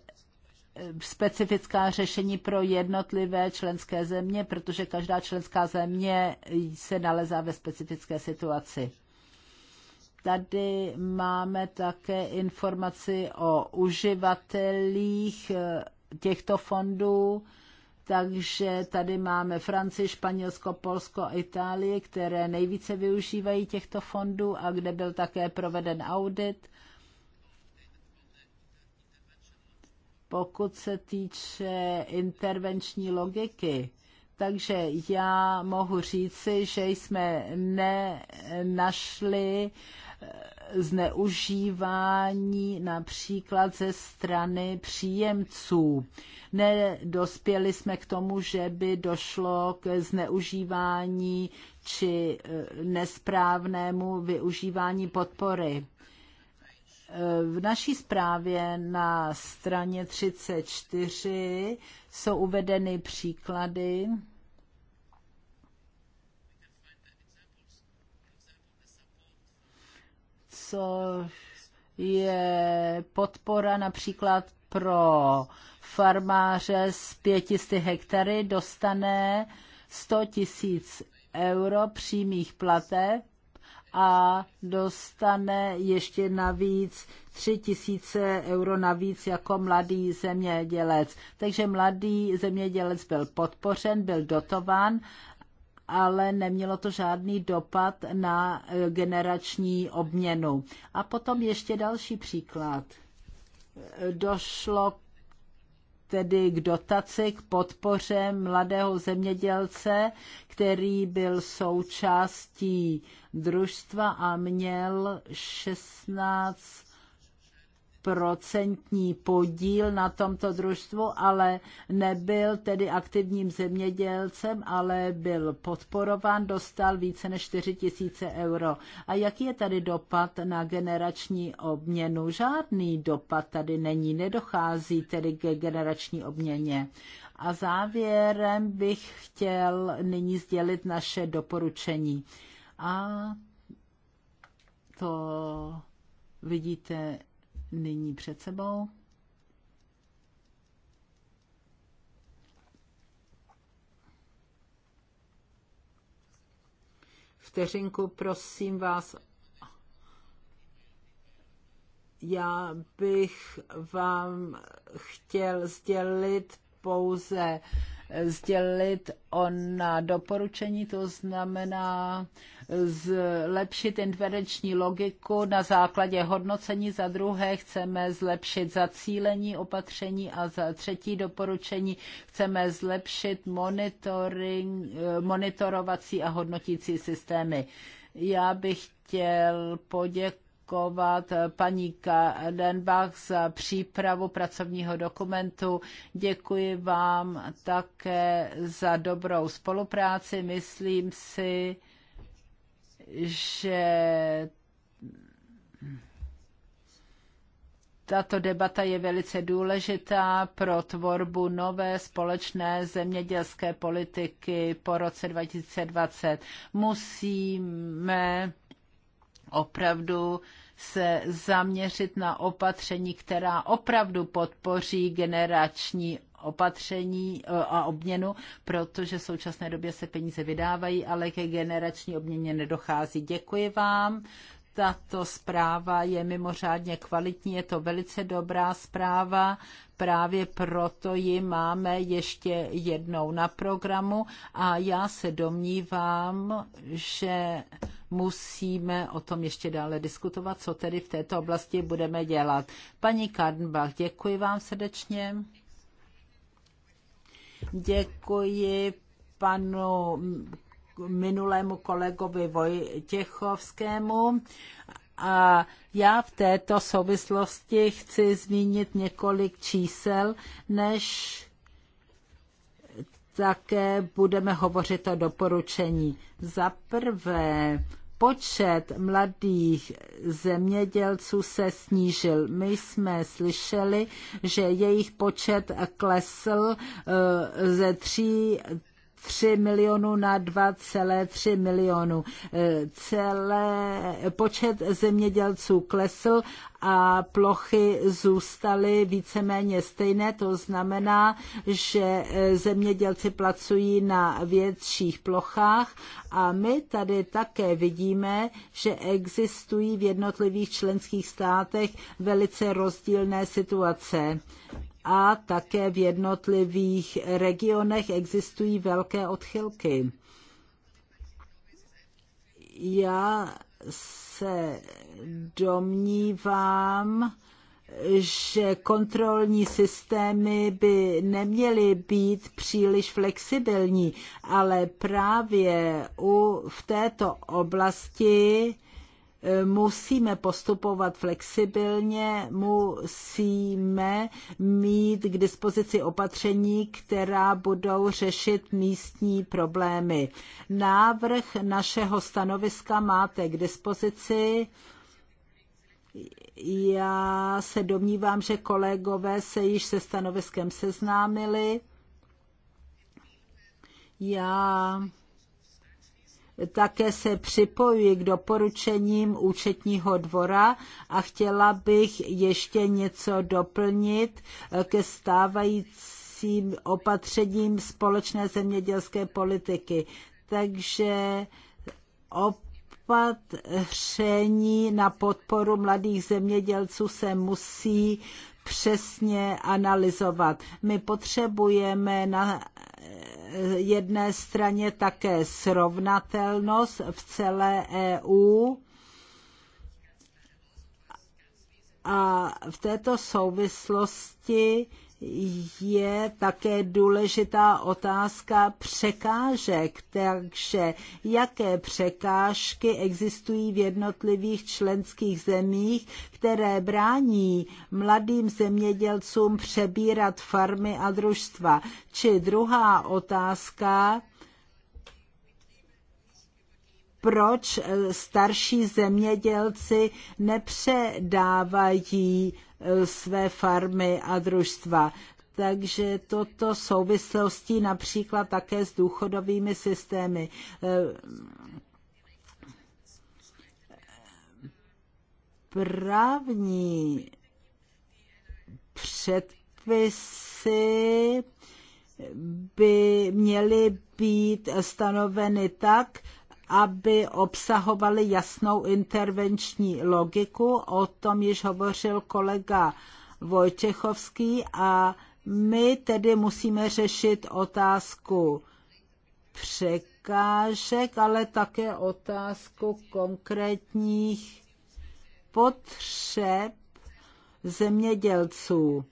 specifická řešení pro jednotlivé členské země, protože každá členská země se nalezá ve specifické situaci. Tady máme také informaci o uživatelích eh, těchto fondů. Takže tady máme Francii, Španělsko, Polsko a Itálii, které nejvíce využívají těchto fondů a kde byl také proveden audit. Pokud se týče intervenční logiky, takže já mohu říci, že jsme nenašli zneužívání například ze strany příjemců. Nedospěli jsme k tomu, že by došlo k zneužívání či eh, nesprávnému využívání podpory. Eh, v naší zprávě na straně 34 jsou uvedeny příklady Co je podpora například pro farmáře z 500 hektary dostane 100 tisíc euro přímých plateb a dostane ještě navíc 3 tisíce euro navíc jako mladý zemědělec. Takže mladý zemědělec byl podpořen, byl dotován ale nemělo to žádný dopad na e, generační obměnu. A potom ještě další příklad. E, došlo tedy k dotaci, k podpoře mladého zemědělce, který byl součástí družstva a měl 16 procentní podíl na tomto družstvu, ale nebyl tedy aktivním zemědělcem, ale byl podporován, dostal více než 4 tisíce euro. A jaký je tady dopad na generační obměnu? Žádný dopad tady není, nedochází tedy ke generační obměně. A závěrem bych chtěl nyní sdělit naše doporučení. A to vidíte nyní před sebou. Vteřinku, prosím vás. Já bych vám chtěl sdělit pouze sdělit ona doporučení, to znamená zlepšit intervenční logiku na základě hodnocení, za druhé chceme zlepšit zacílení opatření a za třetí doporučení chceme zlepšit monitoring, eh, monitorovací a hodnotící systémy. Já bych chtěl poděkovat poděkovat eh, paní Denbach za přípravu pracovního dokumentu. Děkuji vám také za dobrou spolupráci. Myslím si, že tato debata je velice důležitá pro tvorbu nové společné zemědělské politiky po roce 2020. Musíme opravdu se zaměřit na opatření, která opravdu podpoří generační opatření e, a obměnu, protože v současné době se peníze vydávají, ale ke generační obměně nedochází. Děkuji vám. Tato zpráva je mimořádně kvalitní, je to velice dobrá zpráva, právě proto ji máme ještě jednou na programu a já se domnívám, že musíme o tom ještě dále diskutovat, co tedy v této oblasti budeme dělat. Paní Kardenbach, děkuji vám srdečně. Děkuji panu minulému kolegovi Vojtěchovskému. A já v této souvislosti chci zmínit několik čísel, než také budeme hovořit o doporučení. Za prvé, počet mladých zemědělců se snížil. My jsme slyšeli, že jejich počet klesl eh, ze 3 3 milionů na 2,3 milionů. E, celé počet zemědělců klesl a plochy zůstaly víceméně stejné. To znamená, že e, zemědělci pracují na větších plochách a my tady také vidíme, že existují v jednotlivých členských státech velice rozdílné situace a také v jednotlivých regionech existují velké odchylky. Já se domnívám, že kontrolní systémy by neměly být příliš flexibilní, ale právě u, v této oblasti musíme postupovat flexibilně, musíme mít k dispozici opatření, která budou řešit místní problémy. Návrh našeho stanoviska máte k dispozici. Já se domnívám, že kolegové se již se stanoviskem seznámili. Já také se připojuji k doporučením účetního dvora a chtěla bych ještě něco doplnit ke stávajícím opatřením společné zemědělské politiky. Takže opatření na podporu mladých zemědělců se musí přesně analyzovat. My potřebujeme na jedné straně také srovnatelnost v celé EU a v této souvislosti je také důležitá otázka překážek, takže jaké překážky existují v jednotlivých členských zemích, které brání mladým zemědělcům přebírat farmy a družstva. Či druhá otázka, proč starší zemědělci nepředávají své farmy a družstva takže toto souvislosti například také s důchodovými systémy. Právní předpisy by měly být stanoveny tak, aby obsahovaly jasnou intervenční logiku. O tom již hovořil kolega Vojtěchovský a my tedy musíme řešit otázku překážek, ale také otázku konkrétních potřeb zemědělců.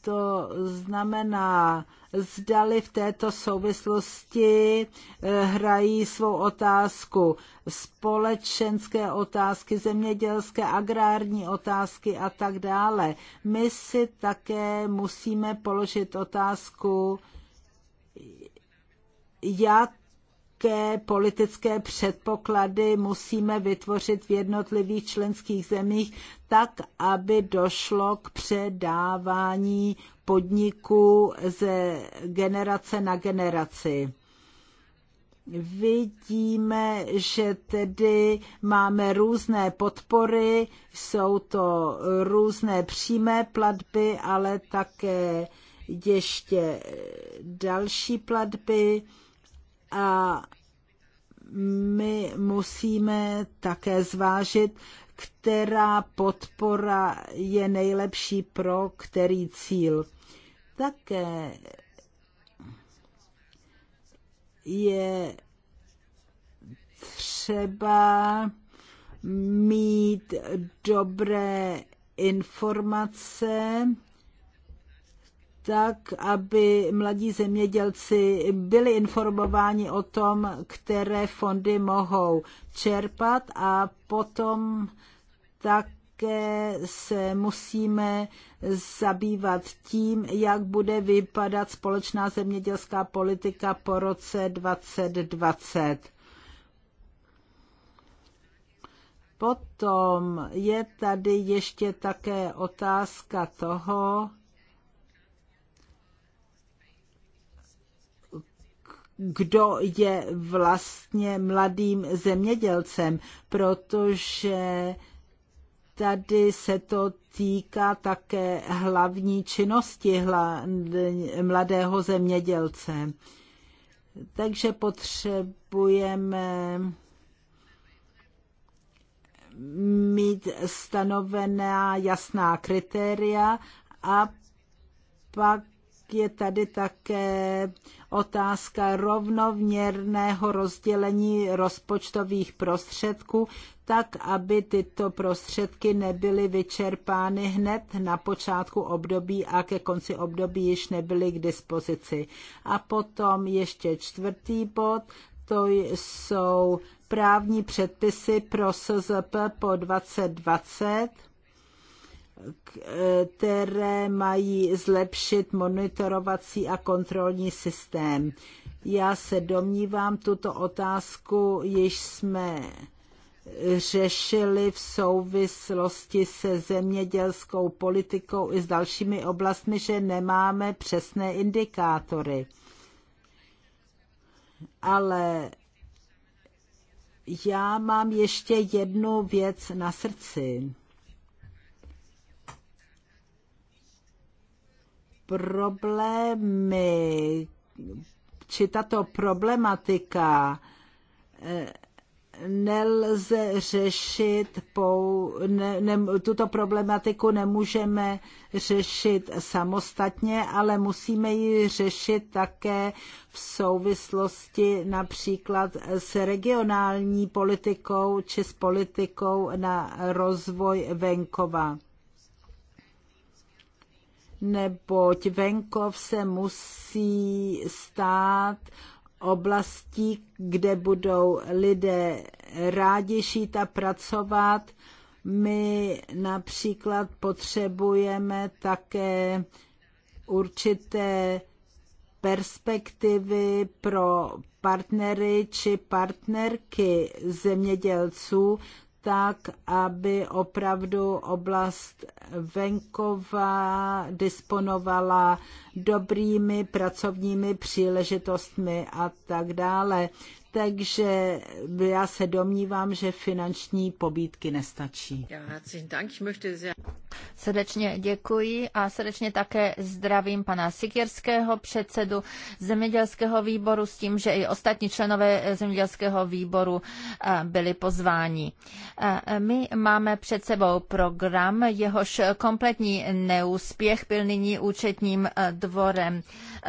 To znamená, zdali v této souvislosti eh, hrají svou otázku společenské otázky, zemědělské, agrární otázky a tak dále. My si také musíme položit otázku, jak jaké politické předpoklady musíme vytvořit v jednotlivých členských zemích, tak aby došlo k předávání podniků ze generace na generaci vidíme, že tedy máme různé podpory, jsou to různé přímé platby, ale také ještě další platby. A my musíme také zvážit, která podpora je nejlepší pro který cíl. Také je třeba mít dobré informace tak, aby mladí zemědělci byli informováni o tom, které fondy mohou čerpat a potom také se musíme zabývat tím, jak bude vypadat společná zemědělská politika po roce 2020. Potom je tady ještě také otázka toho, kdo je vlastně mladým zemědělcem, protože tady se to týká také hlavní činnosti mladého zemědělce. Takže potřebujeme mít stanovená jasná kritéria a pak je tady také otázka rovnoměrného rozdělení rozpočtových prostředků, tak aby tyto prostředky nebyly vyčerpány hned na počátku období a ke konci období již nebyly k dispozici. A potom ještě čtvrtý bod, to jsou právní předpisy pro SZP po 2020 E, které mají zlepšit monitorovací a kontrolní systém. Já se domnívám, tuto otázku již jsme řešili v souvislosti se zemědělskou politikou i s dalšími oblastmi, že nemáme přesné indikátory. Ale já mám ještě jednu věc na srdci. problémy či tato problematika eh, nelze řešit, pou, ne, ne, tuto problematiku nemůžeme řešit samostatně, ale musíme ji řešit také v souvislosti například s regionální politikou či s politikou na rozvoj venkova neboť venkov se musí stát oblastí, kde budou lidé rádi šít a pracovat. My například potřebujeme také určité perspektivy pro partnery či partnerky zemědělců, tak, aby opravdu oblast venkova disponovala dobrými pracovními příležitostmi a tak dále takže já se domnívám, že finanční pobídky nestačí. Srdečně děkuji a srdečně také zdravím pana Sikierského, předsedu zemědělského výboru, s tím, že i ostatní členové zemědělského výboru eh, byli pozváni. Eh, my máme před sebou program, jehož kompletní neúspěch byl nyní účetním eh, dvorem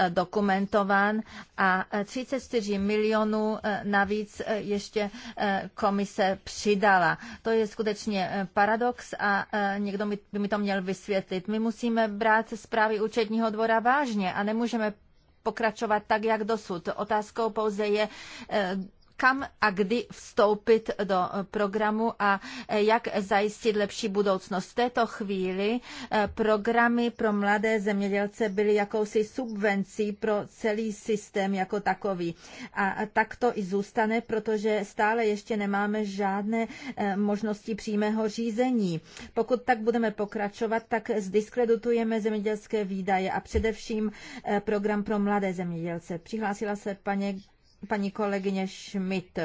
dokumentován a 34 milionů navíc eh, ještě eh, komise přidala. To je skutečně eh, paradox a někdo by mi to měl vysvětlit. My musíme brát zprávy účetního dvora vážně a nemůžeme pokračovat tak, jak dosud. Otázkou pouze je kam a kdy vstoupit do programu a jak zajistit lepší budoucnost. V této chvíli eh, programy pro mladé zemědělce byly jakousi subvencí pro celý systém jako takový. A tak to i zůstane, protože stále ještě nemáme žádné eh, možnosti přímého řízení. Pokud tak budeme pokračovat, tak zdiskreditujeme zemědělské výdaje a především eh, program pro mladé zemědělce. Přihlásila se paní paní kolegyně Schmidt.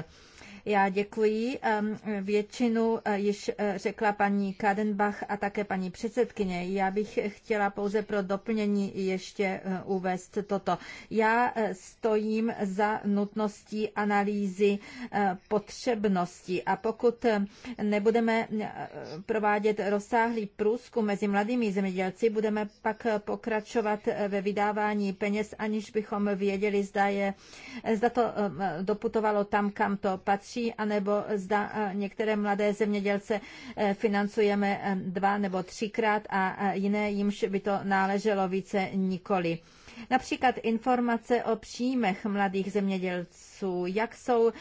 Já děkuji. Většinu eh, již eh, řekla paní Kadenbach a také paní předsedkyně. Já bych chtěla pouze pro doplnění ještě eh, uvést toto. Já stojím za nutností analýzy potřebnosti a pokud nebudeme provádět rozsáhlý průzkum mezi mladými zemědělci, budeme pak pokračovat ve vydávání peněz, aniž bychom věděli, zda, je, zda to doputovalo tam, kam to patří stačí, anebo zda eh, některé mladé zemědělce eh, financujeme eh, dva nebo třikrát a jiné jimž by to náleželo více nikoli. Například informace o příjmech mladých zemědělců zaměstnanců, jak jsou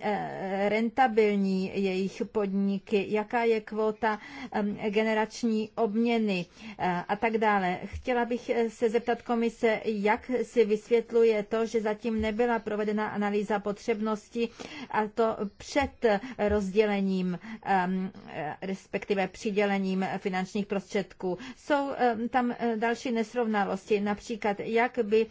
e, rentabilní jejich podniky, jaká je kvota generační obměny e, a tak dále. Chtěla bych e, se zeptat komise, jak si vysvětluje to, že zatím nebyla provedena analýza potřebnosti a to před rozdělením, respektive přidělením finančních prostředků. Jsou tam další nesrovnalosti, například jak by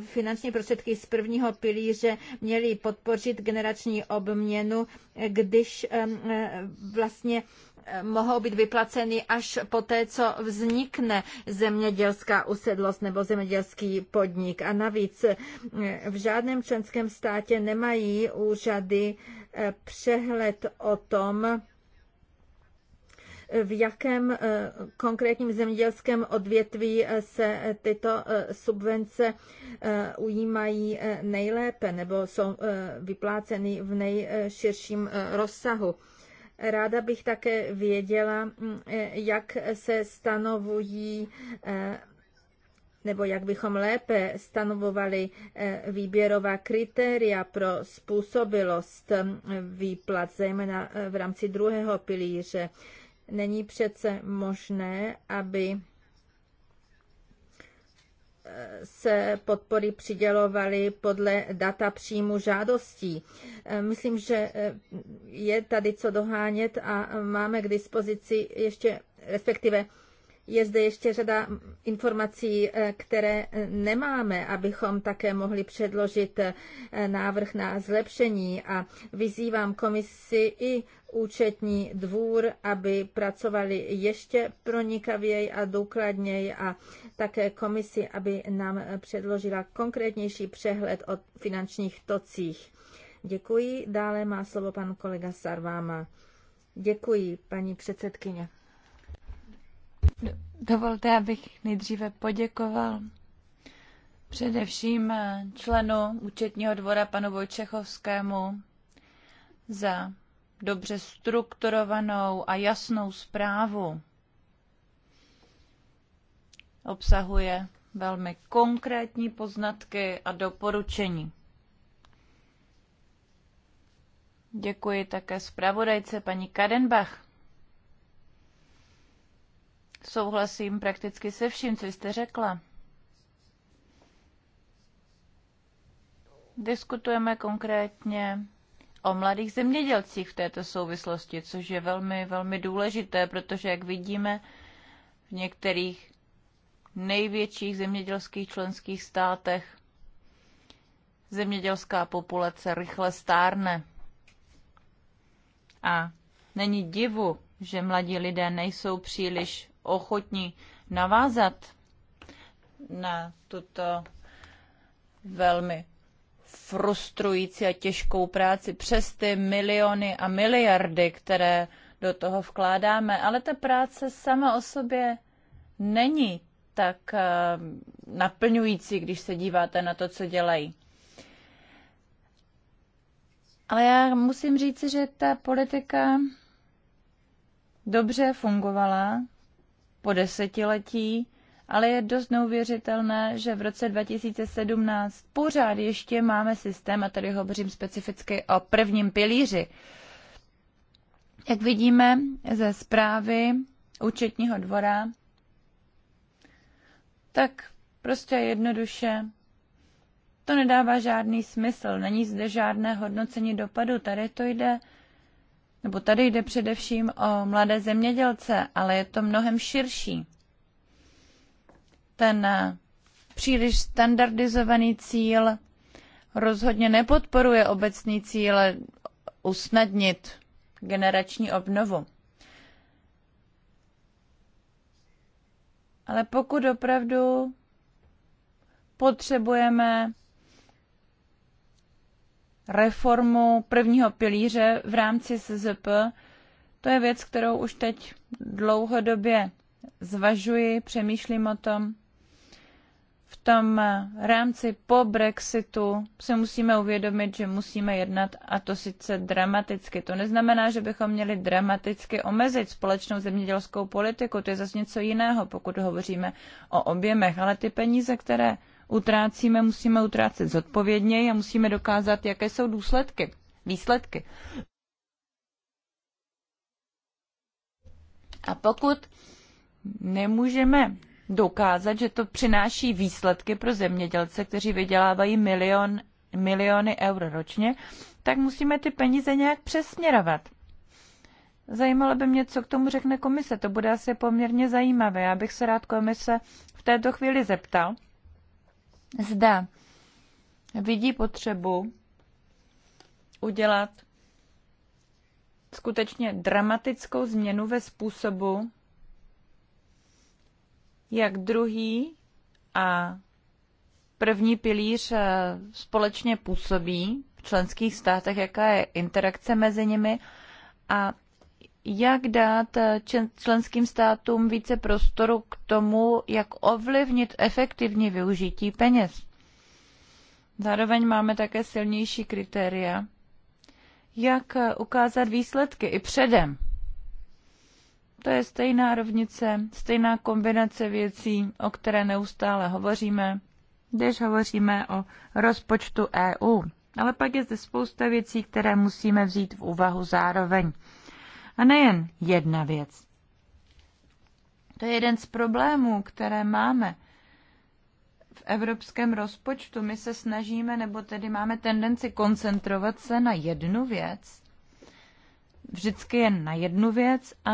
finanční prostředky z prvního pilíře měli podpořit generační obměnu, když e, vlastně e, mohou být vyplaceny až po té, co vznikne zemědělská usedlost nebo zemědělský podnik. A navíc e, v žádném členském státě nemají úřady přehled o tom, v jakém eh, konkrétním zemědělském odvětví eh, se eh, tyto subvence ujímají nejlépe nebo jsou vypláceny v nejširším rozsahu. Ráda bych také věděla, mm, jak se stanovují nebo jak bychom lépe stanovovali výběrová kritéria pro způsobilost mm, výplat, zejména v rámci druhého pilíře. Není přece možné, aby eh, se podpory přidělovaly podle data příjmu žádostí. Eh, myslím, že eh, je tady co dohánět a máme k dispozici ještě, respektive je zde ještě řada informací, eh, které eh, nemáme, abychom také mohli předložit eh, návrh na zlepšení a vyzývám komisi i účetní dvůr, aby pracovali ještě pronikavěji a důkladněji a také komisi, aby nám předložila konkrétnější přehled o finančních tocích. Děkuji. Dále má slovo pan kolega Sarváma. Děkuji, paní předsedkyně. Dovolte, abych nejdříve poděkoval především členu účetního dvora panu Vojčechovskému za dobře strukturovanou a jasnou zprávu. Obsahuje velmi konkrétní poznatky a doporučení. Děkuji také zpravodajce paní Kadenbach Souhlasím prakticky se vším, co jste řekla. Diskutujeme konkrétně o mladých zemědělcích v této souvislosti, což je velmi, velmi důležité, protože, jak vidíme, v některých největších zemědělských členských státech zemědělská populace rychle stárne. A není divu, že mladí lidé nejsou příliš ochotní navázat na tuto velmi frustrující a těžkou práci přes ty miliony a miliardy, které do toho vkládáme, ale ta práce sama o sobě není tak eh, naplňující, když se díváte na to, co dělají. Ale já musím říci, že ta politika dobře fungovala po desetiletí, ale je dost neuvěřitelné, že v roce 2017 pořád ještě máme systém, a tady hovořím specificky o prvním pilíři. Jak vidíme ze zprávy účetního dvora, tak prostě jednoduše to nedává žádný smysl. Není zde žádné hodnocení dopadu. Tady to jde nebo tady jde především o mladé zemědělce, ale je to mnohem širší. Ten eh, příliš standardizovaný cíl rozhodně nepodporuje obecný cíl usnadnit generační obnovu. Ale pokud opravdu potřebujeme reformu prvního pilíře v rámci SZP. To je věc, kterou už teď dlouhodobě zvažuji, přemýšlím o tom. V tom rámci po Brexitu se musíme uvědomit, že musíme jednat a to sice dramaticky. To neznamená, že bychom měli dramaticky omezit společnou zemědělskou politiku, to je zase něco jiného, pokud hovoříme o objemech, ale ty peníze, které utrácíme, musíme utrácet zodpovědněji a musíme dokázat, jaké jsou důsledky, výsledky. A pokud nemůžeme dokázat, že to přináší výsledky pro zemědělce, kteří vydělávají milion, miliony eur ročně, tak musíme ty peníze nějak přesměrovat. Zajímalo by mě, co k tomu řekne komise. To bude asi poměrně zajímavé. Já bych se rád komise v této chvíli zeptal, zda vidí potřebu udělat skutečně dramatickou změnu ve způsobu, jak druhý a první pilíř eh, společně působí v členských státech, jaká je interakce mezi nimi a jak dát eh, členským státům více prostoru k tomu, jak ovlivnit efektivní využití peněz. Zároveň máme také silnější kritéria, jak eh, ukázat výsledky i předem. To je stejná rovnice, stejná kombinace věcí, o které neustále hovoříme, když hovoříme o rozpočtu EU. Ale pak je zde spousta věcí, které musíme vzít v úvahu zároveň. A nejen jedna věc. To je jeden z problémů, které máme v evropském rozpočtu. My se snažíme, nebo tedy máme tendenci koncentrovat se na jednu věc, vždycky jen na jednu věc a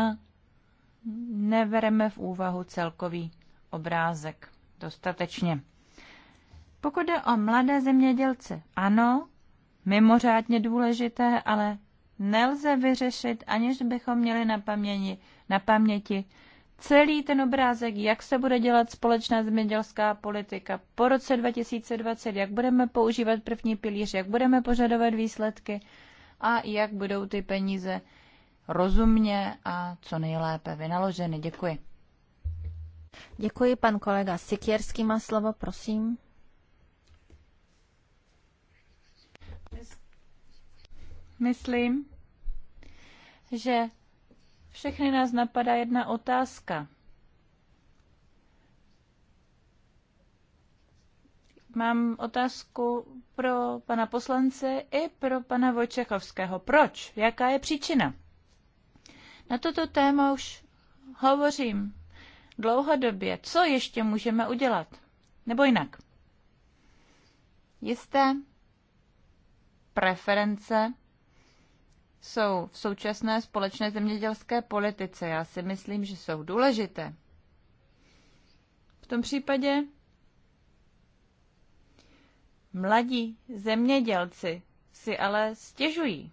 nevereme v úvahu celkový obrázek dostatečně. Pokud jde o mladé zemědělce, ano, mimořádně důležité, ale nelze vyřešit, aniž bychom měli na paměti, na paměti celý ten obrázek, jak se bude dělat společná zemědělská politika po roce 2020, jak budeme používat první pilíř, jak budeme požadovat výsledky a jak budou ty peníze rozumně a co nejlépe vynaloženy. Děkuji. Děkuji, pan kolega Sikierský má slovo, prosím. myslím, že všechny nás napadá jedna otázka. Mám otázku pro pana poslance i pro pana Vojčechovského. Proč? Jaká je příčina? Na toto téma už hovořím dlouhodobě. Co ještě můžeme udělat? Nebo jinak? Jisté preference jsou v současné společné zemědělské politice. Já si myslím, že jsou důležité. V tom případě mladí zemědělci si ale stěžují.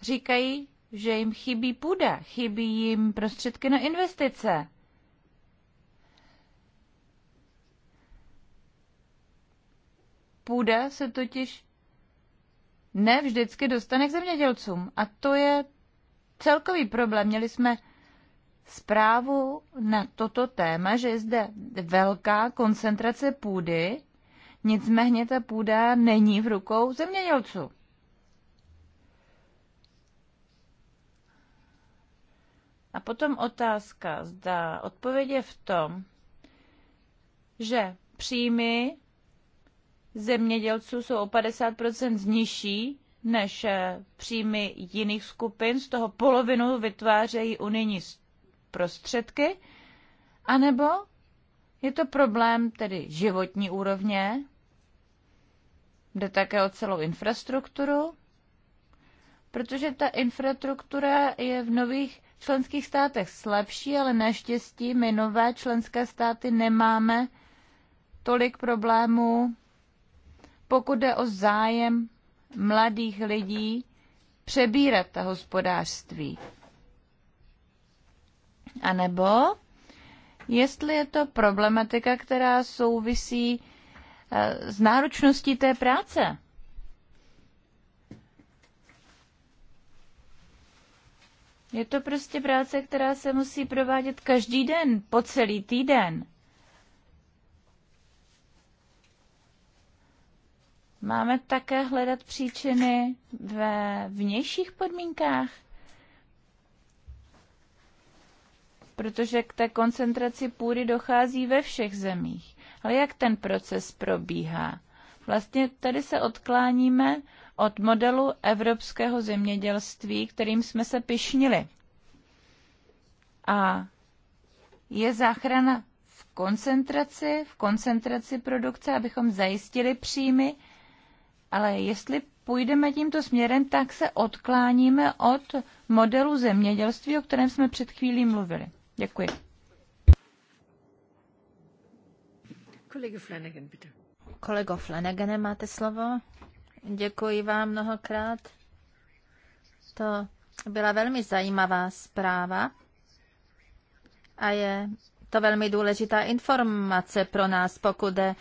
Říkají, že jim chybí půda, chybí jim prostředky na investice. Půda se totiž ne vždycky dostane k zemědělcům. A to je celkový problém. Měli jsme zprávu na toto téma, že je zde velká koncentrace půdy, nicméně ta půda není v rukou zemědělců. A potom otázka, zda odpověď je v tom, že příjmy zemědělců jsou o 50 nižší než eh, příjmy jiných skupin, z toho polovinu vytvářejí unijní prostředky, anebo je to problém tedy životní úrovně, jde také o celou infrastrukturu, protože ta infrastruktura je v nových členských státech slabší, ale naštěstí my nové členské státy nemáme tolik problémů pokud jde o zájem mladých lidí přebírat ta hospodářství. A nebo jestli je to problematika, která souvisí eh, s náročností té práce. Je to prostě práce, která se musí provádět každý den, po celý týden. Máme také hledat příčiny ve vnějších podmínkách? Protože k té koncentraci půdy dochází ve všech zemích. Ale jak ten proces probíhá? Vlastně tady se odkláníme od modelu evropského zemědělství, kterým jsme se pišnili. A je záchrana v koncentraci, v koncentraci produkce, abychom zajistili příjmy, ale jestli půjdeme tímto směrem, tak se odkláníme od modelu zemědělství, o kterém jsme před chvílí mluvili. Děkuji. Kolego Flanagan, bitte. Kolego Flanagan, máte slovo. Děkuji vám mnohokrát. To byla velmi zajímavá zpráva a je to velmi důležitá informace pro nás, pokud jde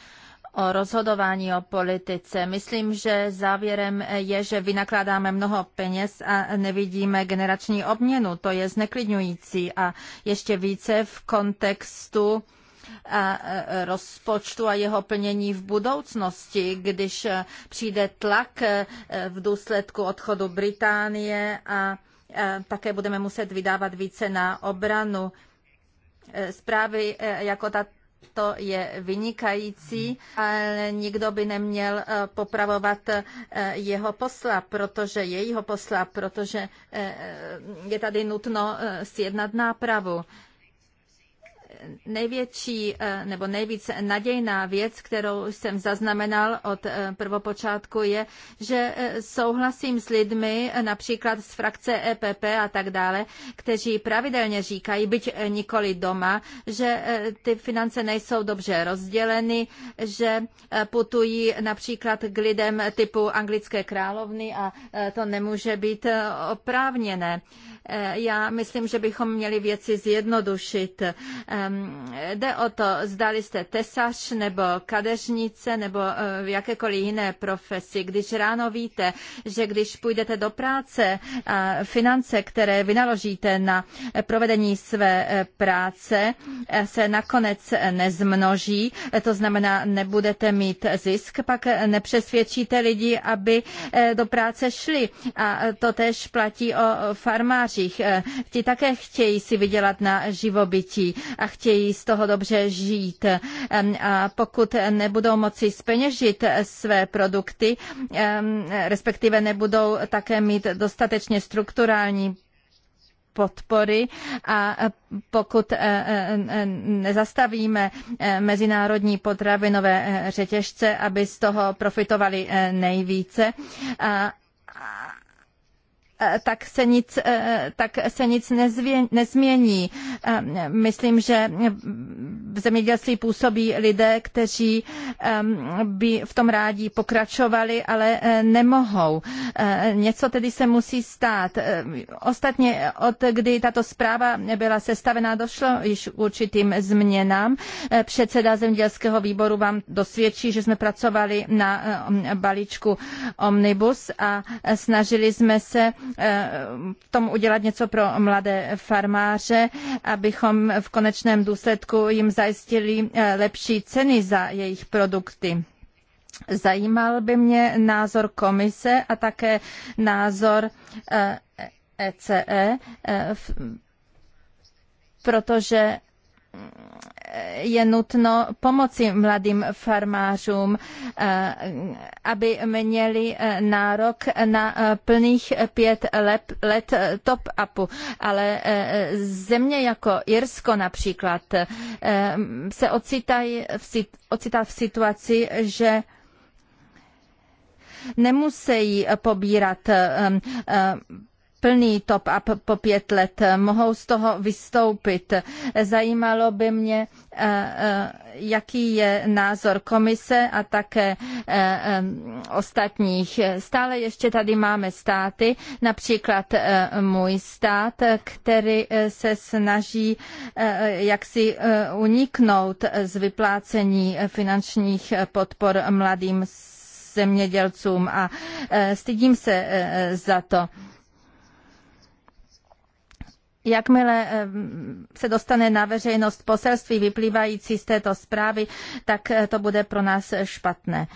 o rozhodování o politice. Myslím, že závěrem je, že vynakládáme mnoho peněz a nevidíme generační obměnu. To je zneklidňující a ještě více v kontextu a e, rozpočtu a jeho plnění v budoucnosti, když e, přijde tlak e, v důsledku odchodu Británie a také budeme muset vydávat více na obranu. Zprávy jako ta to je vynikající, ale nikdo by neměl eh, popravovat eh, jeho posla, protože jejího posla, protože eh, je tady nutno sjednat nápravu největší eh, nebo nejvíce nadějná věc, kterou jsem zaznamenal od eh, prvopočátku, je, že eh, souhlasím s lidmi, například z frakce EPP a tak dále, kteří pravidelně říkají, byť nikoli doma, že ty finance nejsou dobře rozděleny, že putují například k lidem typu anglické královny a to nemůže být oprávněné. Eh, já myslím, že bychom měli věci zjednodušit. Ehm, jde o to, zdali jste tesař nebo kadeřnice nebo v eh, jakékoliv jiné profesi. Když ráno víte, že když půjdete do práce, finance, které vynaložíte na provedení své eh, práce, se nakonec nezmnoží, to znamená, nebudete mít zisk, pak nepřesvědčíte lidi, aby do práce šli. A to tež platí o farmáři starších. Eh, ti také chtějí si vydělat na živobytí a chtějí z toho dobře žít. Eh, a pokud nebudou moci speněžit své produkty, ehm, respektive nebudou také mít dostatečně strukturální podpory a pokud eh, nezastavíme mezinárodní potravinové řetěžce, aby z toho profitovali nejvíce, Eh, tak se nic, eh, tak se nic nezvě, nezmění. Eh, myslím, že v zemědělství působí lidé, kteří by v tom rádi pokračovali, ale nemohou. Něco tedy se musí stát. Ostatně od kdy tato zpráva byla sestavená, došlo již určitým změnám. Předseda zemědělského výboru vám dosvědčí, že jsme pracovali na balíčku Omnibus a snažili jsme se v eh, tom udělat něco pro mladé farmáře, abychom v konečném důsledku jim zajistili eh, lepší ceny za jejich produkty. Zajímal by mě názor komise a také názor ECE, eh, e, protože je nutno pomoci mladým farmářům, eh, aby měli eh, nárok na eh, plných pět let, top-upu. Ale země jako Irsko například se ocitá v situaci, že nemusí pobírat plný top-up po pět let, mohou z toho vystoupit. Zajímalo by mě, eh, eh, jaký je názor komise a také eh, ostatních. Stále ještě tady máme státy, například můj stát, který se snaží jaksi uniknout z vyplácení finančních podpor mladým zemědělcům a stydím se za to Jakmile eh, se dostane na veřejnost poselství vyplývající z této zprávy, tak eh, to bude pro nás špatné.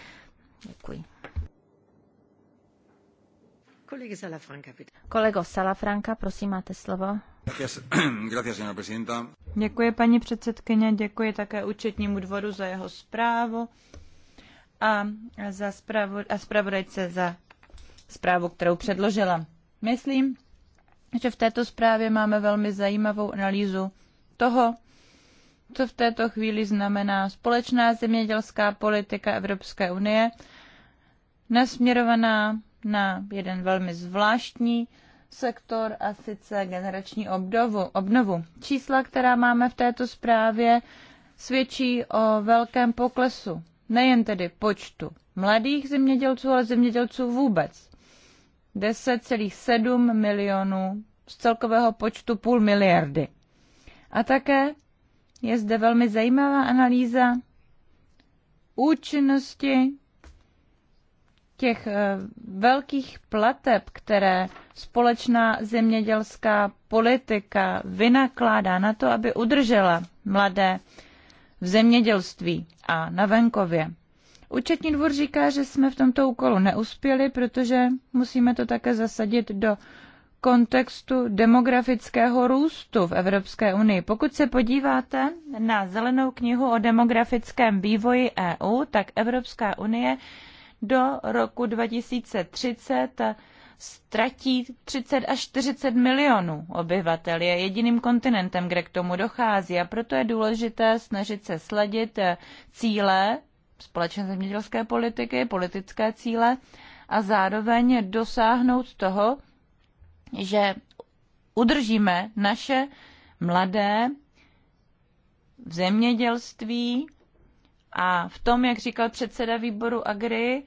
Děkuji. Kolego Salafranca, prosím, máte slovo. <clears throat> Děkuji, paní předsedkyně, děkuji také účetnímu dvoru za jeho zprávu a, za zprávu, a zpravodajce za zprávu, kterou předložila. Myslím, že v této zprávě máme velmi zajímavou analýzu toho, co v této chvíli znamená společná zemědělská politika Evropské unie, nasměrovaná na jeden velmi zvláštní sektor a sice generační obdovu, obnovu. Čísla, která máme v této zprávě, svědčí o velkém poklesu nejen tedy počtu mladých zemědělců, ale zemědělců vůbec. 10,7 milionů z celkového počtu půl miliardy. A také je zde velmi zajímavá analýza účinnosti těch eh, velkých plateb, které společná zemědělská politika vynakládá na to, aby udržela mladé v zemědělství a na venkově. Účetní dvůr říká, že jsme v tomto úkolu neuspěli, protože musíme to také zasadit do kontextu demografického růstu v Evropské unii. Pokud se podíváte na zelenou knihu o demografickém vývoji EU, tak Evropská unie do roku 2030 ztratí 30 až 40 milionů obyvatel. Je jediným kontinentem, kde k tomu dochází a proto je důležité snažit se sladit cíle společné zemědělské politiky, politické cíle a zároveň dosáhnout toho, že udržíme naše mladé v zemědělství a v tom, jak říkal předseda výboru Agri,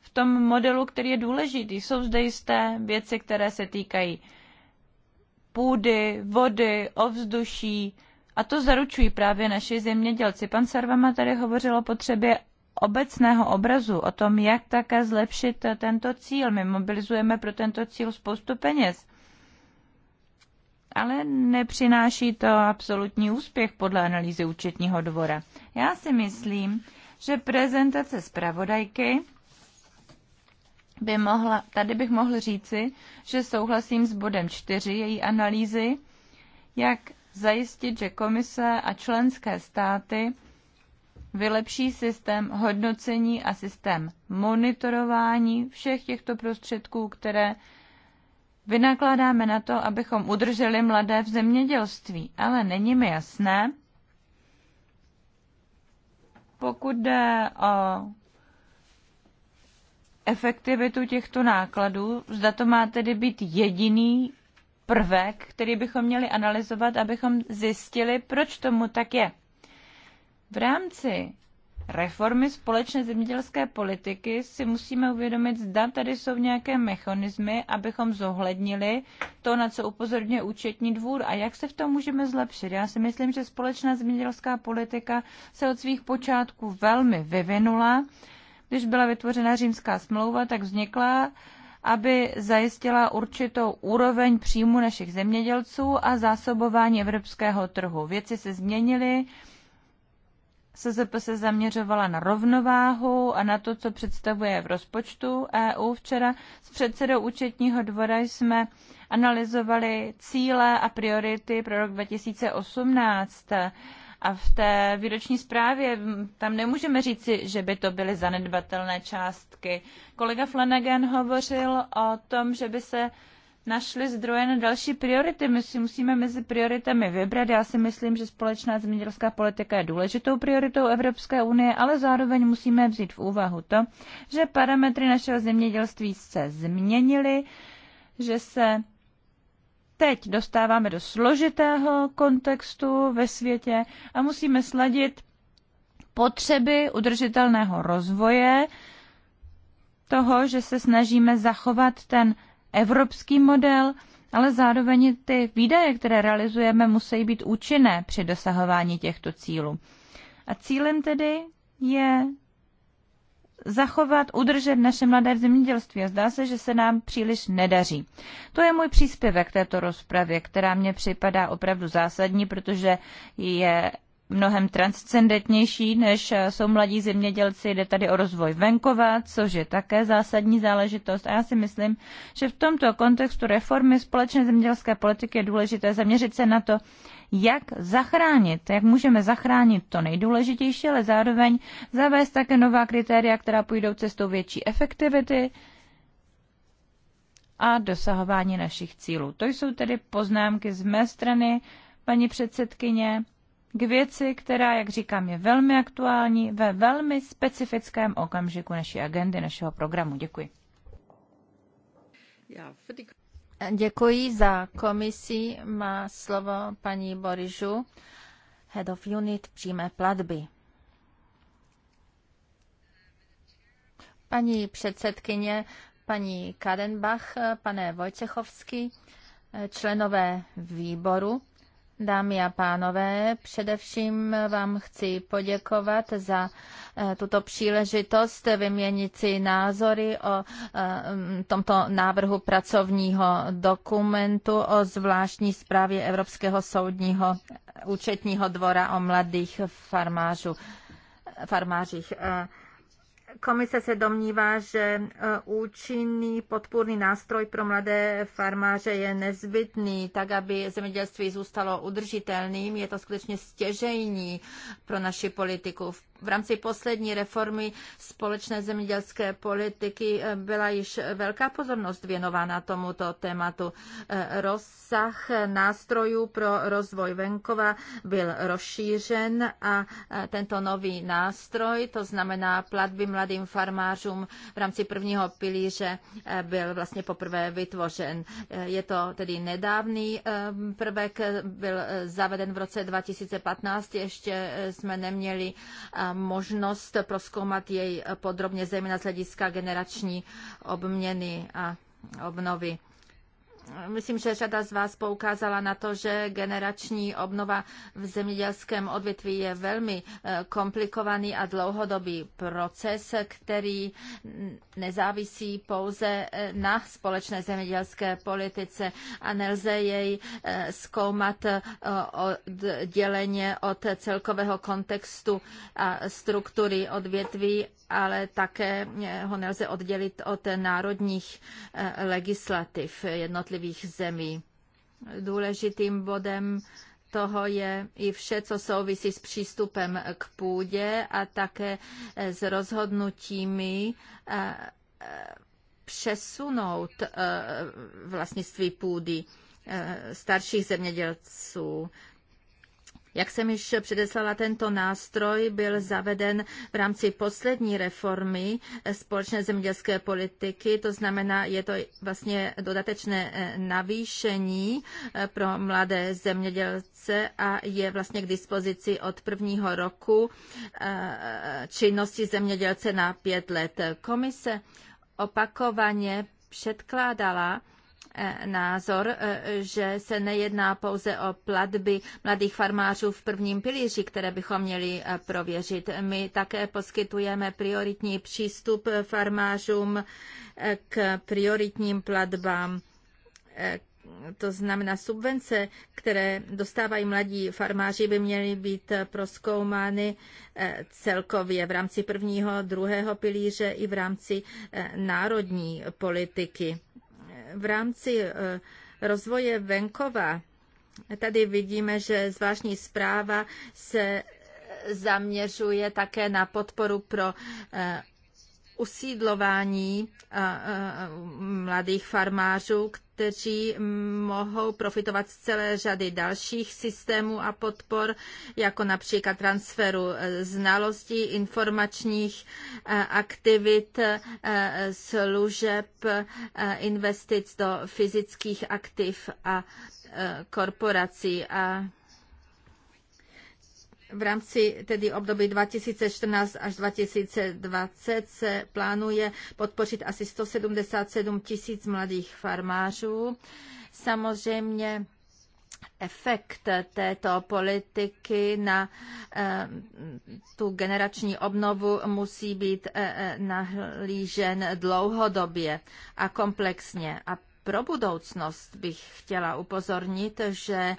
v tom modelu, který je důležitý. Jsou zde jisté věci, které se týkají půdy, vody, ovzduší, a to zaručují právě naši zemědělci. Pan Sarvama tady hovořil o potřebě obecného obrazu o tom, jak také zlepšit tento cíl. My mobilizujeme pro tento cíl spoustu peněz. Ale nepřináší to absolutní úspěch podle analýzy účetního dvora. Já si myslím, že prezentace zpravodajky by mohla, tady bych mohl říci, že souhlasím s bodem 4 její analýzy, jak zajistit, že komise a členské státy vylepší systém hodnocení a systém monitorování všech těchto prostředků, které vynakládáme na to, abychom udrželi mladé v zemědělství. Ale není mi jasné, pokud jde o efektivitu těchto nákladů, zda to má tedy být jediný prvek, který bychom měli analyzovat, abychom zjistili, proč tomu tak je. V rámci reformy společné zemědělské politiky si musíme uvědomit, zda tady jsou nějaké mechanismy, abychom zohlednili to, na co upozorňuje účetní dvůr a jak se v tom můžeme zlepšit. Já si myslím, že společná zemědělská politika se od svých počátků velmi vyvinula. Když byla vytvořena římská smlouva, tak vznikla aby zajistila určitou úroveň příjmu našich zemědělců a zásobování evropského trhu. Věci se změnily, SZP se zaměřovala na rovnováhu a na to, co představuje v rozpočtu EU. Včera s předsedou účetního dvora jsme analyzovali cíle a priority pro rok 2018. A v té výroční zprávě tam nemůžeme říci, že by to byly zanedbatelné částky. Kolega Flanagan hovořil o tom, že by se našli zdroje na další priority. My si musíme mezi prioritami vybrat. Já si myslím, že společná zemědělská politika je důležitou prioritou Evropské unie, ale zároveň musíme vzít v úvahu to, že parametry našeho zemědělství se změnily, že se teď dostáváme do složitého kontextu ve světě a musíme sladit potřeby udržitelného rozvoje, toho, že se snažíme zachovat ten evropský model, ale zároveň ty výdaje, které realizujeme, musí být účinné při dosahování těchto cílů. A cílem tedy je zachovat, udržet naše mladé v zemědělství a zdá se, že se nám příliš nedaří. To je můj příspěvek k této rozpravě, která mě připadá opravdu zásadní, protože je mnohem transcendentnější, než jsou mladí zemědělci. Jde tady o rozvoj venkova, což je také zásadní záležitost. A já si myslím, že v tomto kontextu reformy společné zemědělské politiky je důležité zaměřit se na to, jak zachránit, jak můžeme zachránit to nejdůležitější, ale zároveň zavést také nová kritéria, která půjdou cestou větší efektivity a dosahování našich cílů. To jsou tedy poznámky z mé strany, paní předsedkyně, k věci, která, jak říkám, je velmi aktuální ve velmi specifickém okamžiku naší agendy, našeho programu. Děkuji. Děkuji za komisi. Má slovo paní Borižu, Head of Unit přímé platby. Paní předsedkyně, paní Kadenbach, pane Vojcechovský, členové výboru, Dámy a pánové, především vám chci poděkovat za eh, tuto příležitost vyměnit si názory o eh, tomto návrhu pracovního dokumentu o zvláštní zprávě Evropského soudního účetního dvora o mladých farmářů, farmářích. farmářích eh, Komise se domnívá, že e, účinný podpůrný nástroj pro mladé farmáře je nezbytný, tak aby zemědělství zůstalo udržitelným. Je to skutečně stěžejní pro naši politiku. V rámci poslední reformy společné zemědělské politiky e, byla již velká pozornost věnována tomuto tématu. E, rozsah nástrojů pro rozvoj venkova byl rozšířen a tento nový nástroj, to znamená platby mladých mladým farmářům v rámci prvního pilíře eh, byl vlastně poprvé vytvořen. Eh, je to tedy nedávný eh, prvek, byl zaveden v roce 2015, ještě jsme neměli možnost proskoumat jej podrobně, zejména z hlediska generační obměny a obnovy. Myslím, že řada z vás poukázala na to, že generační obnova v zemědělském odvětví je velmi eh, komplikovaný a dlouhodobý proces, který nezávisí pouze eh, na společné zemědělské politice a nelze jej eh, zkoumat odděleně od celkového kontextu a struktury odvětví, ale také ho nelze oddělit od národních legislativ jednotlivých jednotlivých zemí. Důležitým bodem toho je i vše, co souvisí s přístupem k půdě a také s rozhodnutími eh, eh, přesunout eh, vlastnictví půdy starších zemědělců. Jak jsem již předeslala, tento nástroj byl zaveden v rámci poslední reformy společné zemědělské politiky, to znamená, je to vlastně dodatečné eh, navýšení eh, pro mladé zemědělce a je vlastně k dispozici od prvního roku eh, činnosti zemědělce na pět let. Komise opakovaně předkládala Eh, názor, eh, že se nejedná pouze o platby mladých farmářů v prvním pilíři, které bychom měli eh, prověřit. My také poskytujeme prioritní přístup farmářům k prioritním platbám, to znamená subvence, které dostávají mladí farmáři, by měly být proskoumány celkově v rámci prvního, druhého pilíře i v rámci národní politiky v rámci eh, rozvoje venkova tady vidíme, že zvláštní zpráva se zaměřuje také na podporu pro eh, usídlování mladých farmářů, kteří mohou profitovat z celé řady dalších systémů a podpor, jako například transferu e, znalostí, informačních e, aktivit, e, služeb, investic do fyzických aktiv a korporací. A v rámci tedy období 2014 až 2020 se plánuje podpořit asi 177 tisíc mladých farmářů. Samozřejmě efekt této politiky na eh, tu generační obnovu musí být eh, eh, nahlížen dlouhodobě a komplexně. A pro budoucnost bych chtěla upozornit, že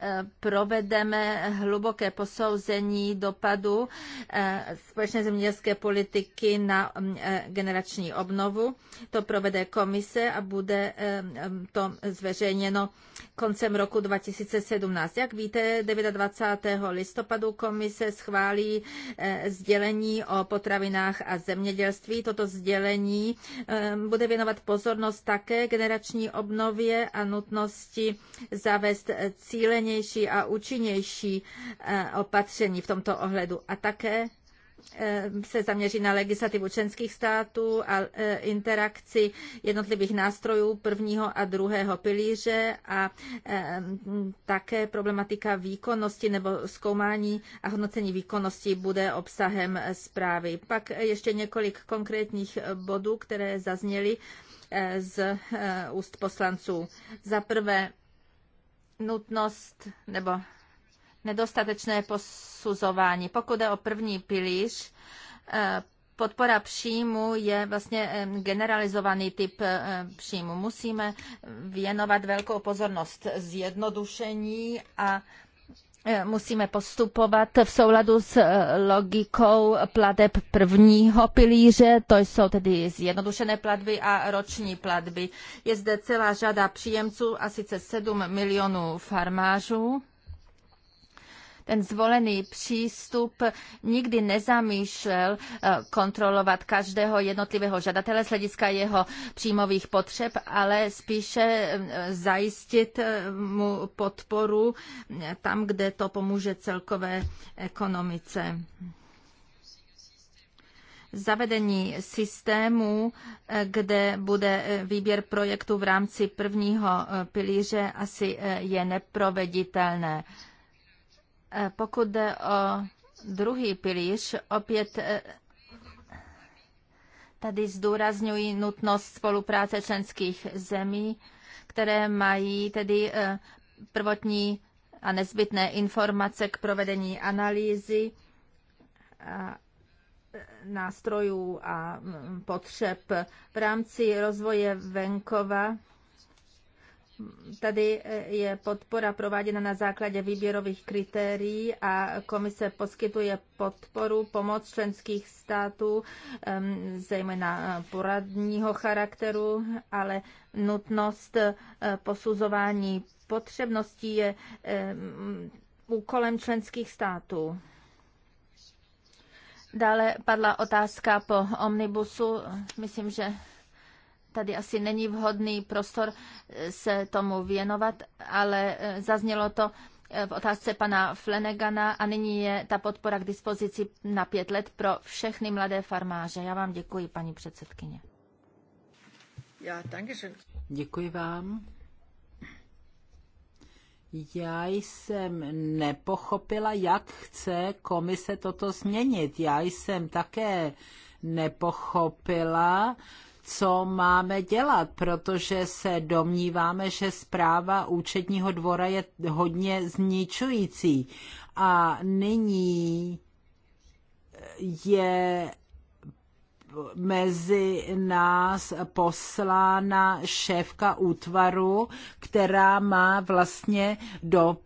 Eh, provedeme hluboké posouzení dopadu eh, společné zemědělské politiky na mm, eh, generační obnovu. To provede komise a bude mm, to zveřejněno koncem roku 2017. Jak víte, 29. listopadu komise schválí sdělení o potravinách a zemědělství. Toto sdělení bude věnovat pozornost také generační obnově a nutnosti zavést cílení cílenější a účinnější eh, opatření v tomto ohledu a také eh, se zaměří na legislativu členských států a eh, interakci jednotlivých nástrojů prvního a druhého pilíře a také problematika výkonnosti nebo zkoumání a hodnocení výkonnosti bude obsahem zprávy. Pak ještě několik konkrétních bodů, které zazněly z úst poslanců. Za prvé nutnost nebo nedostatečné posuzování. Pokud je o první pilíř, eh, podpora příjmu je vlastně generalizovaný typ eh, příjmu. Musíme věnovat velkou pozornost zjednodušení a Eh, musíme postupovat v souladu s eh, logikou plateb prvního pilíře, to jsou tedy zjednodušené platby a roční platby. Je zde celá řada příjemců, a sice 7 milionů farmářů ten zvolený přístup nikdy nezamýšlel eh, kontrolovat každého jednotlivého žadatele z hlediska jeho příjmových potřeb, ale spíše eh, zajistit eh, mu podporu tam, kde to pomůže celkové ekonomice zavedení systému, kde bude výběr projektu v rámci prvního pilíře, asi je neproveditelné. Pokud jde o druhý pilíř, opět eh, tady zdůrazňuji nutnost spolupráce členských zemí, které mají tedy eh, prvotní a nezbytné informace k provedení analýzy eh, nástrojů a mm, potřeb v rámci rozvoje venkova Tady eh, je podpora prováděna na základě výběrových kritérií a komise poskytuje podporu, pomoc členských států, ehm, zejména eh, poradního charakteru, ale nutnost eh, posuzování potřebností je ehm, úkolem členských států. Dále padla otázka po omnibusu. Myslím, že tady asi není vhodný prostor eh, se tomu věnovat, ale eh, zaznělo to eh, v otázce pana Flenegana a nyní je ta podpora k dispozici na pět let pro všechny mladé farmáře. Já vám děkuji, paní předsedkyně. Děkuji vám. Já jsem nepochopila, jak chce komise toto změnit. Já jsem také nepochopila, co máme dělat, protože se domníváme, že zpráva účetního dvora je hodně zničující. A nyní je mezi nás poslána šéfka útvaru, která má vlastně do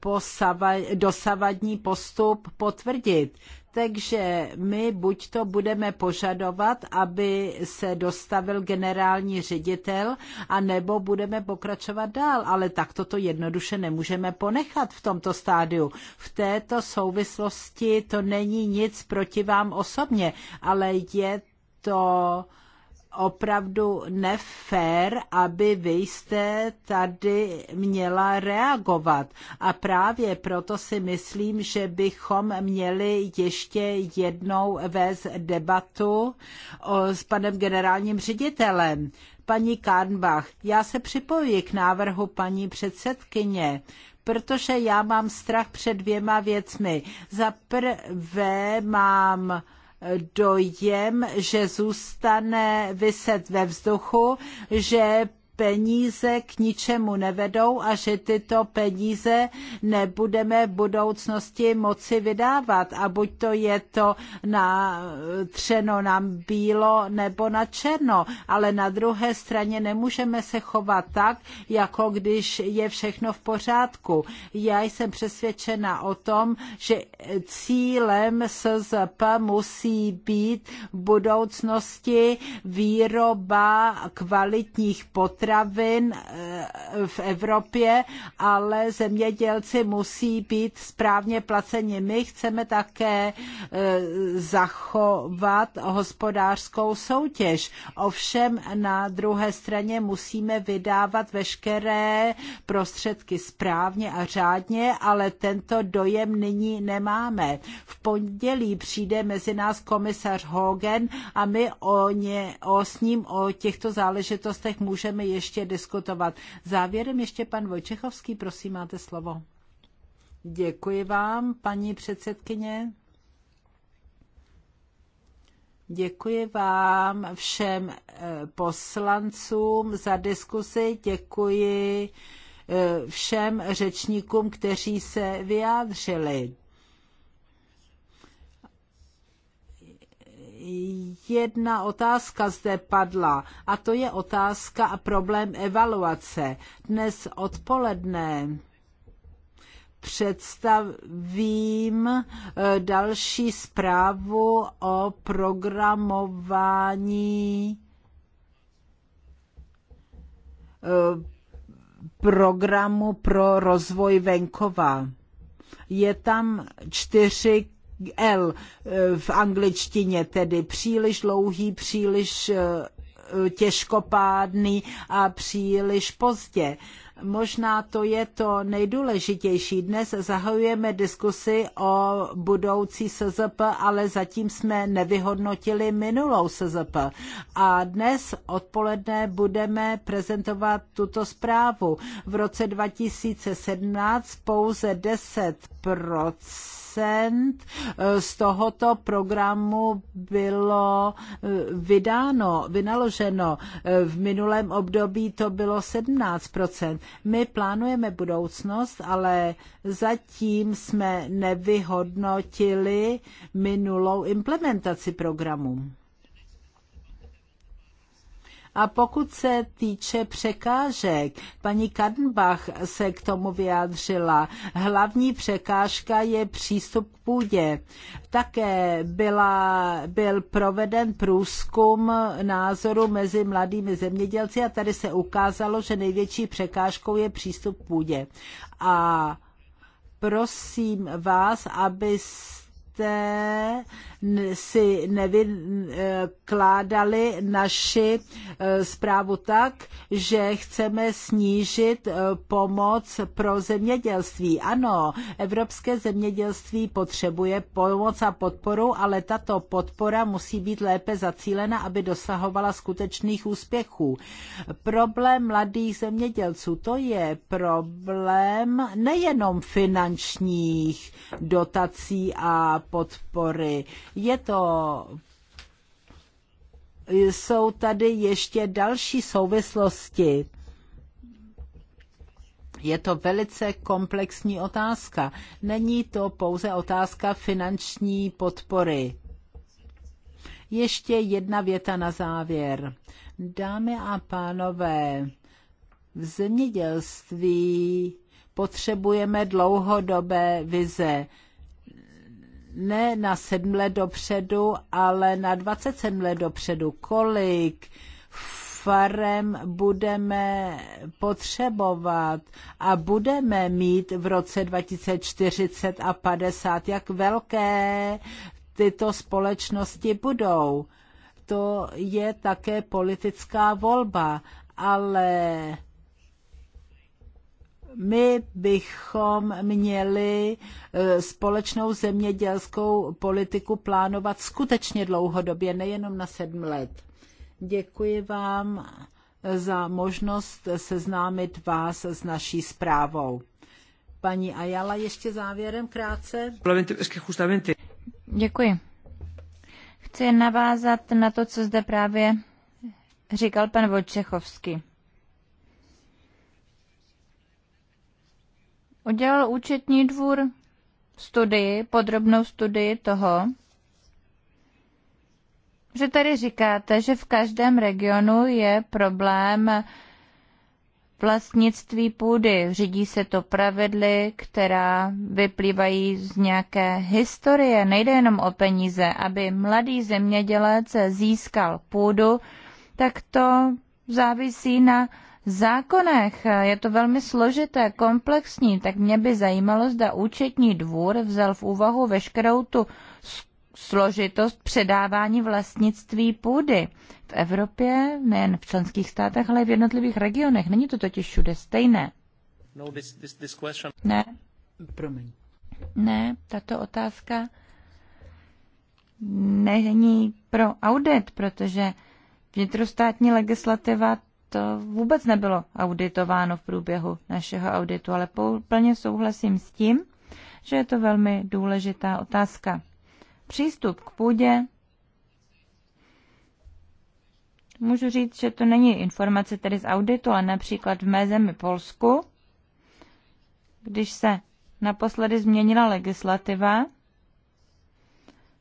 dosavadní postup potvrdit. Takže že my buď to budeme požadovat, aby se dostavil generální ředitel, a nebo budeme pokračovat dál, ale tak toto jednoduše nemůžeme ponechat v tomto stádiu. V této souvislosti to není nic proti vám osobně, ale je to opravdu nefér, aby vy jste tady měla reagovat. A právě proto si myslím, že bychom měli ještě jednou vést debatu s panem generálním ředitelem. Paní Karnbach, já se připojuji k návrhu paní předsedkyně protože já mám strach před dvěma věcmi. Za prvé mám dojem, že zůstane vyset ve vzduchu, že peníze k ničemu nevedou a že tyto peníze nebudeme v budoucnosti moci vydávat. A buď to je to na třeno na bílo nebo na černo, ale na druhé straně nemůžeme se chovat tak, jako když je všechno v pořádku. Já jsem přesvědčena o tom, že cílem SZP musí být v budoucnosti výroba kvalitních potravin, potravin eh, v Evropě, ale zemědělci musí být správně placeni. My chceme také eh, zachovat hospodářskou soutěž. Ovšem na druhé straně musíme vydávat veškeré prostředky správně a řádně, ale tento dojem nyní nemáme. V pondělí přijde mezi nás komisař Hogan a my o, ně, o s ním o těchto záležitostech můžeme ještě ještě diskutovat. Závěrem ještě pan Vojčechovský, prosím, máte slovo. Děkuji vám, paní předsedkyně. Děkuji vám všem eh, poslancům za diskusi, děkuji eh, všem řečníkům, kteří se vyjádřili. jedna otázka zde padla a to je otázka a problém evaluace. Dnes odpoledne představím e, další zprávu o programování e, programu pro rozvoj venkova. Je tam čtyři L eh, v angličtině, tedy příliš dlouhý, příliš eh, těžkopádný a příliš pozdě. Možná to je to nejdůležitější. Dnes zahajujeme diskusi o budoucí SZP, ale zatím jsme nevyhodnotili minulou SZP. A dnes odpoledne budeme prezentovat tuto zprávu. V roce 2017 pouze 10 procent eh, z tohoto programu bylo eh, vydáno, vynaloženo. Eh, v minulém období to bylo 17 My plánujeme budoucnost, ale zatím jsme nevyhodnotili minulou implementaci programu. A pokud se týče překážek, paní Kadenbach se k tomu vyjádřila. Hlavní překážka je přístup k půdě. Také byla, byl proveden průzkum názoru mezi mladými zemědělci a tady se ukázalo, že největší překážkou je přístup k půdě. A prosím vás, abyste si nevykládali naši eh, zprávu tak, že chceme snížit eh, pomoc pro zemědělství. Ano, evropské zemědělství potřebuje pomoc a podporu, ale tato podpora musí být lépe zacílena, aby dosahovala skutečných úspěchů. Problém mladých zemědělců, to je problém nejenom finančních dotací a podpory. Je to jsou tady ještě další souvislosti. Je to velice komplexní otázka. Není to pouze otázka finanční podpory. Ještě jedna věta na závěr. Dámy a pánové, v zemědělství potřebujeme dlouhodobé vize ne na sedm let dopředu, ale na 27 let dopředu. Kolik farem budeme potřebovat a budeme mít v roce 2040 a 50, jak velké tyto společnosti budou. To je také politická volba, ale my bychom měli e, společnou zemědělskou politiku plánovat skutečně dlouhodobě, nejenom na sedm let. Děkuji vám za možnost seznámit vás s naší zprávou. Paní Ajala. ještě závěrem krátce. Děkuji. Chci navázat na to, co zde právě říkal pan Vojčechovský. Udělal účetní dvůr studii, podrobnou studii toho, že tady říkáte, že v každém regionu je problém vlastnictví půdy. Řídí se to pravidly, která vyplývají z nějaké historie. Nejde jenom o peníze. Aby mladý zemědělec získal půdu, tak to závisí na zákonech. Je to velmi složité, komplexní, tak mě by zajímalo, zda účetní dvůr vzal v úvahu veškerou tu složitost předávání vlastnictví půdy. V Evropě, nejen v členských státech, ale i v jednotlivých regionech. Není to totiž všude stejné. No, this, this, this question... Ne. Promiň. Ne, tato otázka není pro audit, protože vnitrostátní legislativa to vůbec nebylo auditováno v průběhu našeho auditu, ale plně souhlasím s tím, že je to velmi důležitá otázka. Přístup k půdě. Můžu říct, že to není informace tedy z auditu, ale například v mé zemi Polsku, když se naposledy změnila legislativa,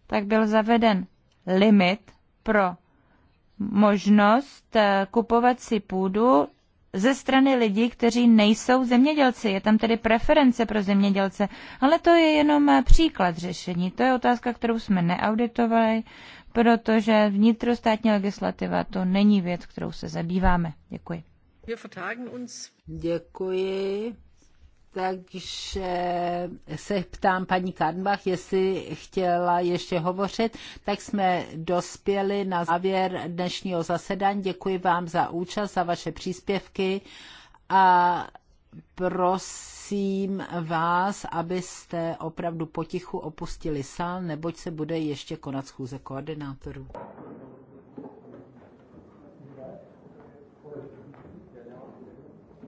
tak byl zaveden limit pro možnost eh, kupovat si půdu ze strany lidí, kteří nejsou zemědělci. Je tam tedy preference pro zemědělce, ale to je jenom eh, příklad řešení. To je otázka, kterou jsme neauditovali, protože vnitrostátní legislativa to není věc, kterou se zabýváme. Děkuji. Děkuji takže se ptám paní Karnbach, jestli chtěla ještě hovořit, tak jsme dospěli na závěr dnešního zasedání. Děkuji vám za účast, za vaše příspěvky a prosím vás, abyste opravdu potichu opustili sál, neboť se bude ještě konat schůze koordinátorů.